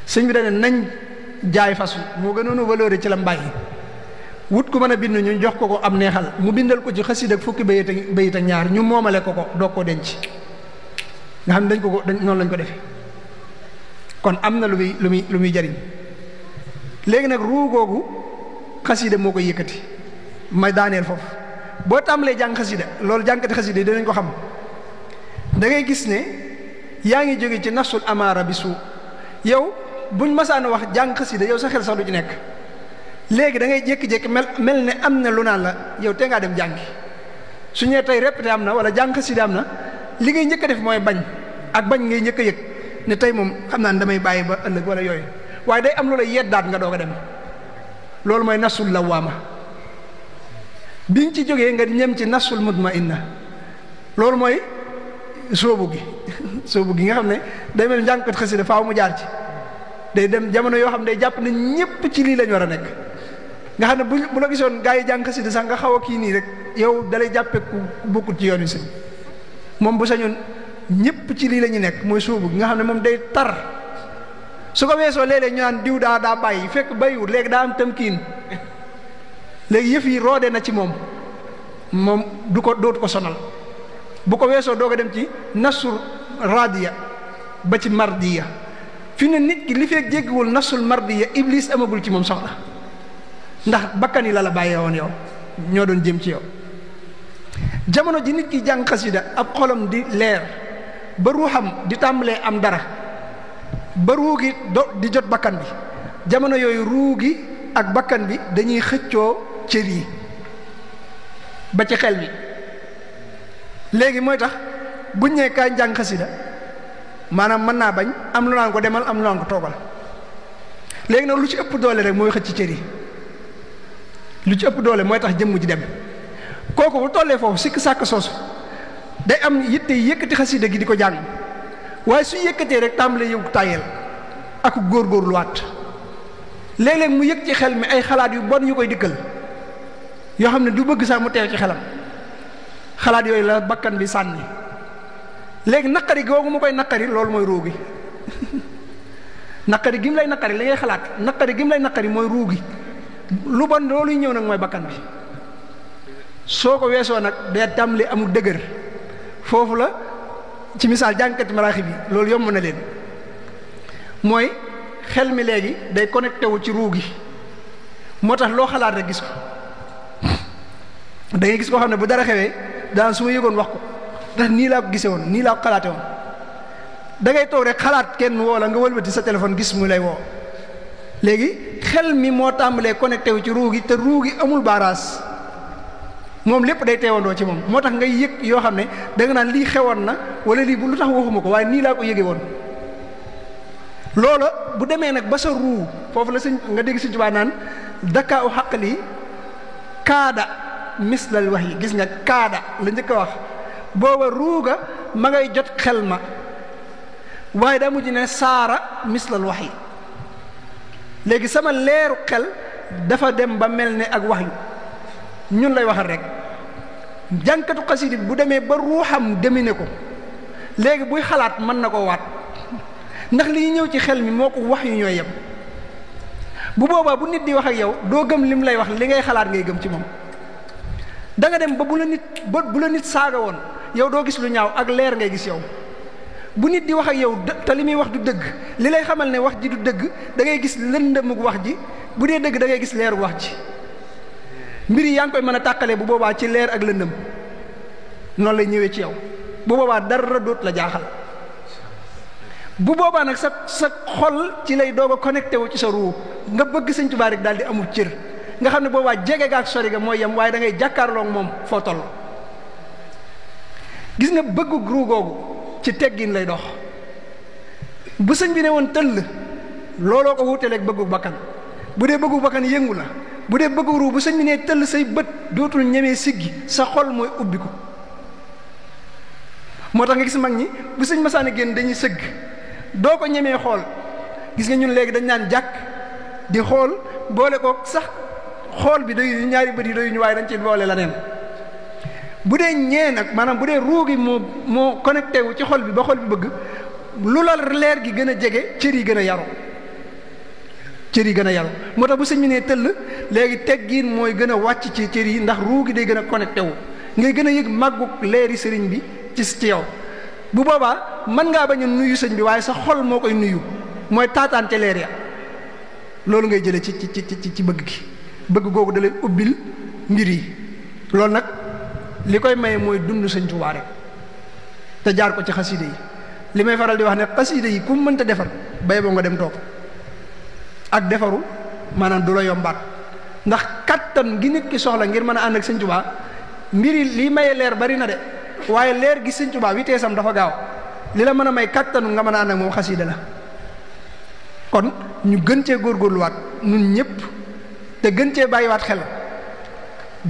sëñ bi dane nañ jaay fas moo gënoon a valeur ci lam bàyyi wut ku mën a bind ñu jox ko ko am neexal mu bindal ko ci xasida ak fukki bayit ak bayit ak ñaar ñu moomale ko ko doog ko denc nga xam ne dañ ko ko dañ noon lañ ko defee kon am na lu muy lu muy lu muy jariñ léegi nag ruu googu xasida moo ko yëkkati may daaneel foofu boo tàmbalee jàng xasida loolu jàngkati xasida yi dinañ ko xam da ngay gis ne yaa ngi jóge ci nafsul amaara bi suu yow buñ masaan wax jàng xasida yow sa xel sax lu ci nekk léegi da ngay jékki-jékki mel mel ni am na lu naan la yow te ngaa dem jàngi su ñee tey répété am na wala jàng xasida am na li ngay jëkka def mooy bañ ak bañ ngay njëkk a yëg ne tey moom xam naa ne damay bàyyi ba ëllëg wala yooyu waaye day am lu la yeddaat nga doog a dem loolu mooy nasul lawaama biñ ci jógee nga ñem ci nasul mutmainna loolu mooy soobu gi soobu gi nga xam ne day mel njàngkat xasida faaw mu jaar ci day dem jamono yoo xam n day jàpp ne ñépp ci lii lañ war a nekk nga xam ne bu bu la gisoon gaa yi jàng xasida sax nga xaw a kii nii rek yow dalay jàppe ku bokkut ci yoon yu sëñ moom bu sañoon ñëpp ci lii la ñu nekk mooy suubu nga xam ne moom day tar su ko weesoo léeg-léeg ñu naan diw daa daa bàyyi fekk bàyyiwul léegi daa am tamkiin léegi yëf yi roode na ci moom moom du ko dootu ko sonal bu ko weesoo doog dem ci nassul radiya ba ci mardiya fi ne nit ki li fekk jéggiwul nassul mardiya iblis amagul ci moom soxla ndax bakkan yi la la bàyyee woon yow ñoo doon jëm ci yow jamono ji nit ki jàng xasida ab xolam di leer ba ruuxam di tàmbalee am dara ba ruu gi do di jot bakkan bi jamono yooyu ruu gi ak bakkan bi dañuy xëccoo cër yi ba ci xel bi léegi mooy tax buñ ñee kaay jàng xasida maanaam mën naa bañ am lu naan ko demal am lu naan ko toogal léegi nag lu ci ëpp doole rek mooy xëcc cër yi lu ci ëpp doole mooy tax jëmm ji dem kooku bu tollee foofu sikk sàkk soosu day am yitte yëkkati xasida gi di ko jàng waaye su yëkkatee rek tàmbale yow tàyyeel ak góor léeg-léeg mu yëg ci xel mi ay xalaat yu bon yu koy dikkal yoo xam ne du bëgg sax mu teew ci xelam xalaat yooyu la bakkan bi sànni léegi naqari googu mu koy naqari loolu mooy ruu gi naqari gi mu lay naqari li ngay xalaat naqari gi mu lay naqari mooy ruu gi lu bon loolu ñëw nag mooy bakkan bi soo ko weesoo nag day tàmbali amul dëgër foofu la ci misaal jànkati maraaxi bi loolu yomb na leen mooy xel mi léegi day connecté wu ci ruu gi moo tax loo xalaat rek gis ko da gis koo xam ne bu dara xewee daan su ma yëgoon wax ko te nii laa ko gisee woon nii laa ko xalaate woon da toog rek xalaat kenn woo la nga wëlbati sa téléphone gis mu lay woo léegi xel mi moo tàmbalee connecté wu ci ruu gi te ruu gi amul baaraas moom lépp day teewandoo ci moom moo tax nga yëg yoo xam ne da nga naan lii xewoon na wala lii bu lu tax waxuma ko waaye nii laa ko yëge woon loola bu demee nag ba sa ruu foofu la sëñ nga dégg si Tuubaa naan dakkaa u xaq lii kaada mislal wax yi gis nga kaada la njëkk a wax booba ruuga ma ngay jot xel ma waaye daa mujj ne saara mislal wax yi léegi sama leeru xel dafa dem ba mel ne ak wax yu ñun lay waxal rek jànkatu xasida bu demee ba ruuxam ne ko léegi buy xalaat mën na ko waat ndax li ñuy ñëw ci xel mi moo ko wax yu ñooy yem bu boobaa bu nit di wax ak yow doo gëm li mu lay wax li ngay xalaat ngay gëm ci moom danga dem ba bu la nit ba bu la nit saaga woon yow doo gis lu ñaaw ak leer ngay gis yow bu nit di wax ak yow te li muy wax du dëgg li lay xamal ne wax ji du dëgg da ngay gis lëndëmug wax ji bu dee dëgg dangay gis leeru wax ji mbir yi yaa ngi koy mën a tàqalee bu boobaa ci leer ak lëndëm noonu lay ñëwee ci yow bu boobaa dara doot la jaaxal bu boobaa nag sa sa xol ci lay doog a connecté wu ci sa ruu nga bëgg Sëñ Tuubaa rek daal di amul cër nga xam ne boobaa jege ga sori ga mooy yem waaye da ngay jàkkaarloo moom foo toll gis nga bëggu ruu googu ci teggin lay dox bu sëñ bi ne woon tëll looloo ko wuuteleeg bëggu bakkan bu dee bëggu bakkan yëngu la bu dee bëggu ruu bu sëñ bi ne tëll say bët dootul ñemee siggi sa xol mooy ubbi ko moo tax nga gis mag ñi bu sëñ masaane génn dañuy sëgg doo ko ñemee xool gis nga ñun léegi dañ naan jàkk di xool boole ko sax xool bi doy ñaari bët yi doyuñu waaye dañ ci boole la neen bu dee ñee nag maanaam bu dee ruu gi moo moo connecté wu ci xol bi ba xol bi bëgg lu la leer gi gën a jege cër yi gën a yaru cër yi gën a yaru moo tax bu sëñ bi nee tëll léegi teg teggiin mooy gën a wàcc ci cër yi ndax ruu gi day gën a connecté wu ngay gën a yëg màggug leeri sëriñ bi ci ci yow bu boobaa mën ngaa bañ a nuyu sëñ bi waaye sa xol moo koy nuyu mooy taataan ca leer ya loolu ngay jële ci ci ci ci bëgg gi bëgg googu da lay ubbil mbir yi loolu nag. li koy maye mooy dund sëñ te jaar ko ci xasida yi li may faral di wax ne xasida yi ku mënta defar bay boo nga dem topp ak defaru maanaam du la yombaat ndax kattan gi nit ki soxla ngir mën a ànd ak sëñ mbir mbiri lii maye leer bari na de waaye leer gi sëñ wi vitesse am dafa gaaw li la mën a may kattanu nga mën a ànd ak moom xasida la kon ñu gën cee góorgóorluwaat nun ñëpp te gën cee bàyyiwaat xel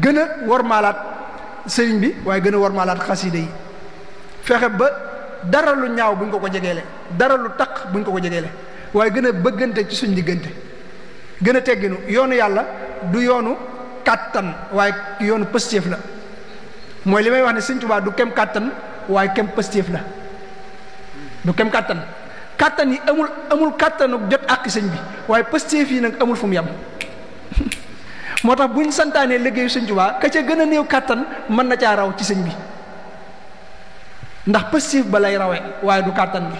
gën a war maalaat sëriñ bi waaye gën a war maalaat xasida yi fexe ba dara lu ñaaw buñ ko ko jegeele dara lu taq buñ ko ko jegeele waaye gën a bëggante ci suñ diggante gën a tegginu yoonu yàlla du yoonu kàttan waaye yoonu pëstéef la mooy li may wax ne sëñ Tuubaa du kem kàttan waaye kem pëstéef la du kem kàttan kàttan yi amul amul kàttanu jot àq sëñ bi waaye pëstéef yi nag amul fu mu yem moo tax buñ santaanee liggéeyu sëñ Tuubaa ka ca gën a néew kàttan mën na caa raw ci sëñ bi ndax pëstif ba lay rawe waaye du kàttan bi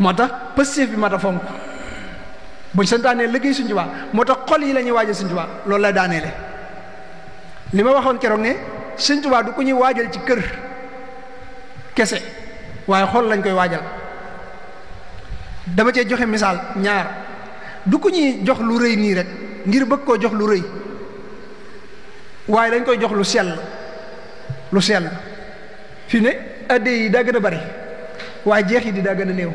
moo tax pëstif bi mat a fonk buñ santaanee liggéeyu sëñ moo tax xol yi lañuy ñuy waajal sëñ Tuubaa loolu la daaneele li ma waxoon keroog ne sëñ Tuubaa du ku ñuy waajal ci kër kese waaye xol lañ koy waajal dama cee joxe misaal ñaar du ko ñuy jox lu réy nii rek ngir bëgg koo jox lu rëy waaye dañ koy jox lu sell lu sell fi ne adde yi daa gën a bari waaye jeex yi di daa gën a néew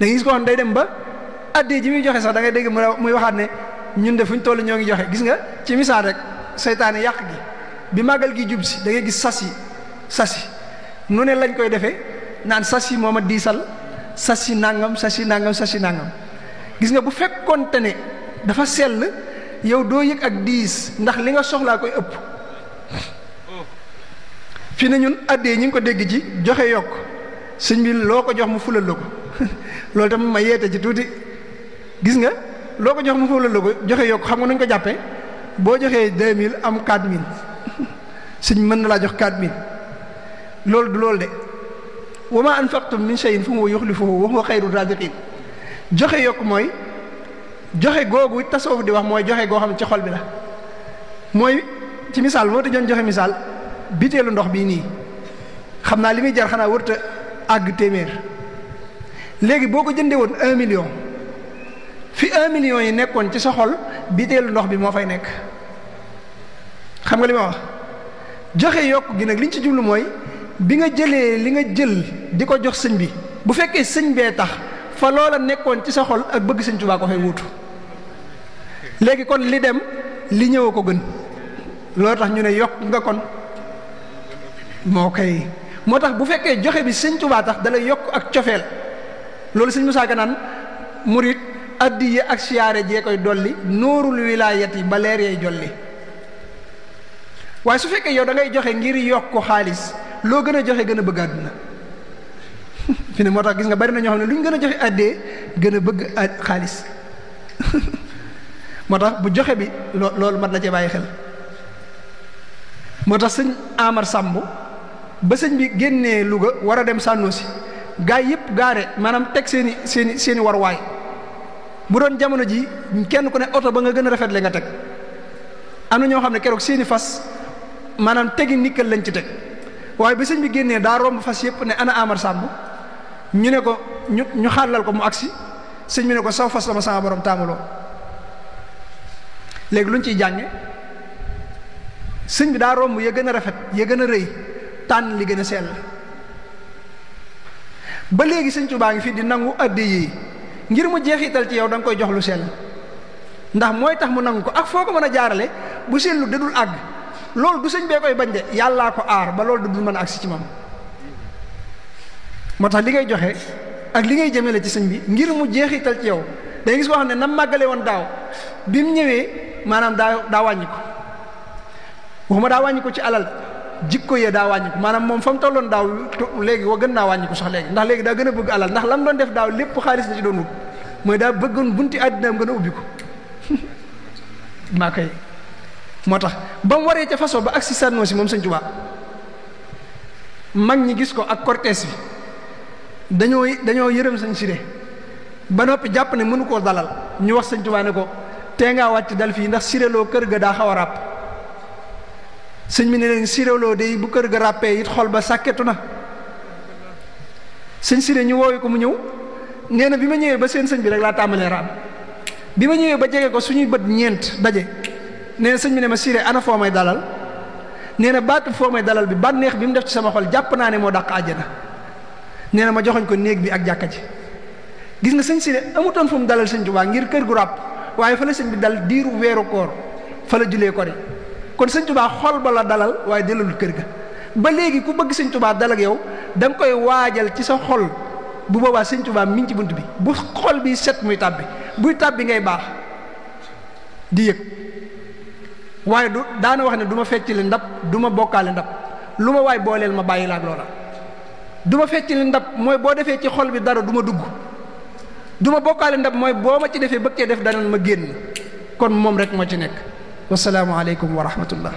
da gis ko xam day dem ba adde ji muy joxe sax dangay ngay dégg muy waxaat ne ñun de fu ñu toll ñoo ngi joxe gis nga ci misaal rek seytaane yàq gi bi màggal gi jub si da gis sas yi sas yi nu ne lañ koy defe naan sas yi moom a diisal sas yi nangam sas yi nangam gis nga bu fekkoonte ne dafa sell yow doo yëg ak diis ndax li nga soxlaa koy ëpp fi ne ñun addee ñi ko dégg ci joxe yokk sëñ bi loo ko jox mu fulal la ko loolu tam ma yeete ci tuuti gis nga loo ko jox mu fulal la ko joxe yokk xam nga nuñ ko jàppee boo joxee deux mille am quatre mille sëñ mën na laa jox quatre mille loolu du loolu de wa ma anfaqtum min shay'in fa huwa yukhlifuhu wa huwa khayru raziqin joxe yokk mooy joxe googu tasawuf di wax mooy joxe goo xam ne ci xol bi la mooy ci misaal moo tëjoon joxe misaal biteelu ndox bii nii xam naa li muy jar xanaa wërta àgg téeméer léegi boo ko jëndee woon un million fi un million yi nekkoon ci sa xol biteelu ndox bi moo fay nekk xam nga li ma wax joxe yokk gi nag liñ ci jublu mooy bi nga jëlee li nga jël di ko jox sëñ bi bu fekkee sëñ bee tax fa loola nekkoon ci sa xol ak bëgg sëñ Tuubaa ko fay wuutu léegi kon li dem li ñëw ko gën loolu tax ñu ne yokk nga kon moo koy moo tax bu fekkee joxe bi sëñ Tuubaa tax dalay yokk ak cofeel loolu sëñ Musaa Ka naan murit addi yi ak siyaare jee koy dolli nóorul wilaayat yi ba leer yay jolli waaye su fekkee yow dangay joxe ngir yokk ko xaalis loo gën a joxe gën a bëgg àdduna fi ne moo tax gis nga bari na ñoo xam ne lu ñu gën a joxe àddee gën a bëgg xaalis moo tax bu joxe bi loolu mat na cee bàyyi xel moo tax sëñ Amar Samb ba sëñ bi génnee Louga war a dem Sànnoosi gaa yëpp gaare maanaam teg seeni seeni seeni waruwaay bu doon jamono ji kenn ku ne oto ba nga gën a rafetle nga teg am na ñoo xam ne keroog seeni fas maanaam tegi nikkal lañ ci teg waaye ba sëñ bi génnee daa romb fas yëpp ne ana Amar Samb ñu ne ko ñu ñu xàllal ko mu agsi sëñ bi ne ko saw fas la ma sama borom taamuloo léegi lu ñu ciy jànge sëñ bi daa romb ya gën a rafet ya gën a rëy tànn li gën a sell ba léegi sëñ Tuubaa ngi fi di nangu addi yi ngir mu jeexital ci yow danga koy jox lu sell ndax mooy tax mu nangu ko ak foo ko mën a jaarale bu sellu dadul àgg loolu du sëñ bee koy bañ de yàllaa ko aar ba loolu dadul mën a si ci mam moo tax li ngay joxe ak li ngay jëmale ci sëñ bi ngir mu jeexital ci yow day gis koo xam ne nam màggale woon daaw bi mu ñëwee maanaam daa daa wàññi ko waxuma daa wàññi ko ci alal ko yee daa wàññi ko maanaam moom fa mu tolloon daaw léegi wa gën naa wàññi ko sax léegi ndax léegi daa gën a bëgg alal ndax lam doon def daaw lépp xaalis la ci doon wut mooy daa bëggoon bunti àddinaam gën a ubbi ko maa koy moo tax ba mu waree ca façon ba agsi sànnoo si moom sañ Tuubaa mag ñi gis ko ak cortège bi dañoo dañoo yërëm sëñ Siré ba noppi jàpp ne mënu koo dalal ñu wax sëñ Tuubaa ne ko tee ngaa wàcc dal fii ndax sireloo kër ga daa xaw a ràpp sëñ bi ne leen siréloo day bu kër ga ràppee it xol ba sàkketu na sëñ siré ñu woowe ko mu ñëw nee bi ma ñëwee ba seen sëñ bi rek laa tàmbalee raam bi ma ñëwee ba jege ko suñuy bët ñeent daje nee sëñ bi ne ma siré ana foo may dalal nee na baatu foo may dalal bi bànneex bi mu def ci sama xol jàpp naa ne moo daq àjjana nee na ma joxoñ ko néeg bi ak jàkka ji gis nga sëñ siré amutoon fu mu dalal sëñ Tuubaa ngir kër gu ràpp waaye fa la sëñ bi dal diiru weeru koor fa la julee kori kon sëñ tubaa xol ba la dalal waaye dalalul kër ga ba léegi ku bëgg sëñ tubaa dal ak yow da koy waajal ci sa xol bu boobaa sëñ tubaa mi ngi ci bunt bi bu xol bi set muy tàbbi buy tàbbi ngay baax di yëg waaye du daana wax ne duma ma feccali ndab duma bokkaale ndab lu ma waay booleel ma bàyyi laak loola du ma feccali ndab mooy boo defee ci xol bi dara duma dugg du ma bokkaale ndab mooy boo ma ci defee bëggee def danañ ma génn kon moom rek moo ci nekk wasalaamualeykum wa rahmatullah